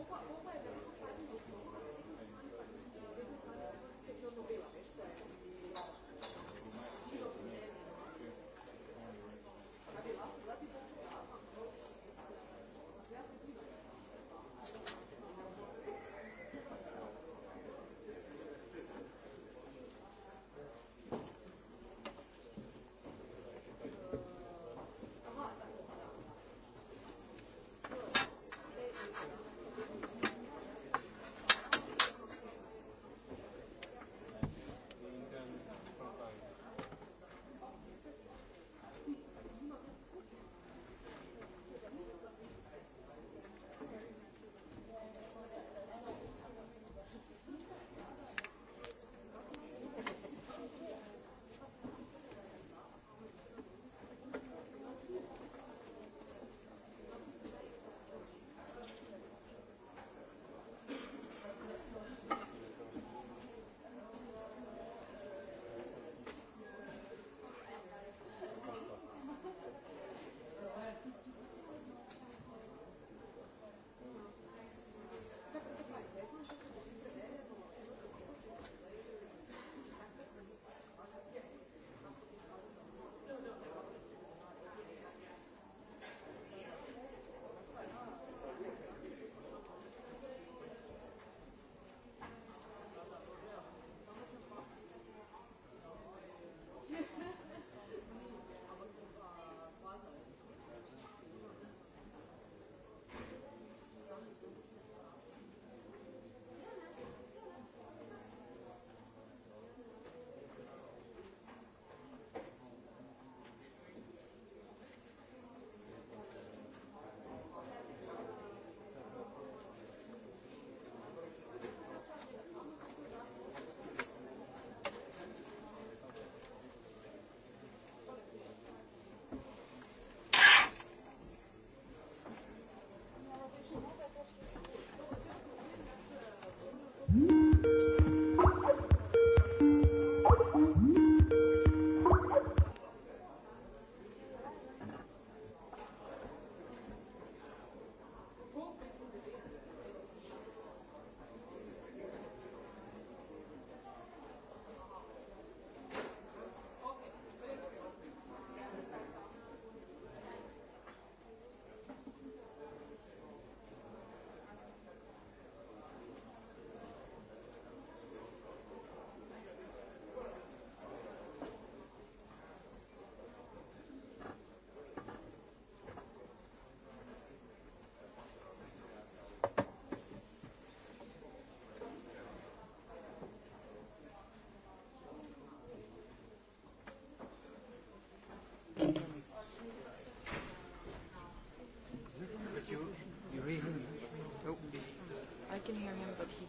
Πού πάει πού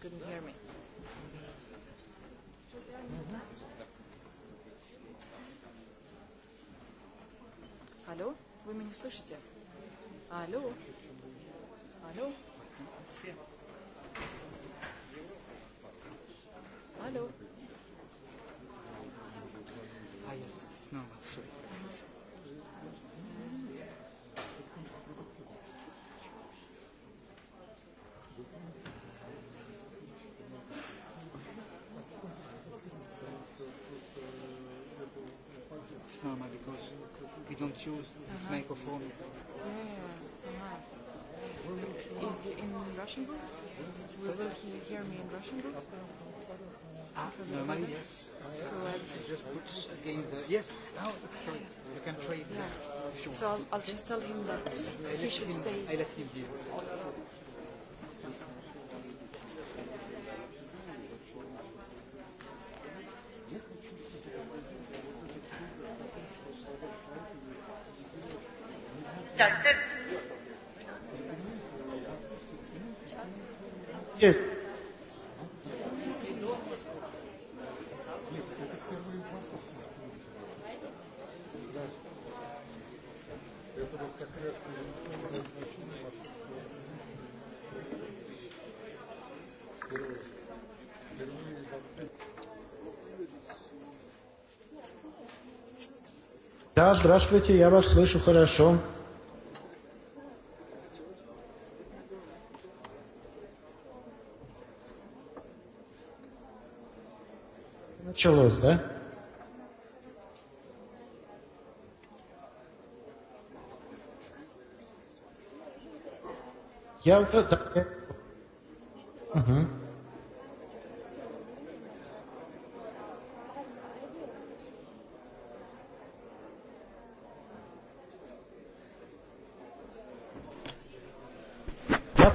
couldn't hear me. Алло, вы меня слышите? Алло. it's normal because we don't use this microphone. Is in Russian books? Will he hear me in Russian books. Ah, Normally, yes. So I just put again the yes. Now it's correct. You can trade. Yeah. So I'll just tell him that he should stay. I let him deal. здравствуйте, я вас слышу хорошо. Началось, да? Я уже... Угу.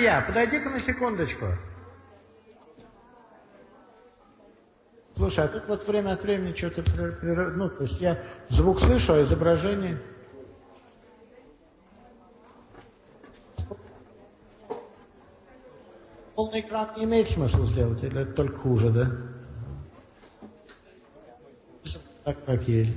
друзья, подоиди на секундочку. Слушай, а тут вот время от времени что-то... Ну, то есть я звук слышу, а изображение... Полный экран не имеет смысла сделать, или это только хуже, да? Так, как есть.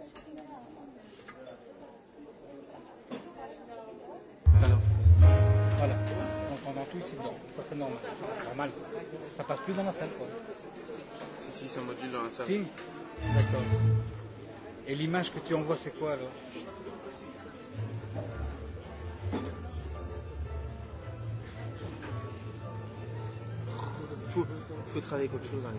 Voilà. on pendant tout ici Ça c'est normal. Normal. Ça passe plus dans la salle quoi. Si si, c'est en module dans la salle. Si. D'accord. Et l'image que tu envoies c'est quoi alors faut, faut travailler autre chose dans les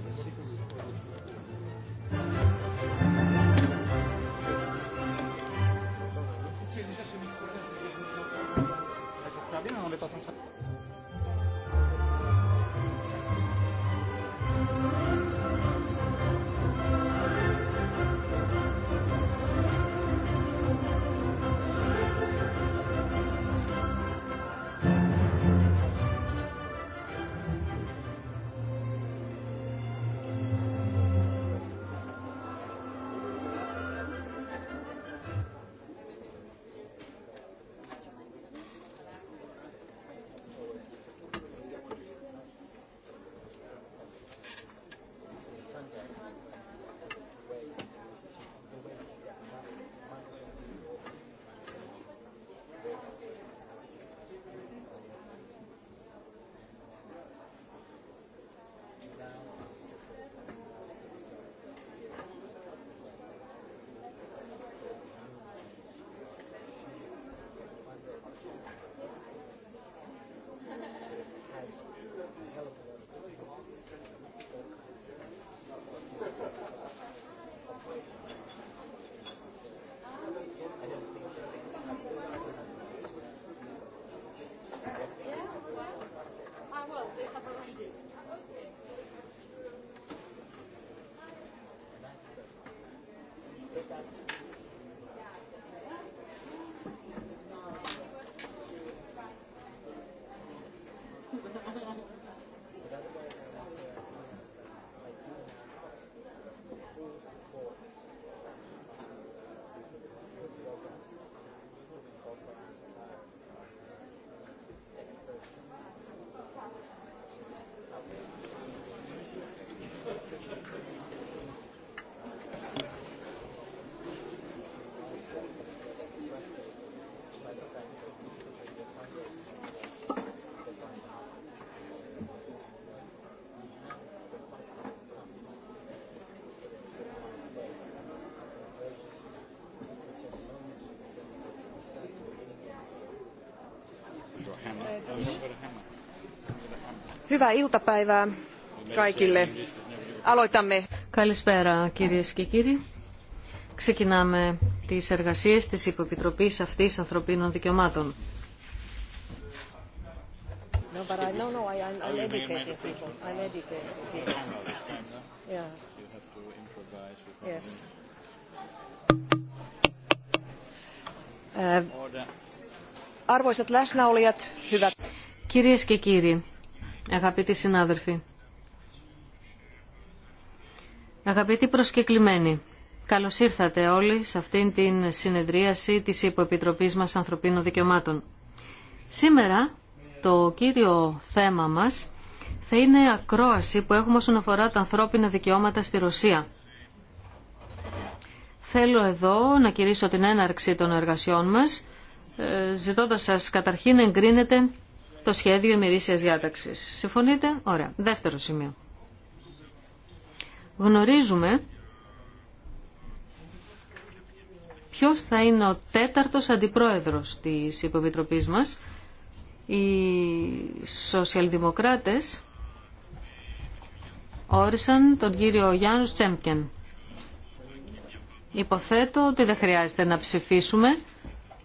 Hyvää iltapäivää kaikille. Aloitamme. Καλησπέρα κυρίες και κύριοι. Ξεκινάμε τις εργασίες της Υποπιτροπής αυτής ανθρωπίνων δικαιωμάτων. Arvoisat läsnäolijat, Κυρίες και κύριοι, αγαπητοί συνάδελφοι, αγαπητοί προσκεκλημένοι, καλώς ήρθατε όλοι σε αυτήν την συνεδρίαση της Υποεπιτροπής μας Ανθρωπίνων Δικαιωμάτων. Σήμερα το κύριο θέμα μας θα είναι ακρόαση που έχουμε όσον αφορά τα ανθρώπινα δικαιώματα στη Ρωσία. Θέλω εδώ να κηρύσω την έναρξη των εργασιών μας, ε, ζητώντας σας καταρχήν εγκρίνετε το σχέδιο ημερήσια διάταξη. Συμφωνείτε? Ωραία. Δεύτερο σημείο. Γνωρίζουμε ποιο θα είναι ο τέταρτος αντιπρόεδρος της υποβιτροπίσ μας. Οι σοσιαλδημοκράτες όρισαν τον κύριο Γιάννου Τσέμπκεν. Υποθέτω ότι δεν χρειάζεται να ψηφίσουμε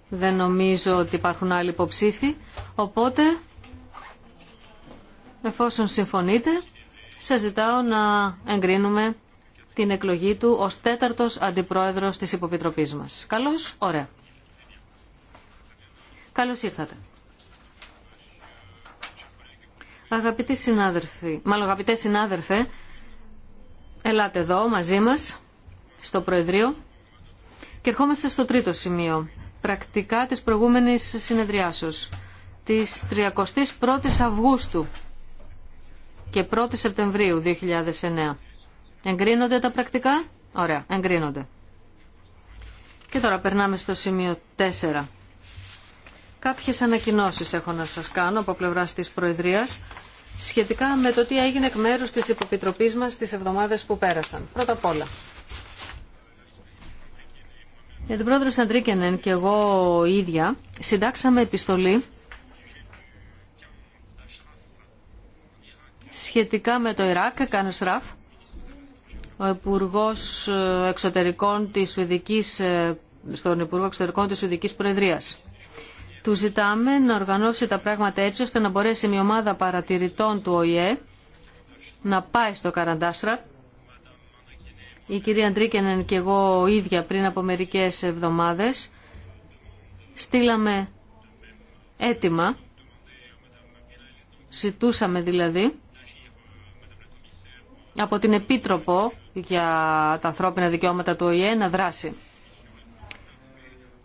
δεν νομίζω ότι υπάρχουν άλλοι υποψήφοι. Οπότε, εφόσον συμφωνείτε, σας ζητάω να εγκρίνουμε την εκλογή του ως τέταρτος αντιπρόεδρος της υποπιτροπής μας. Καλώς, ωραία. Καλώς ήρθατε. Αγαπητοί συνάδελφοι, μάλλον αγαπητέ συνάδελφε, ελάτε εδώ μαζί μας, στο Προεδρείο και ερχόμαστε στο τρίτο σημείο πρακτικά της προηγούμενης συνεδριάσεως της 31ης Αυγούστου και 1η Σεπτεμβρίου 2009. Εγκρίνονται τα πρακτικά? Ωραία, εγκρίνονται. Και τώρα περνάμε στο σημείο 4. Κάποιες ανακοινώσεις έχω να σας κάνω από πλευράς της Προεδρίας σχετικά με το τι έγινε εκ μέρους της υποπιτροπής μας τις εβδομάδες που πέρασαν. Πρώτα απ' όλα, για τον πρόεδρο Σαντρίκενεν και εγώ ίδια συντάξαμε επιστολή σχετικά με το Ιράκ, Κάνε Ραφ, ο υπουργό Εξωτερικών της ε, στον Υπουργό Εξωτερικών της Σουηδική Προεδρίας. Του ζητάμε να οργανώσει τα πράγματα έτσι ώστε να μπορέσει μια ομάδα παρατηρητών του ΟΗΕ να πάει στο Καραντάσρα η κυρία Αντρίκενεν και εγώ ίδια πριν από μερικές εβδομάδες στείλαμε έτοιμα, ζητούσαμε δηλαδή από την Επίτροπο για τα ανθρώπινα δικαιώματα του ΟΗΕ να δράσει.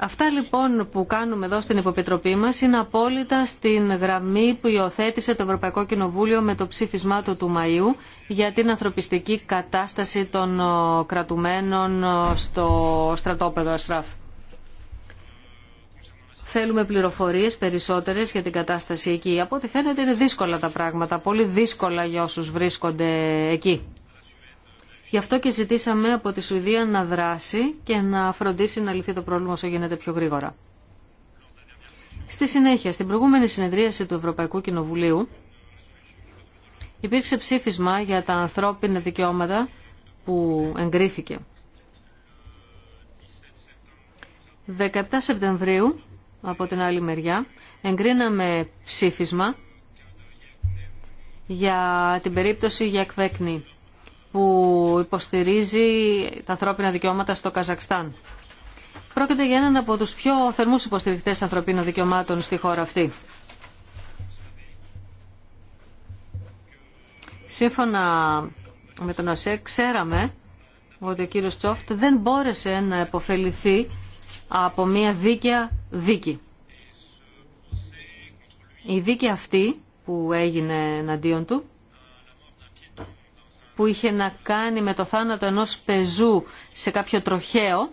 Αυτά λοιπόν που κάνουμε εδώ στην Υποπιτροπή μας είναι απόλυτα στην γραμμή που υιοθέτησε το Ευρωπαϊκό Κοινοβούλιο με το ψήφισμά του του Μαΐου για την ανθρωπιστική κατάσταση των ε, κρατουμένων ε, στο στρατόπεδο ΑΣΡΑΦ. Θέλουμε πληροφορίες περισσότερες για την κατάσταση εκεί. Από ό,τι φαίνεται είναι δύσκολα τα πράγματα, πολύ δύσκολα για όσους βρίσκονται εκεί. Γι' αυτό και ζητήσαμε από τη Σουηδία να δράσει και να φροντίσει να λυθεί το πρόβλημα όσο γίνεται πιο γρήγορα. Στη συνέχεια, στην προηγούμενη συνεδρίαση του Ευρωπαϊκού Κοινοβουλίου, υπήρξε ψήφισμα για τα ανθρώπινα δικαιώματα που εγκρίθηκε. 17 Σεπτεμβρίου, από την άλλη μεριά, εγκρίναμε ψήφισμα για την περίπτωση για εκβέκνη που υποστηρίζει τα ανθρώπινα δικαιώματα στο Καζακστάν. Πρόκειται για έναν από τους πιο θερμούς υποστηρικτές ανθρωπίνων δικαιωμάτων στη χώρα αυτή. Σύμφωνα με τον ΟΣΕ, ξέραμε ότι ο κύριος Τσόφτ δεν μπόρεσε να επωφεληθεί από μια δίκαια δίκη. Η δίκη αυτή που έγινε εναντίον του που είχε να κάνει με το θάνατο ενός πεζού σε κάποιο τροχαίο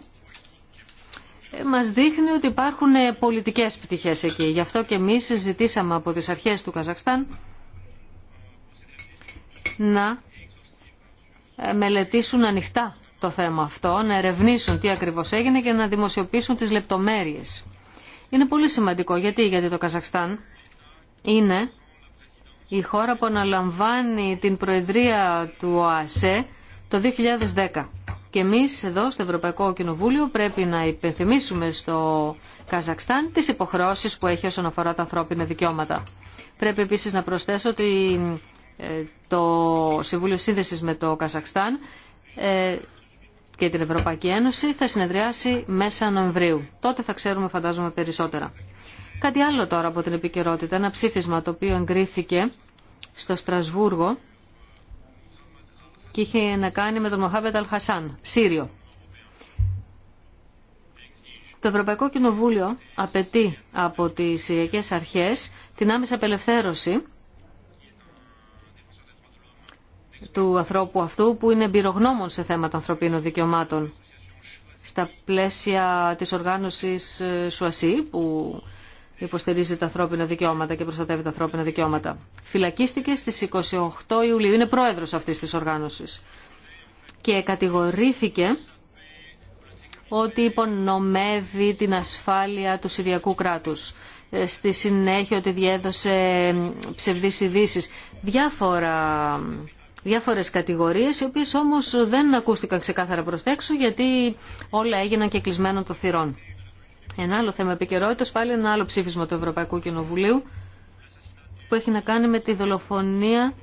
ε, μας δείχνει ότι υπάρχουν ε, πολιτικές πτυχές εκεί. Γι' αυτό και εμείς ζητήσαμε από τις αρχές του Καζακστάν να ε, μελετήσουν ανοιχτά το θέμα αυτό, να ερευνήσουν τι ακριβώς έγινε και να δημοσιοποιήσουν τις λεπτομέρειες. Είναι πολύ σημαντικό γιατί, γιατί το Καζακστάν είναι η χώρα που αναλαμβάνει την Προεδρία του ΟΑΣΕ το 2010. Και εμείς εδώ στο Ευρωπαϊκό Κοινοβούλιο πρέπει να υπενθυμίσουμε στο Καζακστάν τις υποχρεώσεις που έχει όσον αφορά τα ανθρώπινα δικαιώματα. Πρέπει επίσης να προσθέσω ότι ε, το Συμβούλιο Σύνδεσης με το Καζακστάν ε, και την Ευρωπαϊκή Ένωση θα συνεδριάσει μέσα Νοεμβρίου. Τότε θα ξέρουμε φαντάζομαι περισσότερα. Κάτι άλλο τώρα από την επικαιρότητα, ένα ψήφισμα το οποίο εγκρίθηκε στο Στρασβούργο και είχε να κάνει με τον Μοχάβετ Αλχασάν, Σύριο. Το Ευρωπαϊκό Κοινοβούλιο απαιτεί από τις Συριακές Αρχές την άμεσα απελευθέρωση του ανθρώπου αυτού που είναι εμπειρογνώμων σε θέματα ανθρωπίνων δικαιωμάτων στα πλαίσια της οργάνωσης Σουασί ε, που υποστηρίζει τα ανθρώπινα δικαιώματα και προστατεύει τα ανθρώπινα δικαιώματα. Φυλακίστηκε στις 28 Ιουλίου, είναι πρόεδρος αυτής της οργάνωσης και κατηγορήθηκε ότι υπονομεύει την ασφάλεια του Συριακού κράτους. Ε, στη συνέχεια ότι διέδωσε ψευδείς ειδήσει. Διάφορα, διάφορες κατηγορίες, οι οποίες όμως δεν ακούστηκαν ξεκάθαρα προς τα γιατί όλα έγιναν και κλεισμένο των θυρών. Ένα άλλο θέμα επικαιρότητα, πάλι ένα άλλο ψήφισμα του Ευρωπαϊκού Κοινοβουλίου που έχει να κάνει με τη δολοφονία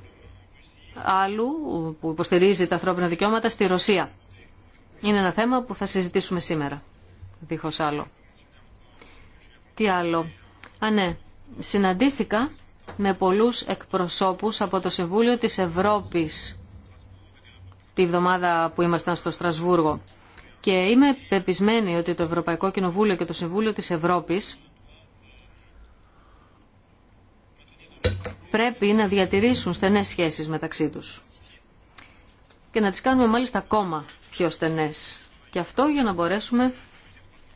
άλλου που υποστηρίζει τα ανθρώπινα δικαιώματα στη Ρωσία. Είναι ένα θέμα που θα συζητήσουμε σήμερα, δίχως άλλο. Τι άλλο. Α, ναι. Συναντήθηκα με πολλούς εκπροσώπους από το Συμβούλιο της Ευρώπης τη βδομάδα που ήμασταν στο Στρασβούργο. Και είμαι πεπισμένη ότι το Ευρωπαϊκό Κοινοβούλιο και το Συμβούλιο της Ευρώπης πρέπει να διατηρήσουν στενές σχέσεις μεταξύ τους. Και να τις κάνουμε μάλιστα ακόμα πιο στενές. Και αυτό για να μπορέσουμε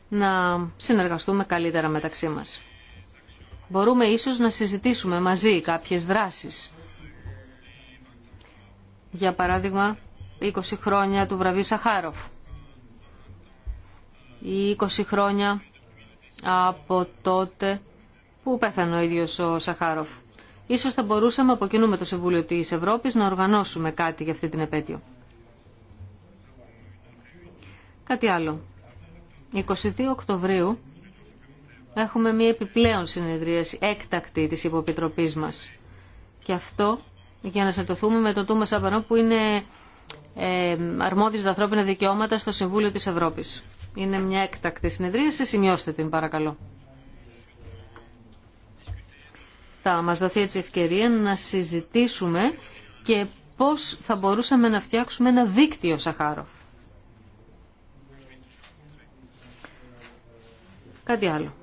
να συνεργαστούμε καλύτερα μεταξύ μας. Μπορούμε ίσως να συζητήσουμε μαζί κάποιες δράσεις. Για παράδειγμα, 20 χρόνια του βραβείου Σαχάροφ ή 20 χρόνια από τότε που πέθανε ο ίδιος ο Σαχάροφ. Ίσως θα μπορούσαμε από κοινού με το Συμβούλιο της Ευρώπης να οργανώσουμε κάτι για αυτή την επέτειο. Κάτι άλλο. 22 Οκτωβρίου έχουμε μία επιπλέον συνεδρίαση έκτακτη της υποπιτροπής μας. Και αυτό για να συνδεθούμε με τον Τούμα Σαμπανό που είναι ε, αρμόδιος ανθρώπινα δικαιώματα στο Συμβούλιο της Ευρώπης. Είναι μια έκτακτη συνεδρίαση, σημειώστε την παρακαλώ. Θα μας δοθεί έτσι ευκαιρία να συζητήσουμε και πώς θα μπορούσαμε να φτιάξουμε ένα δίκτυο Σαχάροφ. Κάτι άλλο.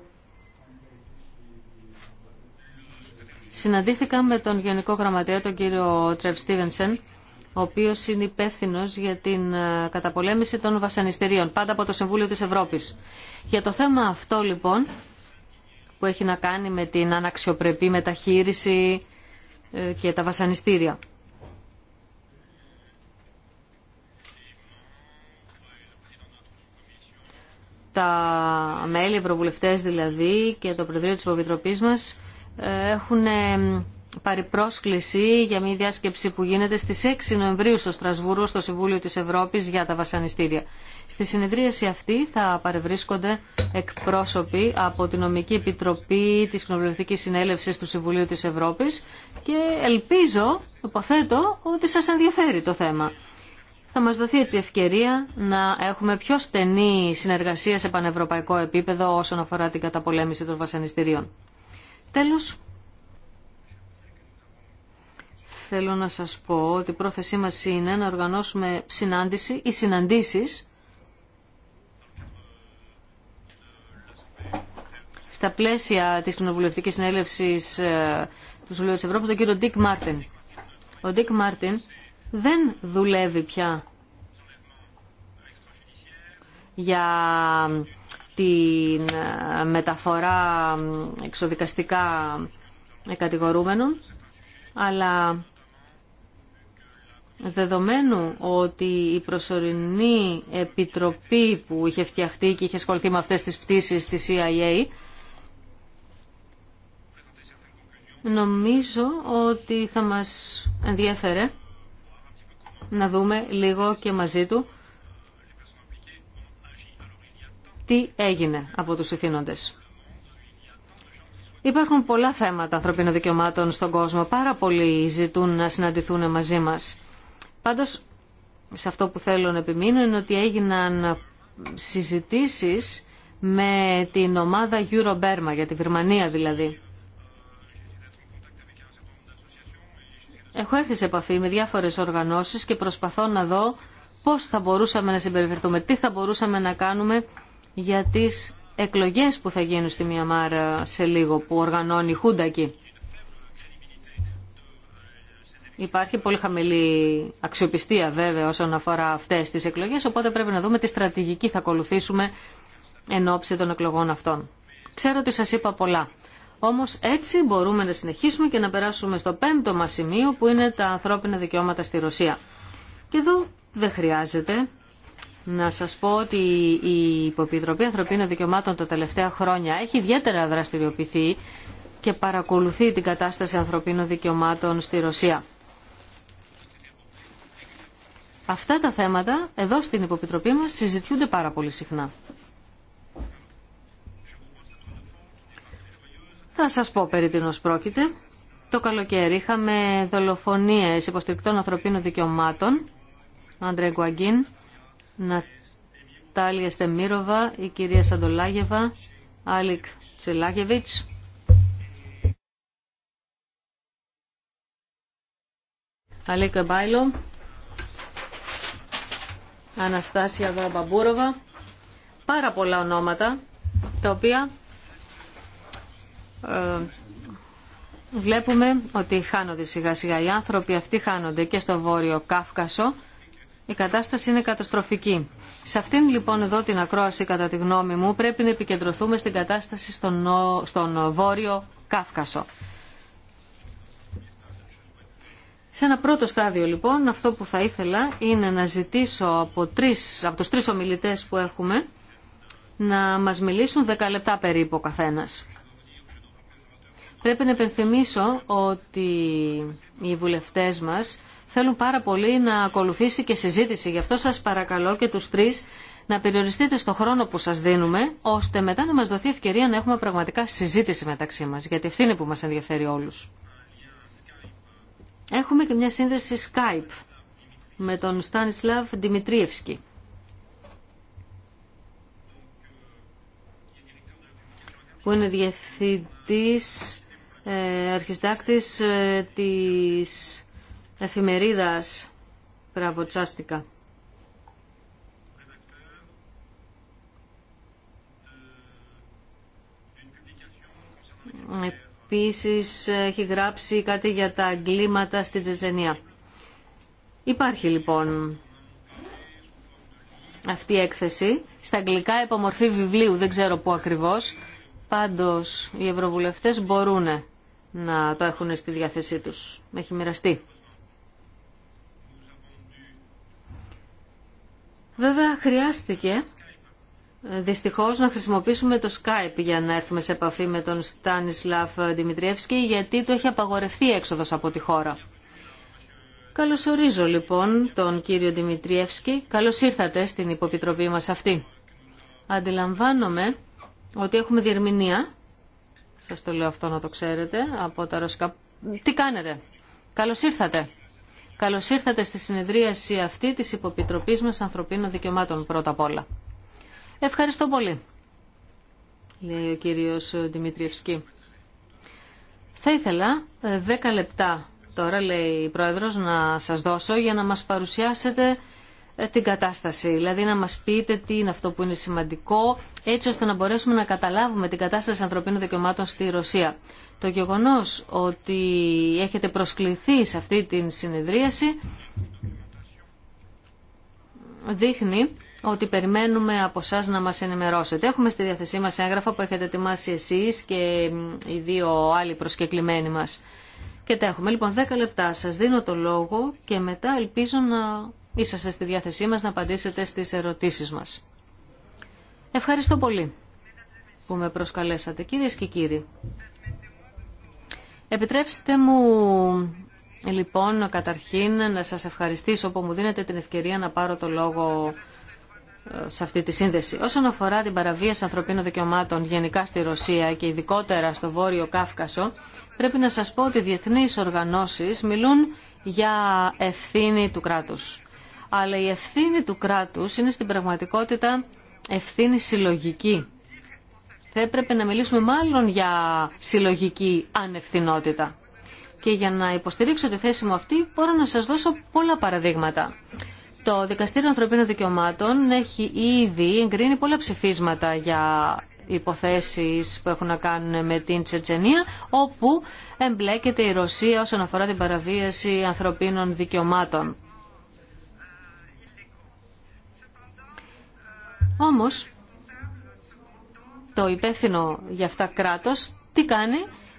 Συναντήθηκα με τον Γενικό Γραμματέα, τον κύριο Τρεβ Στίβενσεν, ο οποίο είναι υπεύθυνο για την ε, καταπολέμηση των βασανιστήριων, πάντα από το Συμβούλιο της Ευρώπης. Για το θέμα αυτό λοιπόν, που έχει να κάνει με την αναξιοπρεπή μεταχείριση ε, και τα βασανιστήρια. τα μέλη, προβουλευτές δηλαδή και το Προεδρείο της Υποβιτροπής μας ε, έχουν πάρει πρόσκληση για μια διάσκεψη που γίνεται στις 6 Νοεμβρίου στο Στρασβούργο στο Συμβούλιο της Ευρώπης για τα βασανιστήρια. Στη συνεδρίαση αυτή θα παρευρίσκονται εκπρόσωποι από την Νομική Επιτροπή της Κοινοβουλευτικής Συνέλευσης του Συμβουλίου της Ευρώπης και ελπίζω, υποθέτω, ότι σας ενδιαφέρει το θέμα. Θα μας δοθεί έτσι ευκαιρία να έχουμε πιο στενή συνεργασία σε πανευρωπαϊκό επίπεδο όσον αφορά την καταπολέμηση των βασανιστήριων. Τέλος, θέλω να σας πω ότι η πρόθεσή μας είναι να οργανώσουμε συνάντηση ή συναντήσεις στα πλαίσια της Κοινοβουλευτικής Συνέλευσης ε, του Συμβουλίου της Ευρώπης, τον κύριο Ντίκ Μάρτιν. Ο Ντίκ Μάρτιν δεν δουλεύει πια για τη ε, μεταφορά ε, εξοδικαστικά κατηγορούμενων, αλλά Δεδομένου ότι η προσωρινή επιτροπή που είχε φτιαχτεί και είχε ασχοληθεί με αυτές τις πτήσεις της CIA, νομίζω ότι θα μας ενδιαφέρε να δούμε λίγο και μαζί του τι έγινε από τους ηθήνοντες. Υπάρχουν πολλά θέματα ανθρωπίνων δικαιωμάτων στον κόσμο. Πάρα πολλοί ζητούν να συναντηθούν μαζί μας. Πάντως, σε αυτό που θέλω να επιμείνω είναι ότι έγιναν συζητήσεις με την ομάδα για τη Βερμανία δηλαδή. Έχω έρθει σε επαφή με διάφορες οργανώσεις και προσπαθώ να δω πώς θα μπορούσαμε να συμπεριφερθούμε, τι θα μπορούσαμε να κάνουμε για τις εκλογές που θα γίνουν στη Μιαμάρα σε λίγο, που οργανώνει η Χούντα Υπάρχει πολύ χαμηλή αξιοπιστία βέβαια όσον αφορά αυτές τις εκλογές, οπότε πρέπει να δούμε τι στρατηγική θα ακολουθήσουμε εν ώψη των εκλογών αυτών. Ξέρω ότι σας είπα πολλά. Όμως έτσι μπορούμε να συνεχίσουμε και να περάσουμε στο πέμπτο μας σημείο που είναι τα ανθρώπινα δικαιώματα στη Ρωσία. Και εδώ δεν χρειάζεται να σας πω ότι η Υποπιτροπή Ανθρωπίνων Δικαιωμάτων τα τελευταία χρόνια έχει ιδιαίτερα δραστηριοποιηθεί και παρακολουθεί την κατάσταση ανθρωπίνων δικαιωμάτων στη Ρωσία. Αυτά τα θέματα εδώ στην Υποπιτροπή μας συζητιούνται πάρα πολύ συχνά. Θα σας πω περί τίνος πρόκειται. Το καλοκαίρι είχαμε δολοφονίες υποστηρικτών ανθρωπίνων δικαιωμάτων. Άντρε Γκουαγκίν, Νατάλια Στεμίροβα, η κυρία Σαντολάγεβα, Άλικ Τσελάγεβιτς. Αλίκ Μπάιλο, Αναστάσια Βαμπαμπούροβα, Πάρα πολλά ονόματα, τα οποία ε, βλέπουμε ότι χάνονται σιγά σιγά. Οι άνθρωποι αυτοί χάνονται και στο Βόρειο Κάφκασο. Η κατάσταση είναι καταστροφική. Σε αυτήν λοιπόν εδώ την ακρόαση, κατά τη γνώμη μου, πρέπει να επικεντρωθούμε στην κατάσταση στον, στον Βόρειο Κάφκασο. Σε ένα πρώτο στάδιο λοιπόν αυτό που θα ήθελα είναι να ζητήσω από, τρεις, από τους τρεις ομιλητές που έχουμε να μας μιλήσουν 10 λεπτά περίπου ο καθένας. Πρέπει να επενθυμίσω ότι οι βουλευτές μας θέλουν πάρα πολύ να ακολουθήσει και συζήτηση. Γι' αυτό σας παρακαλώ και τους τρεις να περιοριστείτε στο χρόνο που σας δίνουμε, ώστε μετά να μας δοθεί ευκαιρία να έχουμε πραγματικά συζήτηση μεταξύ μας, γιατί είναι που μας ενδιαφέρει όλους. Έχουμε και μια σύνδεση Skype με τον Στάνισλαβ Δημητρίευσκη. που είναι διευθυντής ε, αρχιστάκτης ε, της εφημερίδας Πραβοτσάστικα πίσεις έχει γράψει κάτι για τα εγκλήματα στη Τζεζενία. Υπάρχει λοιπόν αυτή η έκθεση. Στα αγγλικά υπομορφή βιβλίου, δεν ξέρω πού ακριβώς. Πάντως οι ευρωβουλευτές μπορούν να το έχουν στη διάθεσή τους. Έχει μοιραστεί. Βέβαια χρειάστηκε δυστυχώς να χρησιμοποιήσουμε το Skype για να έρθουμε σε επαφή με τον Στάνισλαφ Δημητριεύσκη γιατί του έχει απαγορευτεί έξοδος από τη χώρα. Καλωσορίζω λοιπόν τον κύριο Δημητριεύσκη. Καλώς ήρθατε στην υποπιτροπή μας αυτή. Αντιλαμβάνομαι ότι έχουμε διερμηνία. Σας το λέω αυτό να το ξέρετε από τα ρωσικά. Τι κάνετε. Καλώς ήρθατε. Καλώς ήρθατε στη συνεδρίαση αυτή της Υποπιτροπής μας Ανθρωπίνων Δικαιωμάτων πρώτα απ' όλα. Ευχαριστώ πολύ, λέει ο κύριος Δημητριευσκή. Θα ήθελα 10 ε, λεπτά τώρα, λέει η Πρόεδρος, να σας δώσω για να μας παρουσιάσετε ε, την κατάσταση, δηλαδή να μας πείτε τι είναι αυτό που είναι σημαντικό, έτσι ώστε να μπορέσουμε να καταλάβουμε την κατάσταση ανθρωπίνων δικαιωμάτων στη Ρωσία. Το γεγονός ότι έχετε προσκληθεί σε αυτή την συνεδρίαση δείχνει ότι περιμένουμε από εσά να μας ενημερώσετε. Έχουμε στη διάθεσή μας έγγραφα που έχετε ετοιμάσει εσείς και οι δύο άλλοι προσκεκλημένοι μας. Και τα έχουμε. Λοιπόν, 10 λεπτά σας δίνω το λόγο και μετά ελπίζω να είσαστε στη διάθεσή μας να απαντήσετε στις ερωτήσεις μας. Ευχαριστώ πολύ που με προσκαλέσατε. Κυρίες και κύριοι, επιτρέψτε μου λοιπόν καταρχήν να σας ευχαριστήσω που μου δίνετε την ευκαιρία να πάρω το λόγο σε αυτή τη σύνδεση. Όσον αφορά την παραβίαση ανθρωπίνων δικαιωμάτων γενικά στη Ρωσία και ειδικότερα στο Βόρειο Κάφκασο, πρέπει να σας πω ότι οι διεθνείς οργανώσεις μιλούν για ευθύνη του κράτους. Αλλά η ευθύνη του κράτους είναι στην πραγματικότητα ευθύνη συλλογική. Θα έπρεπε να μιλήσουμε μάλλον για συλλογική ανευθυνότητα. Και για να υποστηρίξω τη θέση μου αυτή μπορώ να σας δώσω πολλά παραδείγματα. Το Δικαστήριο Ανθρωπίνων Δικαιωμάτων έχει ήδη εγκρίνει πολλά ψηφίσματα για υποθέσεις που έχουν να κάνουν με την Τσετσενία, όπου εμπλέκεται η Ρωσία όσον αφορά την παραβίαση ανθρωπίνων δικαιωμάτων. Όμως, το υπεύθυνο για αυτά κράτος τι κάνει,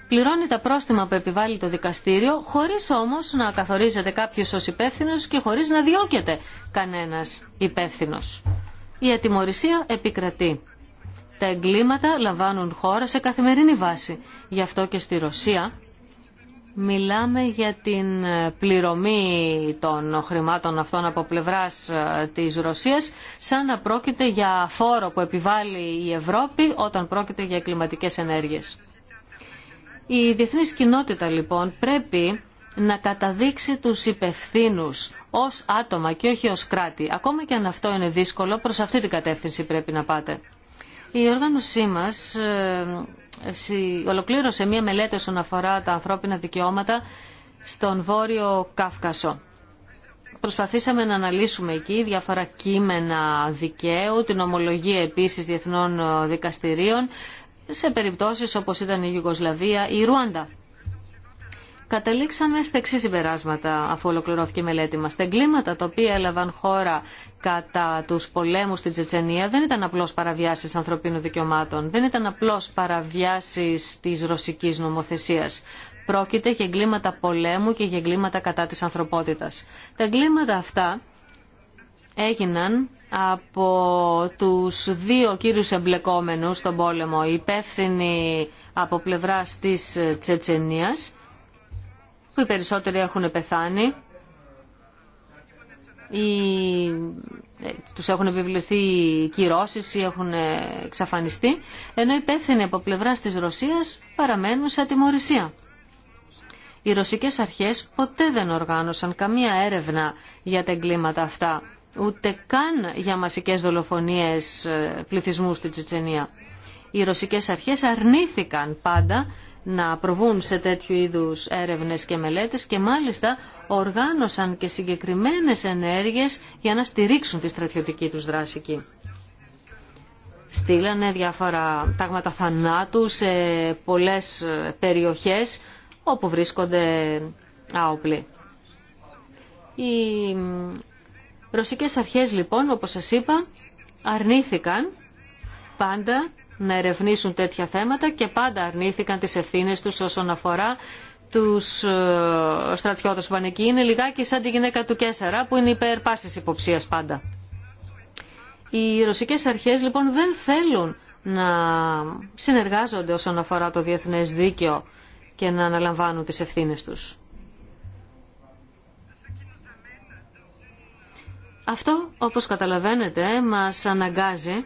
πληρώνει τα πρόστιμα που επιβάλλει το δικαστήριο, χωρίς όμως να καθορίζεται κάποιο ω υπεύθυνο και χωρίς να διώκεται κανένας υπεύθυνο. Η ατιμορρησία επικρατεί. Τα εγκλήματα λαμβάνουν χώρα σε καθημερινή βάση. Γι' αυτό και στη Ρωσία μιλάμε για την ε, πληρωμή των χρημάτων αυτών από πλευράς ε, της Ρωσίας σαν να πρόκειται για φόρο που επιβάλλει η Ευρώπη όταν πρόκειται για κλιματικές ενέργειες. Η διεθνής κοινότητα λοιπόν πρέπει να καταδείξει τους υπευθύνου ως άτομα και όχι ως κράτη. Ακόμα και αν αυτό είναι δύσκολο, προς αυτή την κατεύθυνση πρέπει να πάτε. Η οργάνωσή μας ε, ολοκλήρωσε μία μελέτη όσον αφορά τα ανθρώπινα δικαιώματα στον Βόρειο Κάφκασο. Προσπαθήσαμε να αναλύσουμε εκεί διάφορα κείμενα δικαίου, την ομολογία επίσης διεθνών δικαστηρίων, σε περιπτώσεις όπως ήταν η Ιουγκοσλαβία ή η Ρουάντα. Καταλήξαμε στα εξή συμπεράσματα αφού ολοκληρώθηκε η μελέτη μας. Τα εγκλήματα τα οποία έλαβαν χώρα κατά τους πολέμους στην Τσετσενία δεν ήταν απλώς παραβιάσεις ανθρωπίνων δικαιωμάτων, δεν ήταν απλώς παραβιάσεις της ρωσικής νομοθεσίας. Πρόκειται για εγκλήματα πολέμου και για εγκλήματα κατά της ανθρωπότητας. Τα εγκλήματα αυτά έγιναν από τους δύο κύριους εμπλεκόμενους στον πόλεμο, υπεύθυνοι από πλευράς της Τσετσενίας, που οι περισσότεροι έχουν πεθάνει, ή ε, τους έχουν επιβληθεί κυρώσεις ή έχουν εξαφανιστεί, ενώ υπεύθυνοι από πλευράς της Ρωσίας παραμένουν σε ατιμορρησία. Οι ρωσικές αρχές ποτέ δεν οργάνωσαν καμία έρευνα για τα εγκλήματα αυτά ούτε καν για μασικές δολοφονίες ε, πληθυσμού στη Τσετσενία. Οι ρωσικές αρχές αρνήθηκαν πάντα να προβούν σε τέτοιου είδους έρευνες και μελέτες και μάλιστα οργάνωσαν και συγκεκριμένες ενέργειες για να στηρίξουν τη στρατιωτική τους δράση εκεί. Στείλανε διάφορα τάγματα θανάτου σε πολλές ε, περιοχές όπου βρίσκονται άοπλοι. Ρωσικές αρχές λοιπόν, όπως σας είπα, αρνήθηκαν πάντα να ερευνήσουν τέτοια θέματα και πάντα αρνήθηκαν τις ευθύνες τους όσον αφορά τους ε, στρατιώτες που πάνε εκεί. Είναι λιγάκι σαν τη γυναίκα του Κέσσαρα που είναι υπέρ πάσης υποψίας πάντα. Οι ρωσικές αρχές λοιπόν δεν θέλουν να συνεργάζονται όσον αφορά το διεθνές δίκαιο και να αναλαμβάνουν τις ευθύνες τους. Αυτό, όπως καταλαβαίνετε, μας αναγκάζει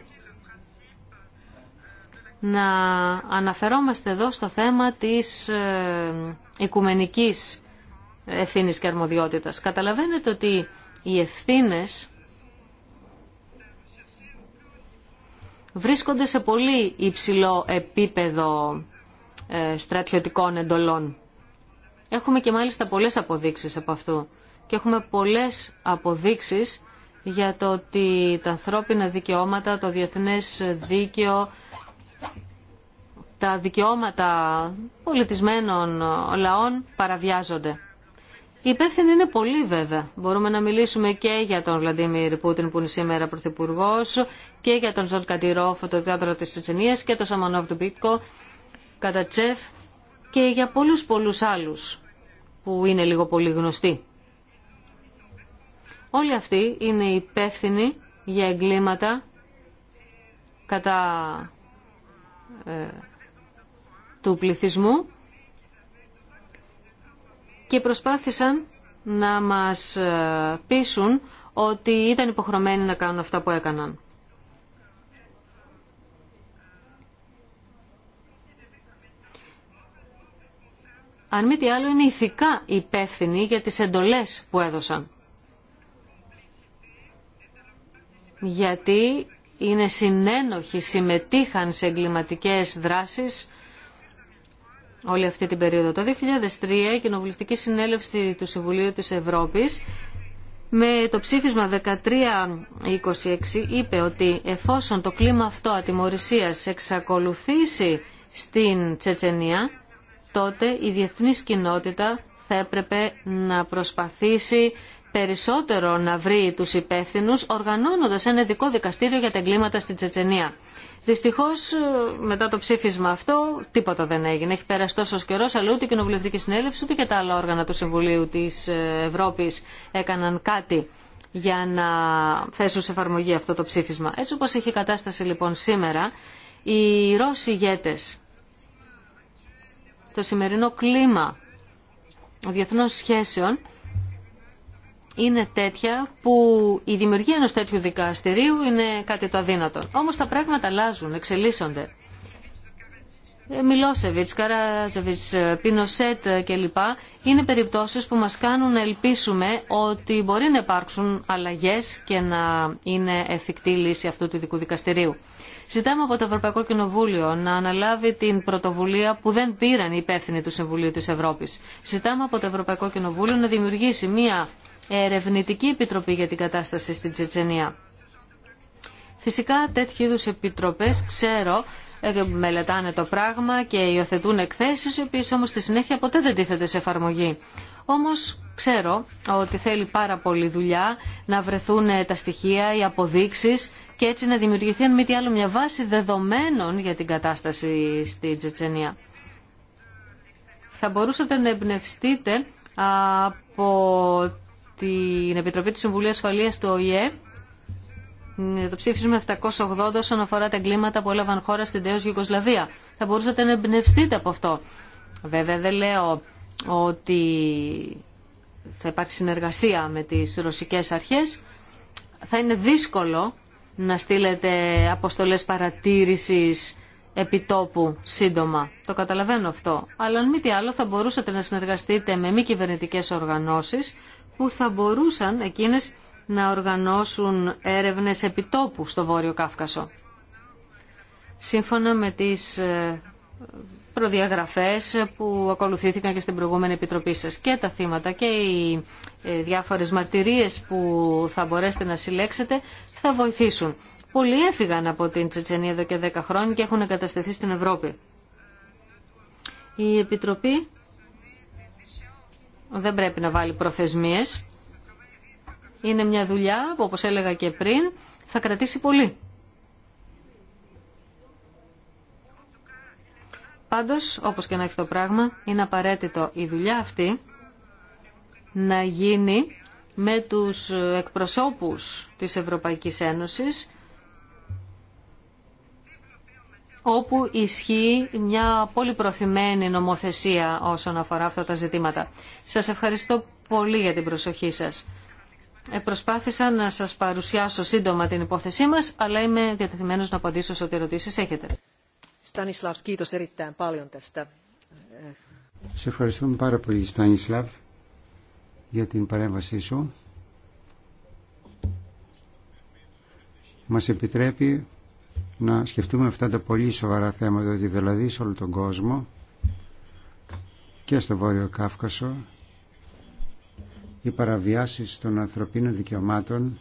να αναφερόμαστε εδώ στο θέμα της ε, οικουμενικής ευθύνης και αρμοδιότητας. Καταλαβαίνετε ότι οι ευθύνες βρίσκονται σε πολύ υψηλό επίπεδο ε, στρατιωτικών εντολών. Έχουμε και μάλιστα πολλές αποδείξεις από αυτού και έχουμε πολλές αποδείξεις για το ότι τα ανθρώπινα δικαιώματα, το διεθνές δίκαιο, τα δικαιώματα πολιτισμένων λαών παραβιάζονται. Η υπεύθυνη είναι πολύ βέβαια. Μπορούμε να μιλήσουμε και για τον Βλαντίμιρ Πούτιν που είναι σήμερα πρωθυπουργό και για τον Ζορ Κατηρόφ, το θέατρο της Τσετσενίας και τον Σαμανόφ του κατά τσεφ και για πολλούς πολλούς άλλους που είναι λίγο πολύ γνωστοί. Όλοι αυτοί είναι υπεύθυνοι για εγκλήματα κατά ε, του πληθυσμού και προσπάθησαν να μας ε, πείσουν ότι ήταν υποχρεωμένοι να κάνουν αυτά που έκαναν. Αν μη τι άλλο είναι ηθικά υπεύθυνοι για τις εντολές που έδωσαν. γιατί είναι συνένοχοι, συμμετείχαν σε εγκληματικές δράσεις όλη αυτή την περίοδο. Το 2003 η Κοινοβουλευτική Συνέλευση του Συμβουλίου της Ευρώπης με το ψήφισμα 1326 είπε ότι εφόσον το κλίμα αυτό ατιμορρησίας εξακολουθήσει στην Τσετσενία, τότε η διεθνής κοινότητα θα έπρεπε να προσπαθήσει περισσότερο να βρει τους υπεύθυνους οργανώνοντας ένα ειδικό δικαστήριο για τα εγκλήματα στην Τσετσενία. Δυστυχώς μετά το ψήφισμα αυτό τίποτα δεν έγινε. Έχει περάσει τόσο καιρό, αλλά ούτε η Κοινοβουλευτική Συνέλευση ούτε και τα άλλα όργανα του Συμβουλίου της ε, Ευρώπης έκαναν κάτι για να θέσουν σε εφαρμογή αυτό το ψήφισμα. Έτσι όπως έχει η κατάσταση λοιπόν σήμερα, οι Ρώσοι ηγέτες, το σημερινό κλίμα διεθνών σχέσεων είναι τέτοια που η δημιουργία ενός τέτοιου δικαστηρίου είναι κάτι το αδύνατο. Όμως τα πράγματα αλλάζουν, εξελίσσονται. Ε, Μιλόσεβιτς, Καράζεβιτς, ε, Πινοσέτ ε, κλπ. είναι περιπτώσεις που μας κάνουν να ελπίσουμε ότι μπορεί να υπάρξουν αλλαγές και να είναι εφικτή λύση αυτού του ειδικού δικαστηρίου. Ζητάμε από το Ευρωπαϊκό Κοινοβούλιο να αναλάβει την πρωτοβουλία που δεν πήραν οι υπεύθυνοι του Συμβουλίου της Ευρώπης. Ζητάμε από το Ευρωπαϊκό Κοινοβούλιο να δημιουργήσει μια ερευνητική επιτροπή για την κατάσταση στην Τσετσενία. Φυσικά τέτοιου είδου επιτροπές ξέρω ε, μελετάνε το πράγμα και υιοθετούν εκθέσεις οι οποίες όμως στη συνέχεια ποτέ δεν τίθεται σε εφαρμογή. Όμως ξέρω ότι θέλει πάρα πολύ δουλειά να βρεθούν ε, τα στοιχεία, οι αποδείξεις και έτσι να δημιουργηθεί αν μη τι άλλο μια βάση δεδομένων για την κατάσταση στη Τσετσενία. Θα μπορούσατε να εμπνευστείτε από την Επιτροπή του Συμβουλίου Ασφαλείας του ΟΗΕ ε, το ψήφισμα 780 όσον αφορά τα εγκλήματα που έλαβαν χώρα στην τέο Γιουγκοσλαβία. Θα μπορούσατε να εμπνευστείτε από αυτό. Βέβαια δεν λέω ότι θα υπάρξει συνεργασία με τις ρωσικέ αρχές. Θα είναι δύσκολο να στείλετε αποστολές παρατήρησης επιτόπου σύντομα. Το καταλαβαίνω αυτό. Αλλά αν μη τι άλλο θα μπορούσατε να συνεργαστείτε με μη κυβερνητικέ οργανώσεις που θα μπορούσαν εκείνες να οργανώσουν έρευνες επιτόπου στο Βόρειο Κάφκασο. Σύμφωνα με τις ε, προδιαγραφές που ακολουθήθηκαν και στην προηγούμενη επιτροπή σας και τα θύματα και οι ε, διάφορες μαρτυρίες που θα μπορέσετε να συλλέξετε θα βοηθήσουν. Πολλοί έφυγαν από την Τσετσενία εδώ και 10 χρόνια και έχουν εγκατασταθεί στην Ευρώπη. Η Επιτροπή δεν πρέπει να βάλει προθεσμίες. Είναι μια δουλειά που, όπως έλεγα και πριν, θα κρατήσει πολύ. Πάντως, όπως και να έχει το πράγμα, είναι απαραίτητο η δουλειά αυτή να γίνει με τους εκπροσώπους της Ευρωπαϊκής Ένωσης όπου ισχύει μια πολύ προθυμένη νομοθεσία όσον αφορά αυτά τα ζητήματα. Σας ευχαριστώ πολύ για την προσοχή σας. Ε, προσπάθησα να σας παρουσιάσω σύντομα την υπόθεσή μας, αλλά είμαι διατεθειμένος να απαντήσω σε ό,τι ερωτήσεις έχετε. Σε ευχαριστούμε πάρα πολύ, Στανισλάβ, για την παρέμβασή σου. Μας επιτρέπει να σκεφτούμε αυτά τα πολύ σοβαρά θέματα ότι δηλαδή σε όλο τον κόσμο και στο Βόρειο Κάυκασο οι παραβιάσεις των ανθρωπίνων δικαιωμάτων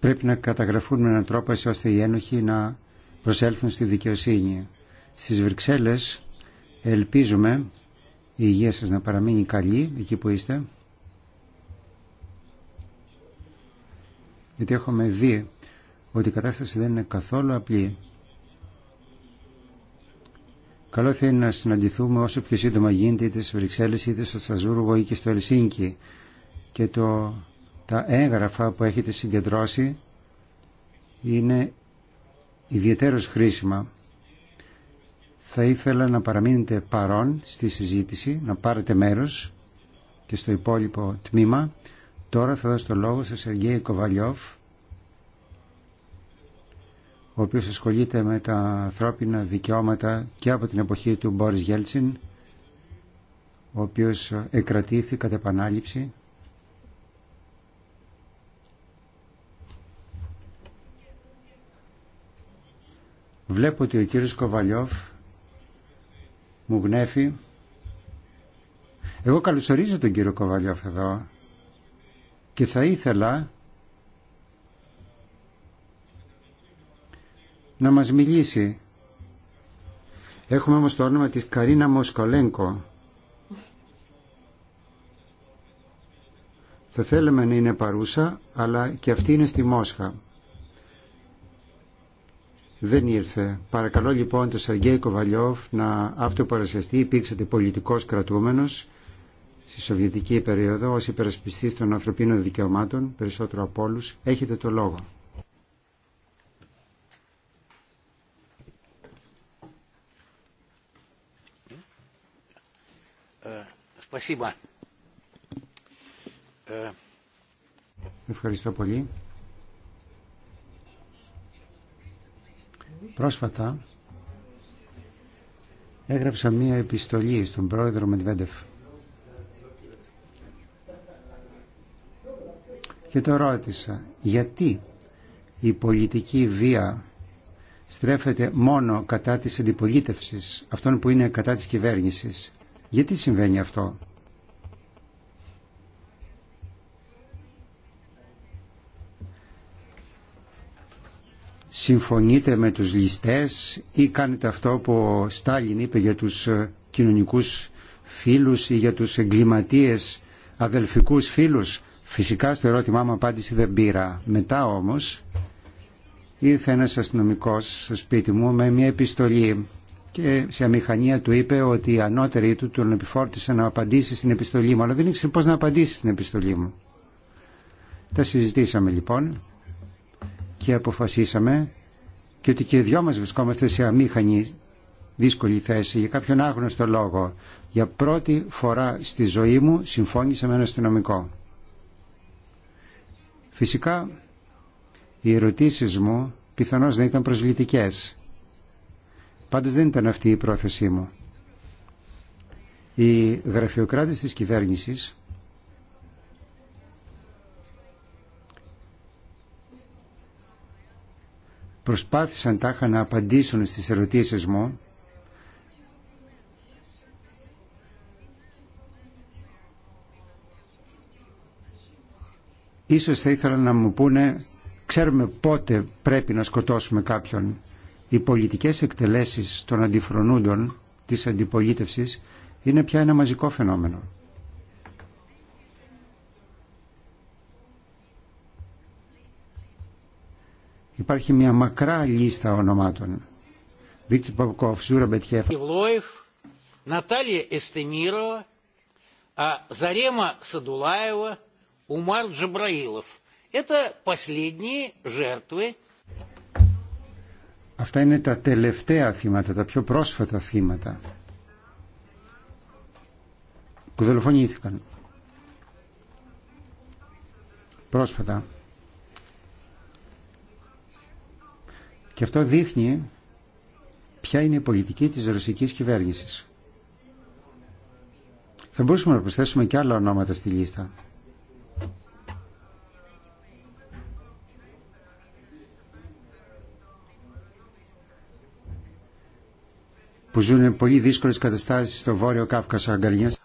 πρέπει να καταγραφούν με έναν τρόπο ώστε οι ένοχοι να προσέλθουν στη δικαιοσύνη. Στις Βρυξέλλες ελπίζουμε η υγεία σας να παραμείνει καλή εκεί που είστε. Γιατί έχουμε δει ότι η κατάσταση δεν είναι καθόλου απλή. Καλό θα είναι να συναντηθούμε όσο πιο σύντομα γίνεται είτε στις Βρυξέλλες είτε στο Σαζούργο ή και στο Ελσίνκι και το, τα έγγραφα που έχετε συγκεντρώσει είναι ιδιαίτερως χρήσιμα θα ήθελα να παραμείνετε παρόν στη συζήτηση, να πάρετε μέρος και στο υπόλοιπο τμήμα. Τώρα θα δώσω το λόγο σε Σεργέη Κοβαλιόφ, ο οποίος ασχολείται με τα ανθρώπινα δικαιώματα και από την εποχή του Μπόρις Γέλτσιν, ο οποίος εκρατήθη κατά επανάληψη Βλέπω ότι ο κύριος Κοβαλιόφ μου γνέφει. Εγώ καλωσορίζω τον κύριο Κοβαλιόφ εδώ και θα ήθελα να μας μιλήσει. Έχουμε όμως το όνομα της Καρίνα Μοσκολέγκο. Θα θέλαμε να είναι παρούσα, αλλά και αυτή είναι στη Μόσχα δεν ήρθε. Παρακαλώ λοιπόν τον Σαργέη Κοβαλιόφ να αυτοπαρασιαστεί. Υπήρξατε πολιτικό κρατούμενο στη Σοβιετική περίοδο ω υπερασπιστή των ανθρωπίνων δικαιωμάτων, περισσότερο από όλου. Έχετε το λόγο. Ευχαριστώ πολύ. Πρόσφατα έγραψα μία επιστολή στον πρόεδρο Μετβέντεφ και το ρώτησα γιατί η πολιτική βία στρέφεται μόνο κατά της αντιπολίτευσης, αυτών που είναι κατά της κυβέρνησης. Γιατί συμβαίνει αυτό. συμφωνείτε με τους ληστές ή κάνετε αυτό που ο Στάλιν είπε για τους ε, κοινωνικούς φίλους ή για τους εγκληματίες αδελφικούς φίλους. Φυσικά στο ερώτημά μου απάντηση δεν πήρα. Μετά όμως ήρθε ένας αστυνομικός στο σπίτι μου με μια επιστολή και σε αμηχανία του είπε ότι οι ανώτεροι του τον επιφόρτησαν να απαντήσει στην επιστολή μου αλλά δεν ήξερε πώς να απαντήσει στην επιστολή μου. Τα συζητήσαμε λοιπόν και αποφασίσαμε και ότι και οι δυο μας βρισκόμαστε σε αμήχανη δύσκολη θέση για κάποιον άγνωστο λόγο. Για πρώτη φορά στη ζωή μου συμφώνησα με ένα αστυνομικό. Φυσικά οι ερωτήσεις μου πιθανώς δεν ήταν προσβλητικές. Πάντως δεν ήταν αυτή η πρόθεσή μου. Οι γραφειοκράτες της κυβέρνησης προσπάθησαν τάχα να απαντήσουν στις ερωτήσεις μου Ίσως θα ήθελα να μου πούνε ξέρουμε πότε πρέπει να σκοτώσουμε κάποιον. Οι πολιτικές εκτελέσεις των αντιφρονούντων της αντιπολίτευσης είναι πια ένα μαζικό φαινόμενο. Υπάρχει μια μακρά λίστα ονομάτων. Βίκτωρ Παπκόφ, Ζούρα Μπετιέφα. Ιβλόιφ, Ναταλία а Зарема Садулаева, Умар Джабраилов. Это последние жертвы. Αυτά είναι τα τελευταία θύματα, τα πιο πρόσφατα θύματα που δολοφονήθηκαν πρόσφατα. Και αυτό δείχνει ποια είναι η πολιτική της ρωσικής κυβέρνησης. Θα μπορούσαμε να προσθέσουμε και άλλα ονόματα στη λίστα. που ζουν πολύ δύσκολες καταστάσεις στο Βόρειο Κάφκασο Αγκαλιάς.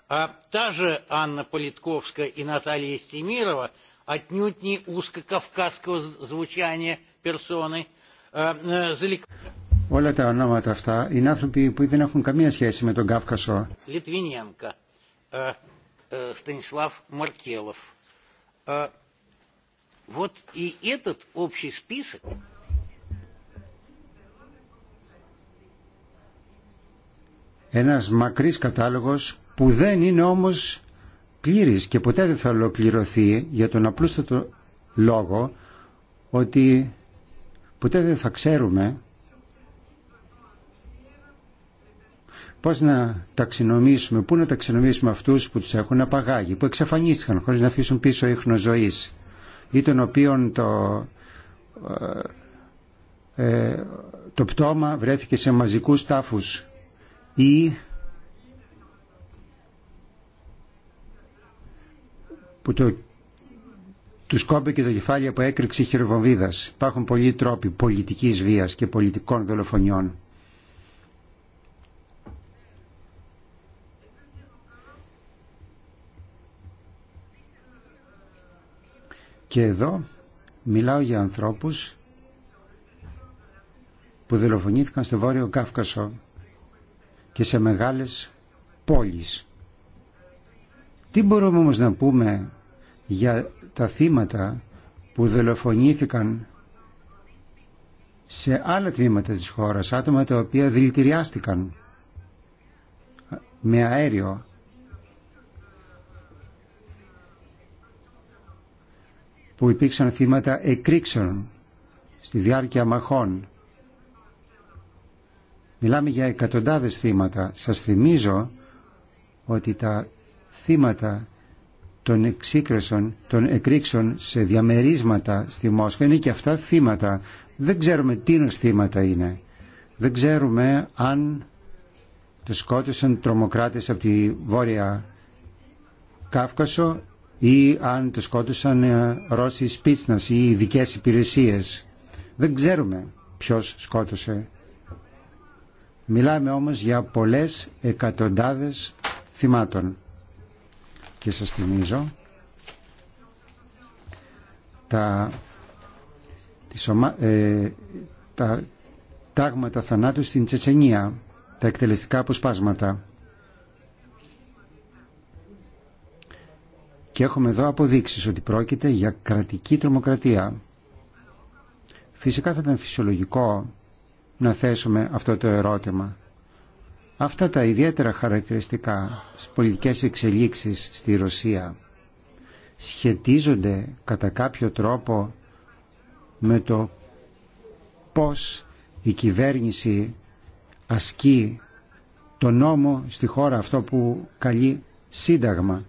τα же Άννα Πολιτκόφσκα και Νατάλια Стемирова отнюдь не узкокавказского звучания персоны – ε, ε, ε, Όλα τα ονόματα αυτά είναι άνθρωποι που δεν έχουν καμία σχέση με τον Κάφκασο. Λιτβινιένκα, Στανισλάβ Μαρκέλοφ. Вот и ένας μακρύς κατάλογος που δεν είναι όμως πλήρης και ποτέ δεν θα ολοκληρωθεί για τον απλούστατο λόγο ότι Ποτέ δεν θα ξέρουμε πώς να ταξινομήσουμε, πού να ταξινομήσουμε αυτούς που τους έχουν απαγάγει, που εξαφανίστηκαν χωρίς να αφήσουν πίσω ίχνο ζωής ή τον οποίον το, ε, ε, το πτώμα βρέθηκε σε μαζικούς τάφους ή που το του κόμπε και το κεφάλι από έκρηξη χειροβομβίδας. Υπάρχουν πολλοί τρόποι πολιτική βία και πολιτικών δολοφονιών. Και εδώ μιλάω για ανθρώπους που δολοφονήθηκαν στο Βόρειο Κάφκασο και σε μεγάλες πόλεις. Τι μπορούμε όμως να πούμε για τα θύματα που δολοφονήθηκαν σε άλλα τμήματα της χώρας, άτομα τα οποία δηλητηριάστηκαν με αέριο. που υπήρξαν θύματα εκρήξεων στη διάρκεια μαχών. Μιλάμε για εκατοντάδες θύματα. Σας θυμίζω ότι τα θύματα των εξήκρεσεων, των εκρήξεων σε διαμερίσματα στη Μόσχα είναι και αυτά θύματα. Δεν ξέρουμε τι θύματα είναι. Δεν ξέρουμε αν το σκότωσαν τρομοκράτες από τη Βόρεια Κάυκασο ή αν τους σκότωσαν ε, Ρώσοι σπίτσνας ή ειδικέ υπηρεσίες. Δεν ξέρουμε ποιος σκότωσε. Μιλάμε όμως για πολλές εκατοντάδες θυμάτων και σας θυμίζω τα, ε, τα τάγματα θανάτου στην Τσετσενία, τα εκτελεστικά αποσπάσματα. Και έχουμε εδώ αποδείξεις ότι πρόκειται για κρατική τρομοκρατία. Φυσικά θα ήταν φυσιολογικό να θέσουμε αυτό το ερώτημα. Αυτά τα ιδιαίτερα χαρακτηριστικά στις πολιτικές εξελίξεις στη Ρωσία σχετίζονται κατά κάποιο τρόπο με το πώς η κυβέρνηση ασκεί το νόμο στη χώρα αυτό που καλεί σύνταγμα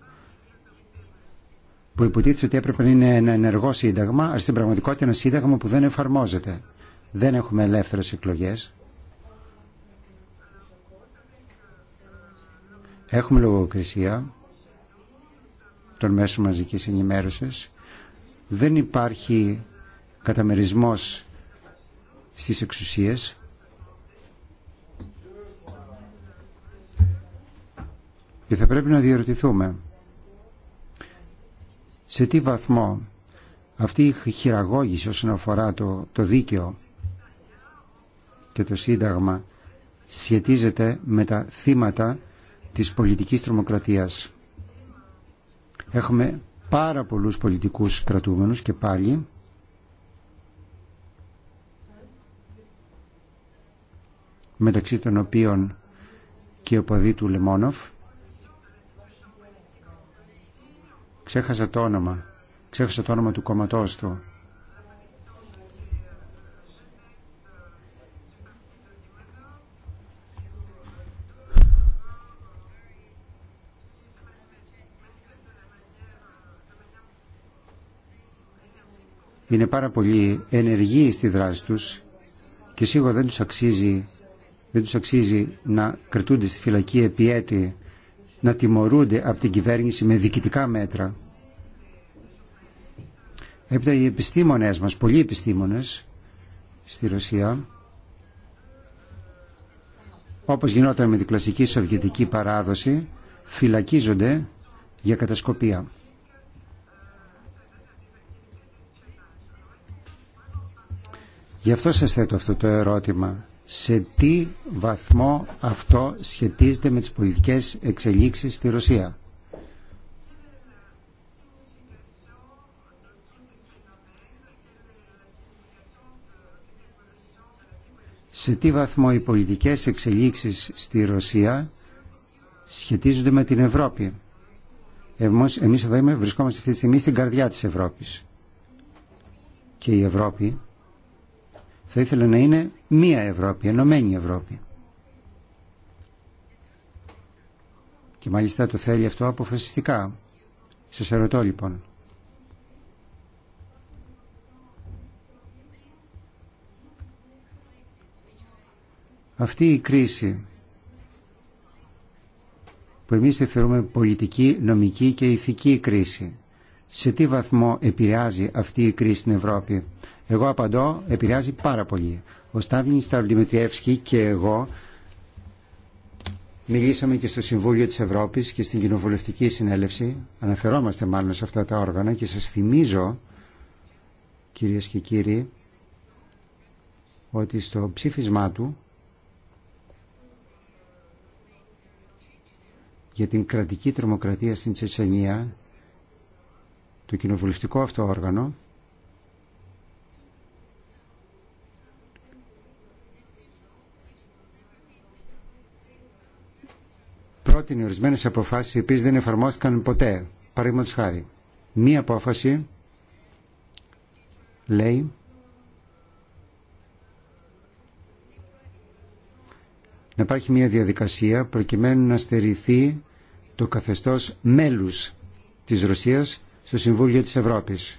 που υποτίθεται ότι έπρεπε να είναι ένα ενεργό σύνταγμα αλλά στην πραγματικότητα ένα σύνταγμα που δεν εφαρμόζεται. Δεν έχουμε ελεύθερες εκλογές Έχουμε λογοκρισία των μέσων μαζικής ενημέρωσης. Δεν υπάρχει καταμερισμός στις εξουσίες. Και θα πρέπει να διερωτηθούμε σε τι βαθμό αυτή η χειραγώγηση όσον αφορά το, το δίκαιο και το Σύνταγμα σχετίζεται με τα θύματα της πολιτικής τρομοκρατίας. Έχουμε πάρα πολλούς πολιτικούς κρατούμενους και πάλι μεταξύ των οποίων και ο παδί του Λεμόνοφ ξέχασα το όνομα ξέχασα το όνομα του κομματός είναι πάρα πολύ ενεργοί στη δράση τους και σίγουρα δεν τους αξίζει, δεν τους αξίζει να κρατούνται στη φυλακή επί έτη, να τιμωρούνται από την κυβέρνηση με διοικητικά μέτρα. Έπειτα οι επιστήμονες μας, πολλοί επιστήμονες στη Ρωσία, όπως γινόταν με την κλασική σοβιετική παράδοση, φυλακίζονται για κατασκοπία. Γι' αυτό σας θέτω αυτό το ερώτημα. Σε τι βαθμό αυτό σχετίζεται με τις πολιτικές εξελίξεις στη Ρωσία. Σε τι βαθμό οι πολιτικές εξελίξεις στη Ρωσία σχετίζονται με την Ευρώπη. Εμείς, εμείς εδώ βρισκόμαστε αυτή τη στιγμή στην καρδιά της Ευρώπης. Και η Ευρώπη θα ήθελα να είναι μία Ευρώπη, ενωμένη Ευρώπη. Και μάλιστα το θέλει αυτό αποφασιστικά. σε ερωτώ λοιπόν. Αυτή η κρίση που εμείς θεωρούμε πολιτική, νομική και ηθική κρίση σε τι βαθμό επηρεάζει αυτή η κρίση στην Ευρώπη. Εγώ απαντώ, επηρεάζει πάρα πολύ. Ο Στάβνη Σταυρντιμητριεύσκη και εγώ μιλήσαμε και στο Συμβούλιο της Ευρώπης και στην Κοινοβουλευτική Συνέλευση. Αναφερόμαστε μάλλον σε αυτά τα όργανα και σας θυμίζω, κυρίες και κύριοι, ότι στο ψήφισμά του για την κρατική τρομοκρατία στην Τσετσενία το κοινοβουλευτικό αυτό όργανο πρότεινε ορισμένε αποφάσει οι οποίε δεν εφαρμόστηκαν ποτέ. Παραδείγματο χάρη, μία απόφαση λέει να υπάρχει μία διαδικασία προκειμένου να στερηθεί το καθεστώς μέλους της Ρωσίας στο Συμβούλιο της Ευρώπης.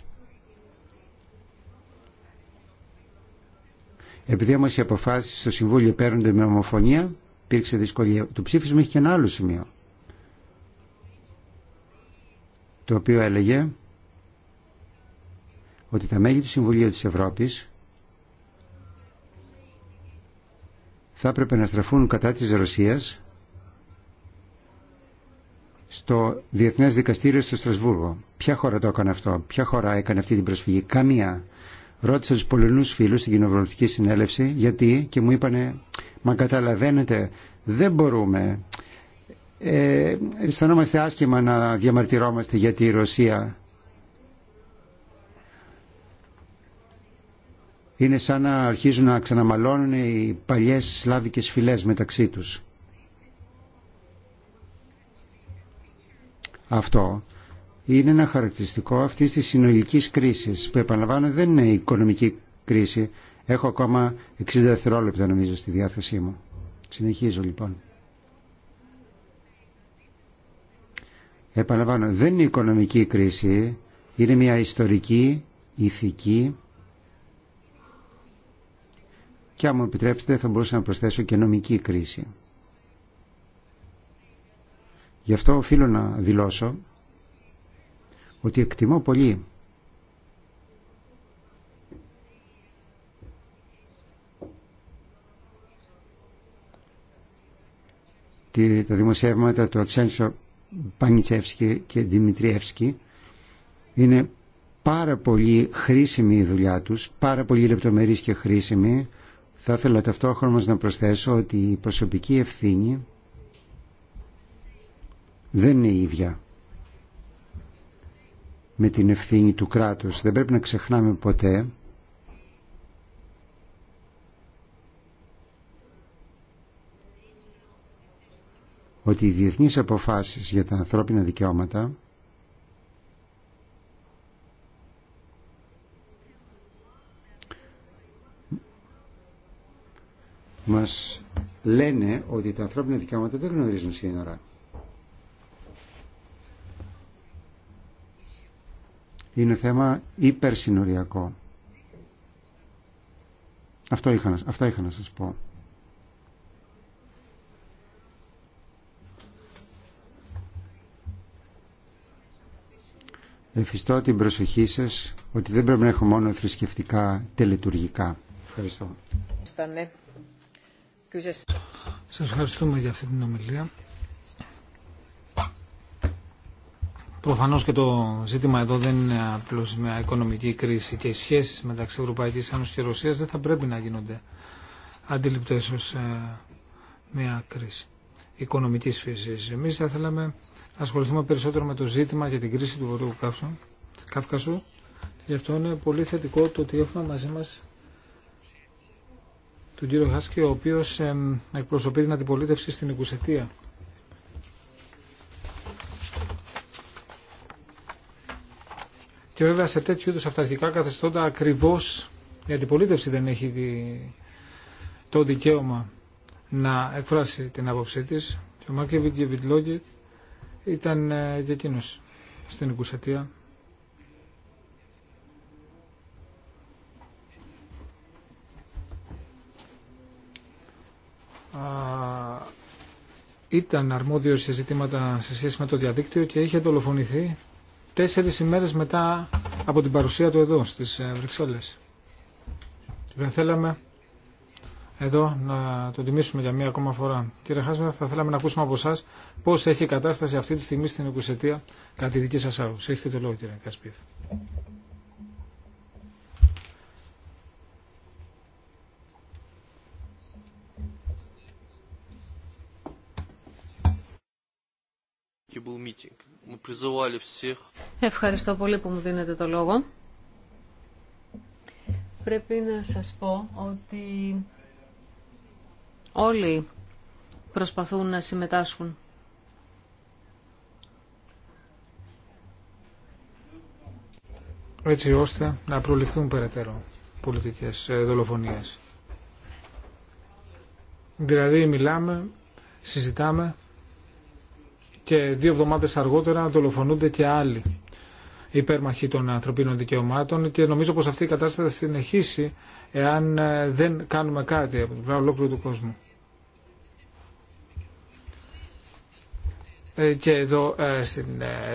Επειδή όμως οι αποφάσεις στο Συμβούλιο παίρνονται με ομοφωνία, υπήρξε δυσκολία. Το ψήφισμα έχει και ένα άλλο σημείο, το οποίο έλεγε ότι τα μέλη του Συμβουλίου της Ευρώπης θα έπρεπε να στραφούν κατά της Ρωσίας στο Διεθνές Δικαστήριο στο Στρασβούργο. Ποια χώρα το έκανε αυτό, ποια χώρα έκανε αυτή την προσφυγή, καμία. Ρώτησα τους πολλούς φίλους στην κοινοβουλευτική συνέλευση γιατί και μου είπανε «Μα καταλαβαίνετε, δεν μπορούμε, ε, αισθανόμαστε άσχημα να διαμαρτυρόμαστε γιατί η Ρωσία». Είναι σαν να αρχίζουν να ξαναμαλώνουν οι παλιές σλάβικες φυλές μεταξύ τους. αυτό είναι ένα χαρακτηριστικό αυτής της συνολικής κρίσης που επαναλαμβάνω δεν είναι η οικονομική κρίση. Έχω ακόμα 60 δευτερόλεπτα νομίζω στη διάθεσή μου. Συνεχίζω λοιπόν. Επαναλαμβάνω, δεν είναι οικονομική κρίση, είναι μια ιστορική, ηθική και αν μου επιτρέψετε θα μπορούσα να προσθέσω και νομική κρίση. Γι' αυτό οφείλω να δηλώσω ότι εκτιμώ πολύ τα δημοσιεύματα του Αξένσο Πανιτσεύσκη και Δημητριεύσκη είναι πάρα πολύ χρήσιμη η δουλειά τους, πάρα πολύ λεπτομερής και χρήσιμη. Θα ήθελα ταυτόχρονα να προσθέσω ότι η προσωπική ευθύνη δεν είναι ίδια με την ευθύνη του κράτους. Δεν πρέπει να ξεχνάμε ποτέ ότι οι διεθνείς αποφάσεις για τα ανθρώπινα δικαιώματα μας λένε ότι τα ανθρώπινα δικαιώματα δεν γνωρίζουν σύνορα. είναι θέμα υπερσυνοριακό. Αυτό είχα, αυτά είχα να σας πω. Ευχαριστώ την προσοχή σας ότι δεν πρέπει να έχω μόνο θρησκευτικά τελετουργικά. Ευχαριστώ. Σας ευχαριστούμε για αυτή την ομιλία. Προφανώ και το ζήτημα εδώ δεν είναι απλώ μια οικονομική κρίση και οι σχέσει μεταξύ Ευρωπαϊκή Ένωση και Ρωσία δεν θα πρέπει να γίνονται αντιληπτέ ω ε, μια κρίση οικονομική φυσή. Εμεί θα θέλαμε να ασχοληθούμε περισσότερο με το ζήτημα για την κρίση του Βορειού Κάφκασου. Γι' αυτό είναι πολύ θετικό το ότι έχουμε μαζί μα, τον κύριο Χάσκη, ο οποίος εκπροσωπεί την αντιπολίτευση στην Οικουσετία Και βέβαια σε τέτοιου είδου αυταρχικά καθεστώτα ακριβώ η αντιπολίτευση δεν έχει το δικαίωμα να εκφράσει την άποψή τη. Και ο και ήταν ε, και εκείνο στην Κουσατία. ήταν αρμόδιος σε ζητήματα σε σχέση με το διαδίκτυο και είχε δολοφονηθεί τέσσερις ημέρες μετά από την παρουσία του εδώ στις ε, Βρυξέλλες. Δεν θέλαμε εδώ να τον τιμήσουμε για μία ακόμα φορά. Κύριε Χάσμα, θα θέλαμε να ακούσουμε από εσά πώ έχει η κατάσταση αυτή τη στιγμή στην Οικουσιατία κατά τη δική σα άποψη. Έχετε το λόγο, κύριε Κασπίεφ. meeting. Ευχαριστώ πολύ που μου δίνετε το λόγο. Πρέπει να σας πω ότι όλοι προσπαθούν να συμμετάσχουν. έτσι ώστε να προληφθούν περαιτέρω πολιτικές ε, δολοφονίες. Δηλαδή μιλάμε, συζητάμε και δύο εβδομάδες αργότερα δολοφονούνται και άλλοι υπέρμαχοι των ανθρωπίνων δικαιωμάτων και νομίζω πως αυτή η κατάσταση θα συνεχίσει εάν ε, δεν κάνουμε κάτι από την ολόκληρου του κόσμου. Ε, και εδώ ε, στην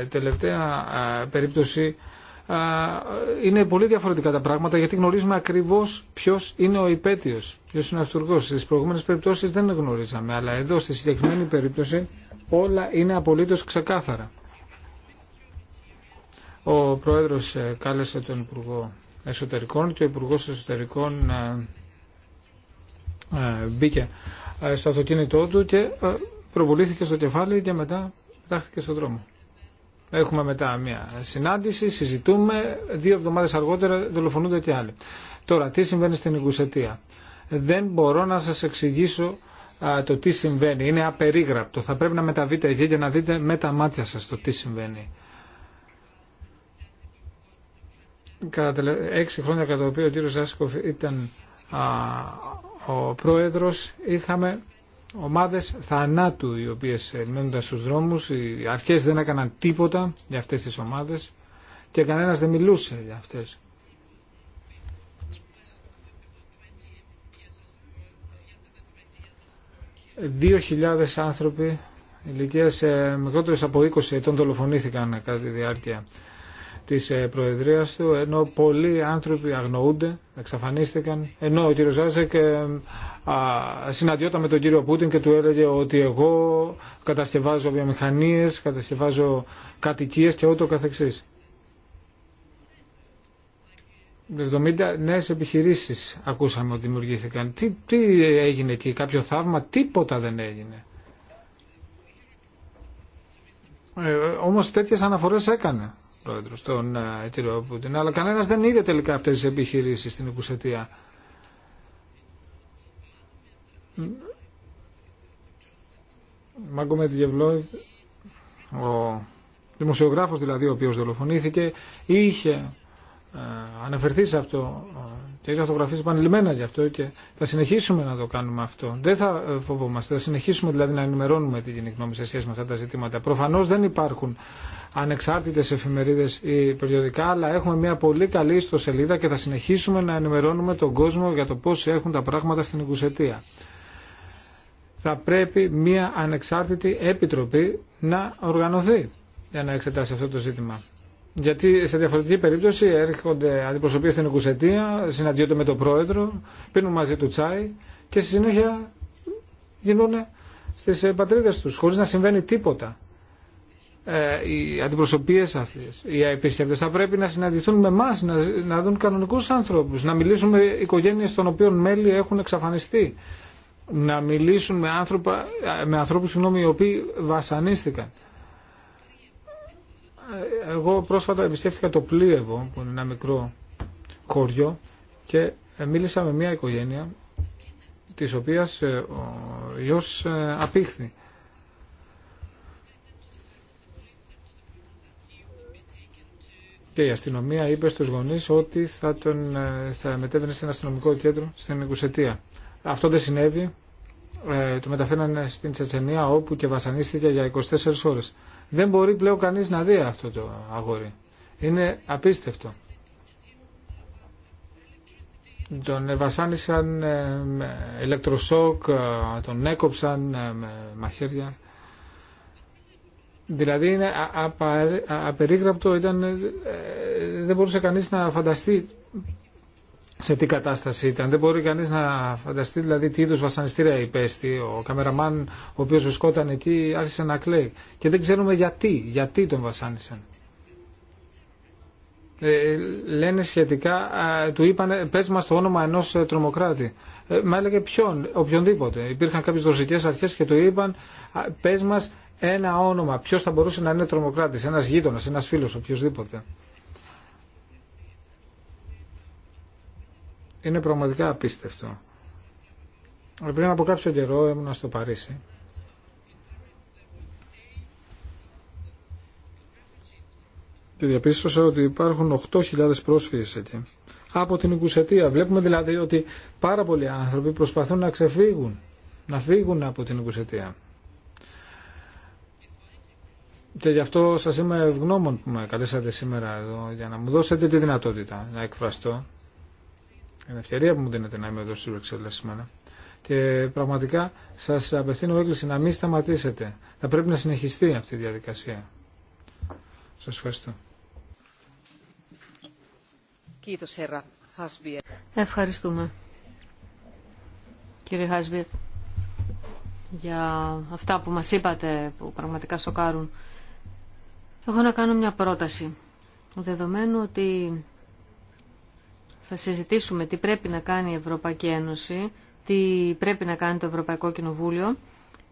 τελευταία περίπτωση είναι πολύ διαφορετικά τα πράγματα γιατί γνωρίζουμε ακριβώς ποιος είναι ο υπέτειος, ποιος είναι ο αυτούργος. Στις προηγούμενες περιπτώσεις δεν γνωρίζαμε, αλλά εδώ στη συγκεκριμένη περίπτωση όλα είναι απολύτως ξεκάθαρα. Ο Πρόεδρος ε, κάλεσε τον Υπουργό Εσωτερικών και ο Υπουργός Εσωτερικών ε, ε, μπήκε στο αυτοκίνητό του και προβολήθηκε στο κεφάλι και μετά πετάχθηκε στον δρόμο. Έχουμε μετά μια συνάντηση, συζητούμε, δύο εβδομάδες αργότερα δολοφονούνται και άλλοι. Τώρα, τι συμβαίνει στην Ιγκουσετία. Δεν μπορώ να σας εξηγήσω το τι συμβαίνει. Είναι απερίγραπτο. Θα πρέπει να μεταβείτε εκεί και να δείτε με τα μάτια σας το τι συμβαίνει. Κατά έξι χρόνια κατά το οποίο ο κύριος Ζάσκοφ ήταν ο πρόεδρος, είχαμε ομάδες θανάτου οι οποίες μένονταν στους δρόμους. Οι αρχές δεν έκαναν τίποτα για αυτές τις ομάδες και κανένας δεν μιλούσε για αυτές. 2.000 άνθρωποι ηλικίας ε, μικρότερες από 20 ετών δολοφονήθηκαν κατά τη διάρκεια της ε, Προεδρίας του, ενώ πολλοί άνθρωποι αγνοούνται, εξαφανίστηκαν, ενώ ο κύριος Ζάζεκ ε, συναντιόταν με τον κύριο Πούτιν και του έλεγε ότι εγώ κατασκευάζω βιομηχανίες, κατασκευάζω κατοικίες και ούτω καθεξής. 70 νέε επιχειρήσει ακούσαμε ότι δημιουργήθηκαν. Τι, τι έγινε εκεί, κάποιο θαύμα, τίποτα δεν έγινε. Ε, Όμω τέτοιε αναφορέ έκανε ο πρόεδρο των ε, Πούτιν, αλλά κανένα δεν είδε τελικά αυτέ τι επιχειρήσει στην Εκουσιατία. Μάγκο ο δημοσιογράφος δηλαδή ο οποίος δολοφονήθηκε, είχε ε, αναφερθεί σε αυτό ε, και έχει αυτογραφίσει επανειλημμένα γι' αυτό και θα συνεχίσουμε να το κάνουμε αυτό. Δεν θα ε, φοβόμαστε. Θα συνεχίσουμε δηλαδή να ενημερώνουμε τη κοινή γνώμη σε σχέση με αυτά τα ζητήματα. Προφανώ δεν υπάρχουν ανεξάρτητε εφημερίδε ή περιοδικά, αλλά έχουμε μια πολύ καλή ιστοσελίδα και θα συνεχίσουμε να ενημερώνουμε τον κόσμο για το πώ έχουν τα πράγματα στην Οικουσετία. Θα πρέπει μια ανεξάρτητη επιτροπή να οργανωθεί για να εξετάσει αυτό το ζήτημα. Γιατί σε διαφορετική περίπτωση έρχονται αντιπροσωπείε στην οικουσετία, συναντιόνται με τον πρόεδρο, πίνουν μαζί του τσάι και στη συνέχεια γίνουν στι πατρίδε του, χωρί να συμβαίνει τίποτα. Ε, οι αντιπροσωπείε αυτέ, οι επισκέπτε θα πρέπει να συναντηθούν με εμά, να, να δουν κανονικού άνθρωπου, να μιλήσουν με οικογένειε των οποίων μέλη έχουν εξαφανιστεί, να μιλήσουν με, άνθρωπα, ε, με ανθρώπους συγγνώμη, οι οποίοι βασανίστηκαν εγώ πρόσφατα επισκέφτηκα το πλοίο που είναι ένα μικρό χωριό, και ε, μίλησα με μια οικογένεια, της οποίας ε, ο γιος ε, απήχθη. Και η αστυνομία είπε στους γονείς ότι θα, τον, θα μετέβαινε σε ένα αστυνομικό κέντρο στην Ικουσετία. Αυτό δεν συνέβη. το μεταφέρανε στην Τσετσενία όπου και βασανίστηκε για 24 ώρες δεν μπορεί πλέον κανείς να δει αυτό το αγόρι. Είναι απίστευτο. Τον βασάνισαν ε, με ηλεκτροσόκ, ε, τον έκοψαν ε, με μαχαίρια. Δηλαδή είναι απερίγραπτο, ήταν, δεν μπορούσε κανείς να φανταστεί σε τι κατάσταση ήταν. Δεν μπορεί κανεί να φανταστεί δηλαδή τι είδου βασανιστήρια υπέστη. Ο καμεραμάν ο οποίο βρισκόταν εκεί άρχισε να κλαίει. Και δεν ξέρουμε γιατί, γιατί τον βασάνισαν. Ε, λένε σχετικά, του είπαν πε μα το όνομα ενός ε, τρομοκράτη. Ε, μα έλεγε ποιον, οποιονδήποτε. Υπήρχαν κάποιε ρωσικέ αρχέ και του είπαν πε μα ένα όνομα, ποιο θα μπορούσε να είναι τρομοκράτης, ένας γείτονα, ένας φίλος, οποιοδήποτε. είναι πραγματικά απίστευτο. Πριν από κάποιο καιρό ήμουν στο Παρίσι και διαπίστωσα ότι υπάρχουν 8.000 πρόσφυγες εκεί. Από την Ιγκουσετία. Βλέπουμε δηλαδή ότι πάρα πολλοί άνθρωποι προσπαθούν να ξεφύγουν, να φύγουν από την Ιγκουσετία. Και γι' αυτό σας είμαι ευγνώμων που με καλέσατε σήμερα εδώ για να μου δώσετε τη δυνατότητα να εκφραστώ την ευκαιρία που μου δίνετε να είμαι εδώ στις Βρυξέλλες σήμερα. Και πραγματικά σας απευθύνω έκκληση να μην σταματήσετε. Θα πρέπει να συνεχιστεί αυτή η διαδικασία. Σας ευχαριστώ. Ευχαριστούμε. Κύριε Χάσβιε, για αυτά που μας είπατε που πραγματικά σοκάρουν. Εγώ να κάνω μια πρόταση. Δεδομένου ότι θα συζητήσουμε τι πρέπει να κάνει η Ευρωπαϊκή Ένωση, τι πρέπει να κάνει το Ευρωπαϊκό Κοινοβούλιο.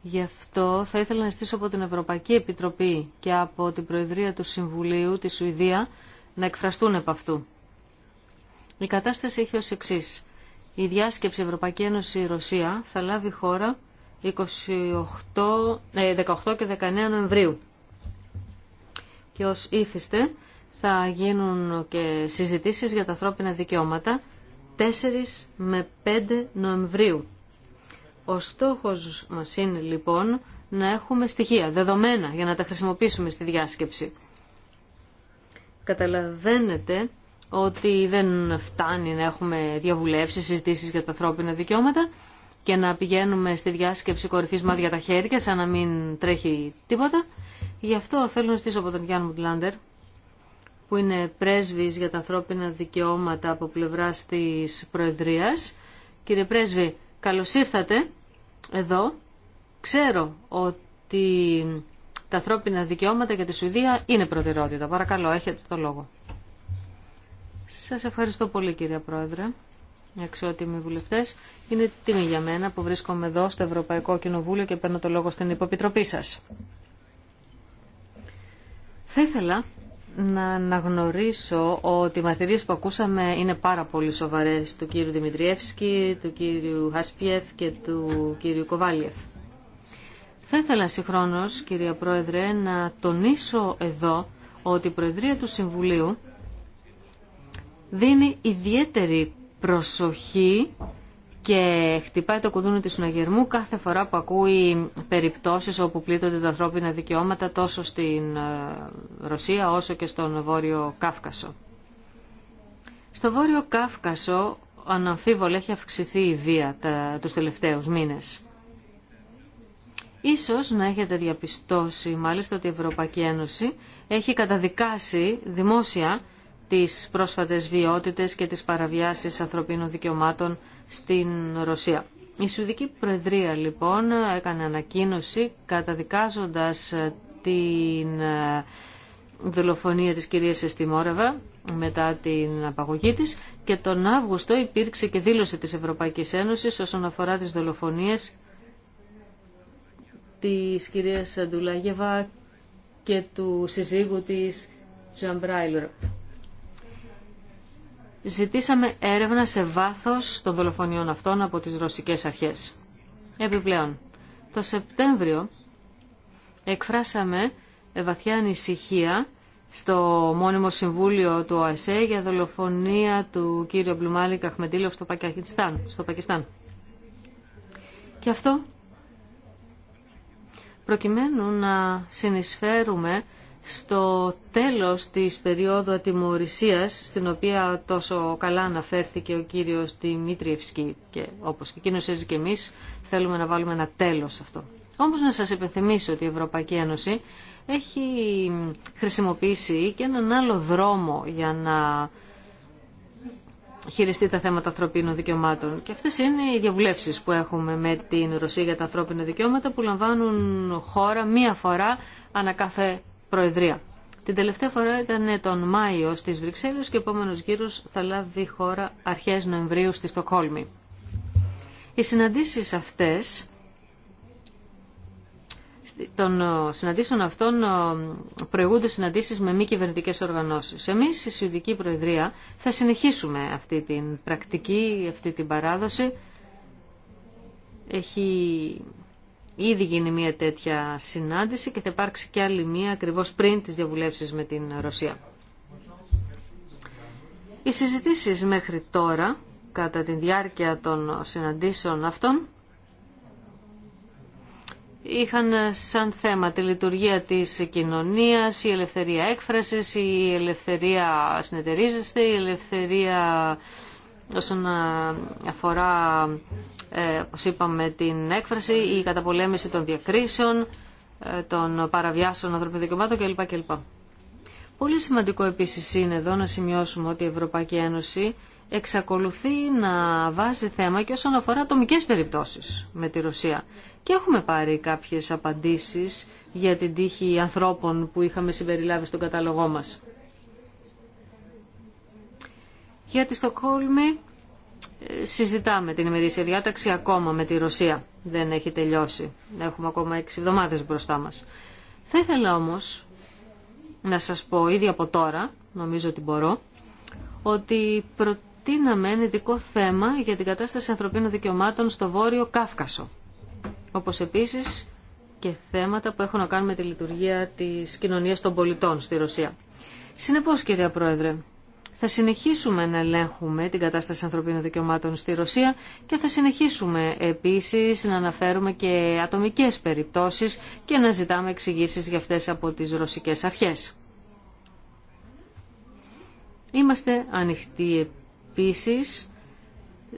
Γι' αυτό θα ήθελα να στήσω από την Ευρωπαϊκή Επιτροπή και από την Προεδρία του Συμβουλίου, τη Σουηδία, να εκφραστούν επ' αυτού. Η κατάσταση έχει ως εξή. Η διάσκεψη Ευρωπαϊκή Ένωση-Ρωσία θα λάβει χώρα 18 ε, και 19 Νοεμβρίου. Και ως ήθιστε, θα γίνουν και συζητήσεις για τα ανθρώπινα δικαιώματα 4 με 5 Νοεμβρίου. Ο στόχος μας είναι λοιπόν να έχουμε στοιχεία, δεδομένα, για να τα χρησιμοποιήσουμε στη διάσκεψη. Καταλαβαίνετε ότι δεν φτάνει να έχουμε διαβουλεύσεις, συζητήσεις για τα ανθρώπινα δικαιώματα και να πηγαίνουμε στη διάσκεψη κορυφής μάδια τα χέρια, σαν να μην τρέχει τίποτα. Γι' αυτό θέλω να στήσω από τον Γιάννη Μουτλάντερ που είναι πρέσβης για τα ανθρώπινα δικαιώματα από πλευράς της Προεδρίας. Κύριε Πρέσβη, καλώς ήρθατε εδώ. Ξέρω ότι τα ανθρώπινα δικαιώματα για τη Σουηδία είναι προτεραιότητα. Παρακαλώ, έχετε το λόγο. Σας ευχαριστώ πολύ κύριε Πρόεδρε, αξιότιμοι βουλευτές. Είναι τιμή για μένα που βρίσκομαι εδώ στο Ευρωπαϊκό Κοινοβούλιο και παίρνω το λόγο στην υποπιτροπή σας. Θα ήθελα να αναγνωρίσω ότι οι μαρτυρίες που ακούσαμε είναι πάρα πολύ σοβαρές του κύριου Δημητριεύσκη, του κύριου Χασπιεύ και του κύριου Κοβάλιεφ. Θα ήθελα συγχρόνως, κυρία Πρόεδρε, να τονίσω εδώ ότι η Προεδρία του Συμβουλίου δίνει ιδιαίτερη προσοχή και χτυπάει το κουδούνι του συναγερμού κάθε φορά που ακούει περιπτώσεις όπου πλήττονται τα ανθρώπινα δικαιώματα τόσο στην ε, Ρωσία όσο και στον Βόρειο Κάφκασο. Στο Βόρειο Κάφκασο αναμφίβολα έχει αυξηθεί η βία τα, τους τελευταίους μήνες. Ίσως να έχετε διαπιστώσει μάλιστα ότι η Ευρωπαϊκή Ένωση έχει καταδικάσει δημόσια τις πρόσφατες βιότητες και τις παραβιάσεις ανθρωπίνων δικαιωμάτων στην Ρωσία. Η Σουδική Προεδρία λοιπόν έκανε ανακοίνωση καταδικάζοντας την ε, δολοφονία της κυρίας Εστιμόρεβα μετά την απαγωγή της και τον Αύγουστο υπήρξε και δήλωση της Ευρωπαϊκής Ένωσης όσον αφορά τις δολοφονίες της κυρίας Αντουλάγεβα και του συζύγου της Τζαμπράιλερ ζητήσαμε έρευνα σε βάθος των δολοφονιών αυτών από τις ρωσικές αρχές. Επιπλέον, το Σεπτέμβριο εκφράσαμε βαθιά ανησυχία στο μόνιμο συμβούλιο του ΟΑΣΕ για δολοφονία του κύριου Μπλουμάλη Καχμεντήλοφ στο Πακιστάν. Στο Πακιστάν. Και αυτό προκειμένου να συνεισφέρουμε στο τέλος της περίοδου ατιμορρησίας, στην οποία τόσο καλά αναφέρθηκε ο κύριος Δημήτριευσκη και όπως και εκείνος έζησε και εμείς θέλουμε να βάλουμε ένα τέλος αυτό. Όμως να σας υπενθυμίσω ότι η Ευρωπαϊκή Ένωση έχει χρησιμοποιήσει και έναν άλλο δρόμο για να χειριστεί τα θέματα ανθρωπίνων δικαιωμάτων. Και αυτές είναι οι διαβουλεύσεις που έχουμε με την Ρωσία για τα ανθρώπινα δικαιώματα που λαμβάνουν χώρα μία φορά ανά κάθε Προεδρία. Την τελευταία φορά ήταν τον Μάιο στις Βρυξέλλες και ο επόμενος γύρο θα λάβει χώρα αρχές Νοεμβρίου στη Στοκόλμη. Οι συναντήσεις αυτές, των συναντήσεων αυτών προηγούνται συναντήσεις με μη κυβερνητικέ οργανώσεις. Εμείς, η Σουηδική Προεδρία, θα συνεχίσουμε αυτή την πρακτική, αυτή την παράδοση. Έχει Ήδη γίνει μια τέτοια συνάντηση και θα υπάρξει και άλλη μια ακριβώς πριν τις διαβουλεύσεις με την Ρωσία. Οι συζητήσεις μέχρι τώρα, κατά τη διάρκεια των συναντήσεων αυτών, είχαν σαν θέμα τη λειτουργία της κοινωνίας, η ελευθερία έκφρασης, η ελευθερία συνεταιρίζεστε, η ελευθερία όσον αφορά ε, όπως είπαμε, την έκφραση, η καταπολέμηση των διακρίσεων, ε, των παραβιάσεων ανθρωπίνων δικαιωμάτων κλπ. κλπ. Πολύ σημαντικό επίσης είναι εδώ να σημειώσουμε ότι η Ευρωπαϊκή Ένωση εξακολουθεί να βάζει θέμα και όσον αφορά ατομικέ περιπτώσεις με τη Ρωσία. Και έχουμε πάρει κάποιες απαντήσεις για την τύχη ανθρώπων που είχαμε συμπεριλάβει στον καταλογό μας. Για τη Στοκόλμη συζητάμε την ημερήσια διάταξη ακόμα με τη Ρωσία. Δεν έχει τελειώσει. Έχουμε ακόμα έξι εβδομάδες μπροστά μας. Θα ήθελα όμως να σας πω ήδη από τώρα, νομίζω ότι μπορώ, ότι προτείναμε ένα ειδικό θέμα για την κατάσταση ανθρωπίνων δικαιωμάτων στο Βόρειο Κάφκασο. Όπως επίσης και θέματα που έχουν να κάνουν με τη λειτουργία της κοινωνίας των πολιτών στη Ρωσία. Συνεπώς, κυρία Πρόεδρε, θα συνεχίσουμε να ελέγχουμε την κατάσταση ανθρωπίνων δικαιωμάτων στη Ρωσία και θα συνεχίσουμε επίσης να αναφέρουμε και ατομικές περιπτώσεις και να ζητάμε εξηγήσει για αυτές από τις ρωσικές αρχές. Είμαστε ανοιχτοί επίσης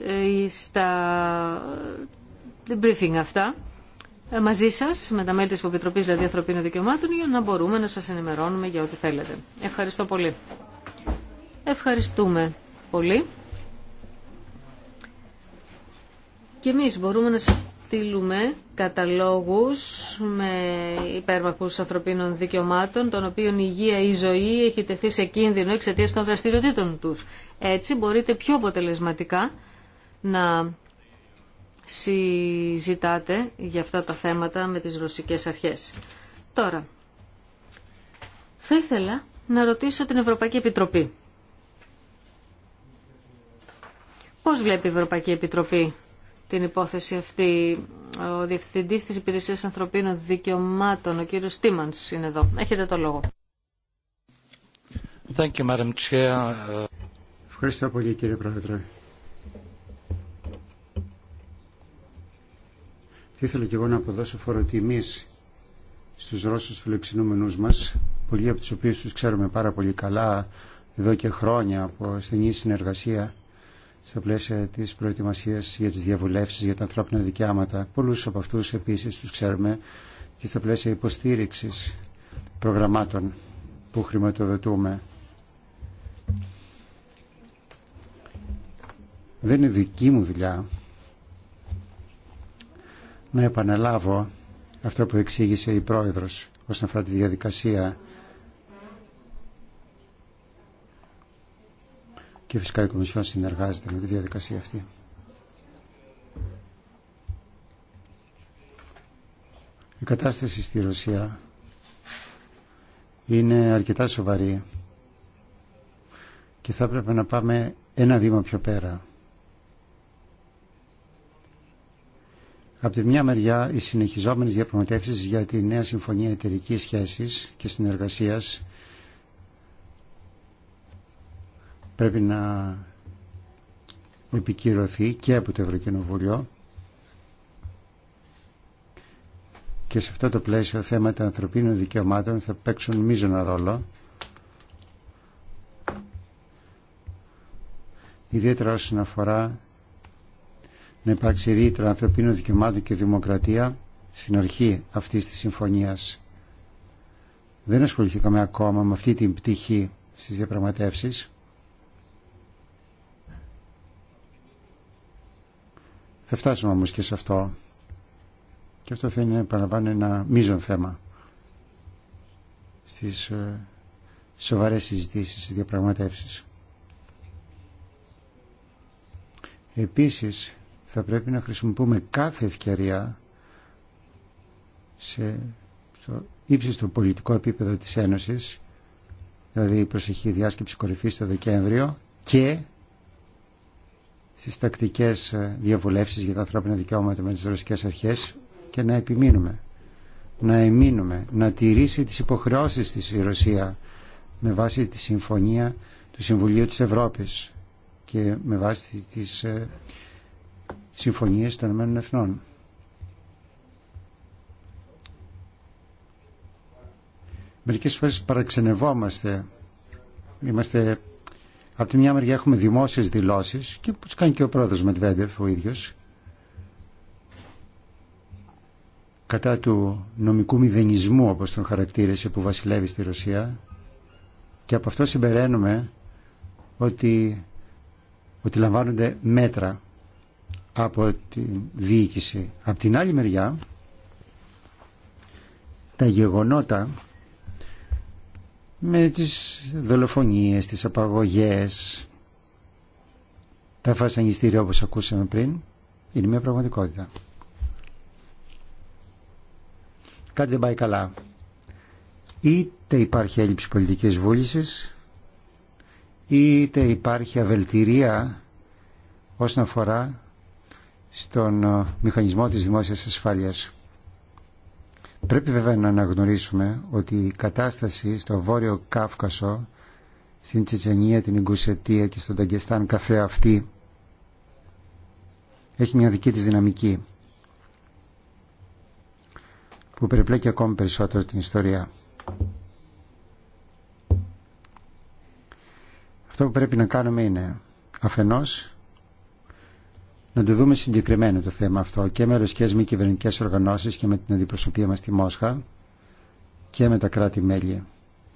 ε, στα briefing αυτά ε, μαζί σας, με τα μέλη της Υποπιτροπής δηλαδή Ανθρωπίνων Δικαιωμάτων, για να μπορούμε να σας ενημερώνουμε για ό,τι θέλετε. Ευχαριστώ πολύ. Ευχαριστούμε πολύ. Και εμείς μπορούμε να σας στείλουμε καταλόγους με υπέρμαχους ανθρωπίνων δικαιωμάτων, των οποίων η υγεία ή η ζωή έχει τεθεί σε κίνδυνο εξαιτίας των δραστηριοτήτων τους. Έτσι μπορείτε πιο αποτελεσματικά να συζητάτε για αυτά τα θέματα με τις ρωσικές αρχές. Τώρα, θα ήθελα να ρωτήσω την Ευρωπαϊκή Επιτροπή. Πώς βλέπει η Ευρωπαϊκή Επιτροπή την υπόθεση αυτή. Ο Διευθυντής της Υπηρεσίας Ανθρωπίνων Δικαιωμάτων, ο κύριος Τίμανς, είναι εδώ. Έχετε το λόγο. Ευχαριστώ πολύ κύριε Πρόεδρε. Θα ήθελα και εγώ να αποδώσω φοροτιμής στους Ρώσους φιλοξενούμενους μας, πολλοί από τους οποίους τους ξέρουμε πάρα πολύ καλά εδώ και χρόνια από στενή συνεργασία στα πλαίσια της προετοιμασίας για τις διαβουλεύσεις για τα ανθρώπινα δικαίωματα, Πολλούς από αυτούς επίσης τους ξέρουμε και στα πλαίσια υποστήριξης προγραμμάτων που χρηματοδοτούμε. Δεν είναι δική μου δουλειά να επαναλάβω αυτό που εξήγησε η Πρόεδρος όσον αφορά τη διαδικασία και φυσικά η Κομισιόν συνεργάζεται με τη διαδικασία αυτή. Η κατάσταση στη Ρωσία είναι αρκετά σοβαρή και θα έπρεπε να πάμε ένα βήμα πιο πέρα. Από τη μια μεριά, οι συνεχιζόμενες διαπραγματεύσεις για τη νέα συμφωνία εταιρικής σχέσης και συνεργασίας πρέπει να επικυρωθεί και από το Ευρωκοινοβούλιο και σε αυτό το πλαίσιο θέματα ανθρωπίνων δικαιωμάτων θα παίξουν μείζωνα ρόλο ιδιαίτερα όσον αφορά να υπάρξει ρήτρα ανθρωπίνων δικαιωμάτων και δημοκρατία στην αρχή αυτής της συμφωνίας. Δεν ασχοληθήκαμε ακόμα με αυτή την πτυχή στις διαπραγματεύσεις. Θα φτάσουμε όμως και σε αυτό. Και αυτό θα είναι, παραπάνω ένα μείζον θέμα στις ε, σοβαρές συζητήσεις, στις διαπραγματεύσεις. Επίσης, θα πρέπει να χρησιμοποιούμε κάθε ευκαιρία σε, στο ύψιστο πολιτικό επίπεδο της Ένωσης, δηλαδή η προσεχή διάσκεψη κορυφής το Δεκέμβριο και στις τακτικές ε, διαβουλεύσεις για τα ανθρώπινα δικαιώματα με τις ρωσικές αρχές και να επιμείνουμε, να εμείνουμε, να τηρήσει τις υποχρεώσεις της η Ρωσία με βάση τη συμφωνία του Συμβουλίου της Ευρώπης και με βάση τις ε, συμφωνίες των Ηνωμένων Εθνών. Μερικές φορές παραξενευόμαστε, είμαστε από τη μια μεριά έχουμε δημόσιε δηλώσει και που τι κάνει και ο πρόεδρος Μετβέντεφ ο ίδιος κατά του νομικού μηδενισμού όπως τον χαρακτήρισε που βασιλεύει στη Ρωσία και από αυτό συμπεραίνουμε ότι, ότι λαμβάνονται μέτρα από τη διοίκηση. Από την άλλη μεριά τα γεγονότα με τις δολοφονίες, τις απαγωγές, τα φασανιστήρια όπως ακούσαμε πριν, είναι μια πραγματικότητα. Κάτι δεν πάει καλά. Είτε υπάρχει έλλειψη πολιτικής βούλησης, είτε υπάρχει αβελτηρία όσον αφορά στον ε, μηχανισμό της δημόσιας ασφάλειας. Πρέπει βέβαια να αναγνωρίσουμε ότι η κατάσταση στο Βόρειο Κάυκασο, στην Τσετσενία, την Ιγκουσετία και στον Ταγκεστάν καθέα αυτή έχει μια δική της δυναμική που περιπλέκει ακόμη περισσότερο την ιστορία. Αυτό που πρέπει να κάνουμε είναι αφενός να το δούμε συγκεκριμένο το θέμα αυτό και με ρωσικές μη κυβερνητικέ οργανώσεις και με την αντιπροσωπεία μας στη Μόσχα και με τα κράτη-μέλη.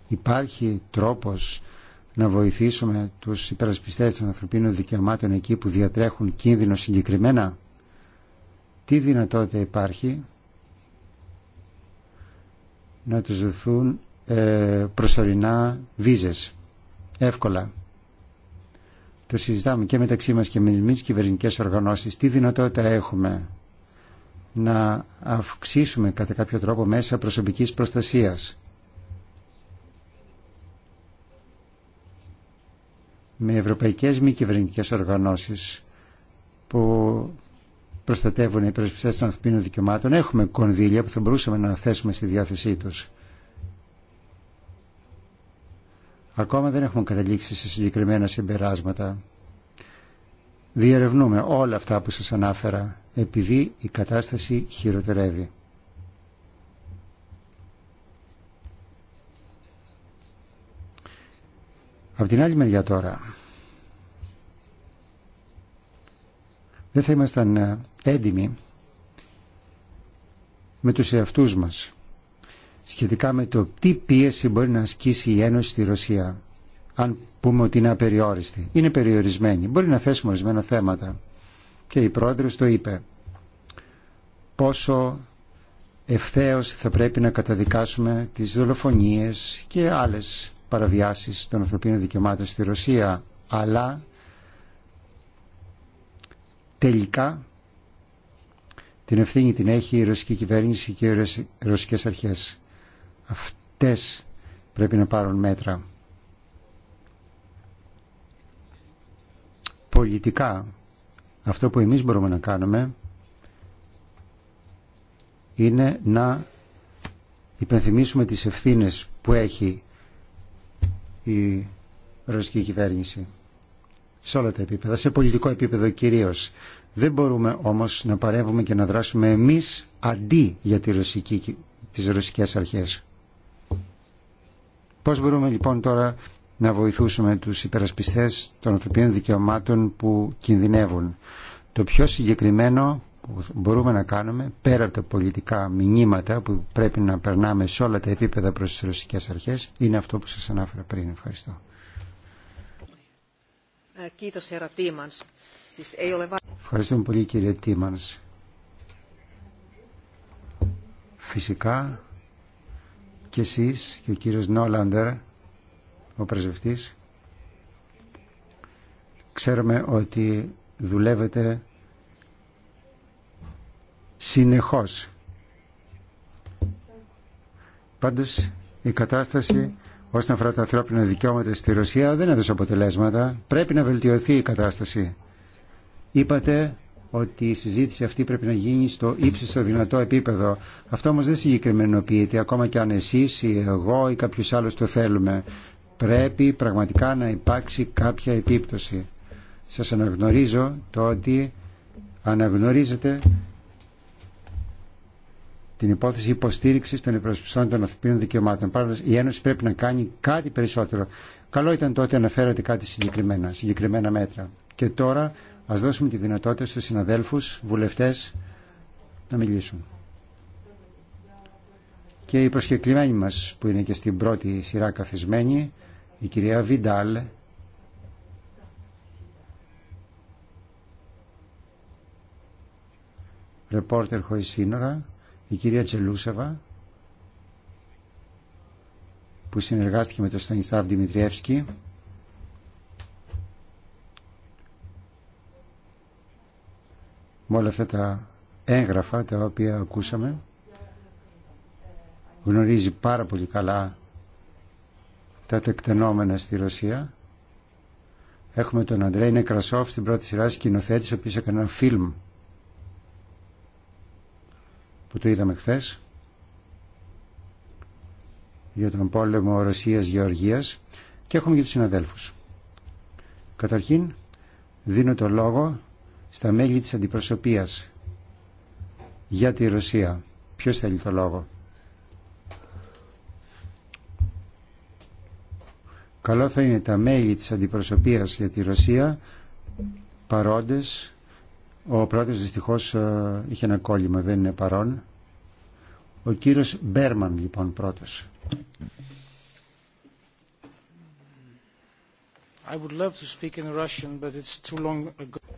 Υπάρχει τρόπος να βοηθήσουμε τους υπερασπιστές των ανθρωπίνων δικαιωμάτων εκεί που διατρέχουν κίνδυνο συγκεκριμένα. Τι δυνατότητα υπάρχει να τους δοθούν ε, προσωρινά βίζες εύκολα το συζητάμε και μεταξύ μας και με τις κυβερνητικές οργανώσεις, τι δυνατότητα έχουμε να αυξήσουμε κατά κάποιο τρόπο μέσα προσωπικής προστασίας. με ευρωπαϊκές μη κυβερνητικές οργανώσεις που προστατεύουν οι υπερασπιστές των ανθρωπίνων δικαιωμάτων έχουμε κονδύλια που θα μπορούσαμε να θέσουμε στη διάθεσή τους. Ακόμα δεν έχουμε καταλήξει σε συγκεκριμένα συμπεράσματα. Διερευνούμε όλα αυτά που σας ανάφερα, επειδή η κατάσταση χειροτερεύει. Από την άλλη μεριά τώρα, δεν θα ήμασταν ε, έντιμοι με τους εαυτούς μας σχετικά με το τι πίεση μπορεί να ασκήσει η Ένωση στη Ρωσία. Αν πούμε ότι είναι απεριόριστη. Είναι περιορισμένη. Μπορεί να θέσουμε ορισμένα θέματα. Και η πρόεδρος το είπε. Πόσο ευθέως θα πρέπει να καταδικάσουμε τις δολοφονίες και άλλες παραβιάσεις των ανθρωπίνων δικαιωμάτων στη Ρωσία. Αλλά τελικά την ευθύνη την έχει η ρωσική κυβέρνηση και οι ρωσικές αρχές αυτές πρέπει να πάρουν μέτρα. Πολιτικά, αυτό που εμείς μπορούμε να κάνουμε είναι να υπενθυμίσουμε τις ευθύνες που έχει η ρωσική κυβέρνηση σε όλα τα επίπεδα, σε πολιτικό επίπεδο κυρίως. Δεν μπορούμε όμως να παρεύουμε και να δράσουμε εμείς αντί για τη ρωσική, τις ρωσικές αρχές. Πώς μπορούμε λοιπόν τώρα να βοηθούσουμε τους υπερασπιστές των ανθρωπίνων δικαιωμάτων που κινδυνεύουν. Το πιο συγκεκριμένο που μπορούμε να κάνουμε πέρα από τα πολιτικά μηνύματα που πρέπει να περνάμε σε όλα τα επίπεδα προς τις ρωσικές αρχές είναι αυτό που σας ανάφερα πριν. Ευχαριστώ. Ε, Ευχαριστούμε πολύ κύριε Τίμανς. Φυσικά και εσείς και ο κύριος Νόλαντερ, ο πρεσβευτής, ξέρουμε ότι δουλεύετε συνεχώς. Πάντως η κατάσταση όσον αφορά τα ανθρώπινα δικαιώματα στη Ρωσία δεν έδωσε αποτελέσματα. Πρέπει να βελτιωθεί η κατάσταση. Είπατε ότι η συζήτηση αυτή πρέπει να γίνει στο ύψιστο δυνατό επίπεδο. Αυτό όμως δεν συγκεκριμενοποιείται, ακόμα και αν εσείς ή εγώ ή κάποιος άλλος το θέλουμε. Πρέπει πραγματικά να υπάρξει κάποια επίπτωση. Σας αναγνωρίζω το ότι αναγνωρίζετε την υπόθεση υποστήριξη των υπερασπιστών των ανθρωπίνων δικαιωμάτων. Πάντω, η Ένωση πρέπει να κάνει κάτι περισσότερο. Καλό ήταν τότε να φέρατε κάτι συγκεκριμένα, συγκεκριμένα μέτρα. Και τώρα Ας δώσουμε τη δυνατότητα στους συναδέλφους, βουλευτές, να μιλήσουν. Και οι προσκεκλημένοι μας, που είναι και στην πρώτη σειρά καθισμένη, η κυρία Βιντάλ, ρεπόρτερ χωρίς σύνορα, η κυρία Τσελούσεβα, που συνεργάστηκε με τον Στανιστάβ Δημητριεύσκη, με όλα αυτά τα έγγραφα τα οποία ακούσαμε γνωρίζει πάρα πολύ καλά τα τεκτενόμενα στη Ρωσία έχουμε τον Αντρέι Νεκρασόφ στην πρώτη σειρά σκηνοθέτη ο οποίος έκανε ένα φιλμ που το είδαμε χθε για τον πόλεμο Ρωσίας-Γεωργίας και έχουμε και τους συναδέλφους. Καταρχήν δίνω το λόγο στα μέλη της αντιπροσωπείας για τη Ρωσία. Ποιος θέλει το λόγο. Καλό θα είναι τα μέλη της αντιπροσωπείας για τη Ρωσία παρόντες. Ο πρώτος δυστυχώς ε, είχε ένα κόλλημα, δεν είναι παρόν. Ο κύριος Μπέρμαν λοιπόν πρώτος.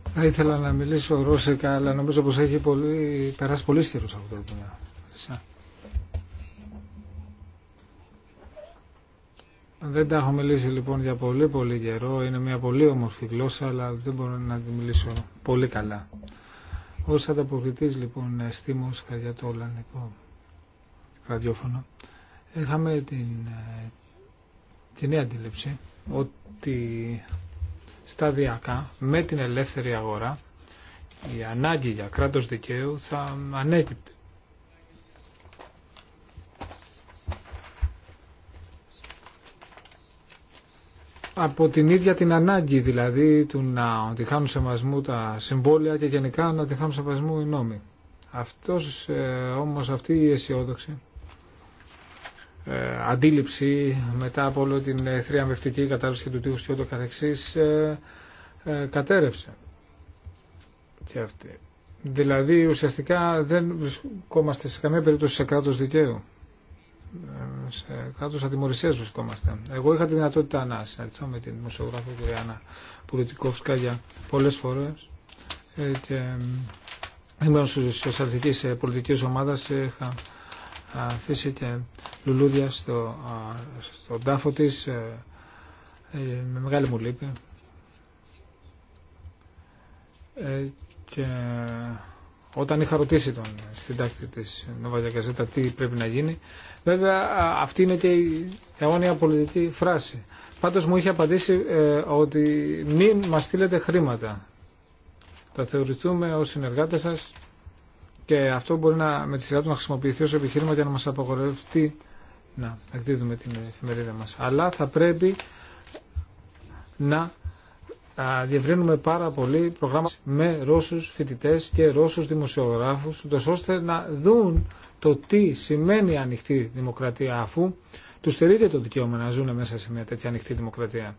Θα ήθελα να μιλήσω ρώσικα, αλλά νομίζω πως έχει πολύ, περάσει πολύ στήρος αυτό το Δεν τα έχω μιλήσει λοιπόν για πολύ πολύ καιρό. Είναι μια πολύ όμορφη γλώσσα, αλλά δεν μπορώ να τη μιλήσω πολύ καλά. Ως ανταποκριτής λοιπόν στη Μόσχα για το Ολλανδικό ραδιόφωνο, είχαμε την, ε, την νέα αντίληψη ότι σταδιακά με την ελεύθερη αγορά η ανάγκη για κράτος δικαίου θα ανέκυπτε. από την ίδια την ανάγκη δηλαδή του να ότι σε σεβασμού τα συμβόλαια και γενικά να ότι σε σεβασμού οι νόμοι. Αυτός ε, όμως αυτή η αισιόδοξη ε, αντίληψη μετά από όλη την θριαμβευτική κατάρρευση του τείχους και ούτω καθεξής ε, ε, κατέρευσε και αυτή. Δηλαδή ουσιαστικά δεν βρισκόμαστε σε καμία περίπτωση σε κράτος δικαίου. Σε κράτος ατιμορρησίας βρισκόμαστε. Εγώ είχα τη δυνατότητα να συναντηθώ με την δημοσιογράφη κυρία Άννα για πολλές φορές και ήμουν στους σοσιαλιστικής πολιτική ομάδα είχα αφήσει και λουλούδια στο, στον τάφο της ε, ε, με μεγάλη μου λύπη ε, και όταν είχα ρωτήσει τον συντάκτη της Νοβαγιακαζέτα Καζέτα τι πρέπει να γίνει βέβαια αυτή είναι και η αιώνια πολιτική φράση πάντως μου είχε απαντήσει ότι μην μας στείλετε χρήματα θα θεωρηθούμε ως συνεργάτες σας και αυτό μπορεί να, με τη σειρά του να χρησιμοποιηθεί ως επιχείρημα για να μας τι να εκδίδουμε την εφημερίδα μας. Αλλά θα πρέπει να διευρύνουμε πάρα πολύ προγράμματα με Ρώσους φοιτητές και Ρώσους δημοσιογράφους ώστε να δουν το τι σημαίνει ανοιχτή δημοκρατία αφού τους στερείται το δικαίωμα να ζουν μέσα σε μια τέτοια ανοιχτή δημοκρατία.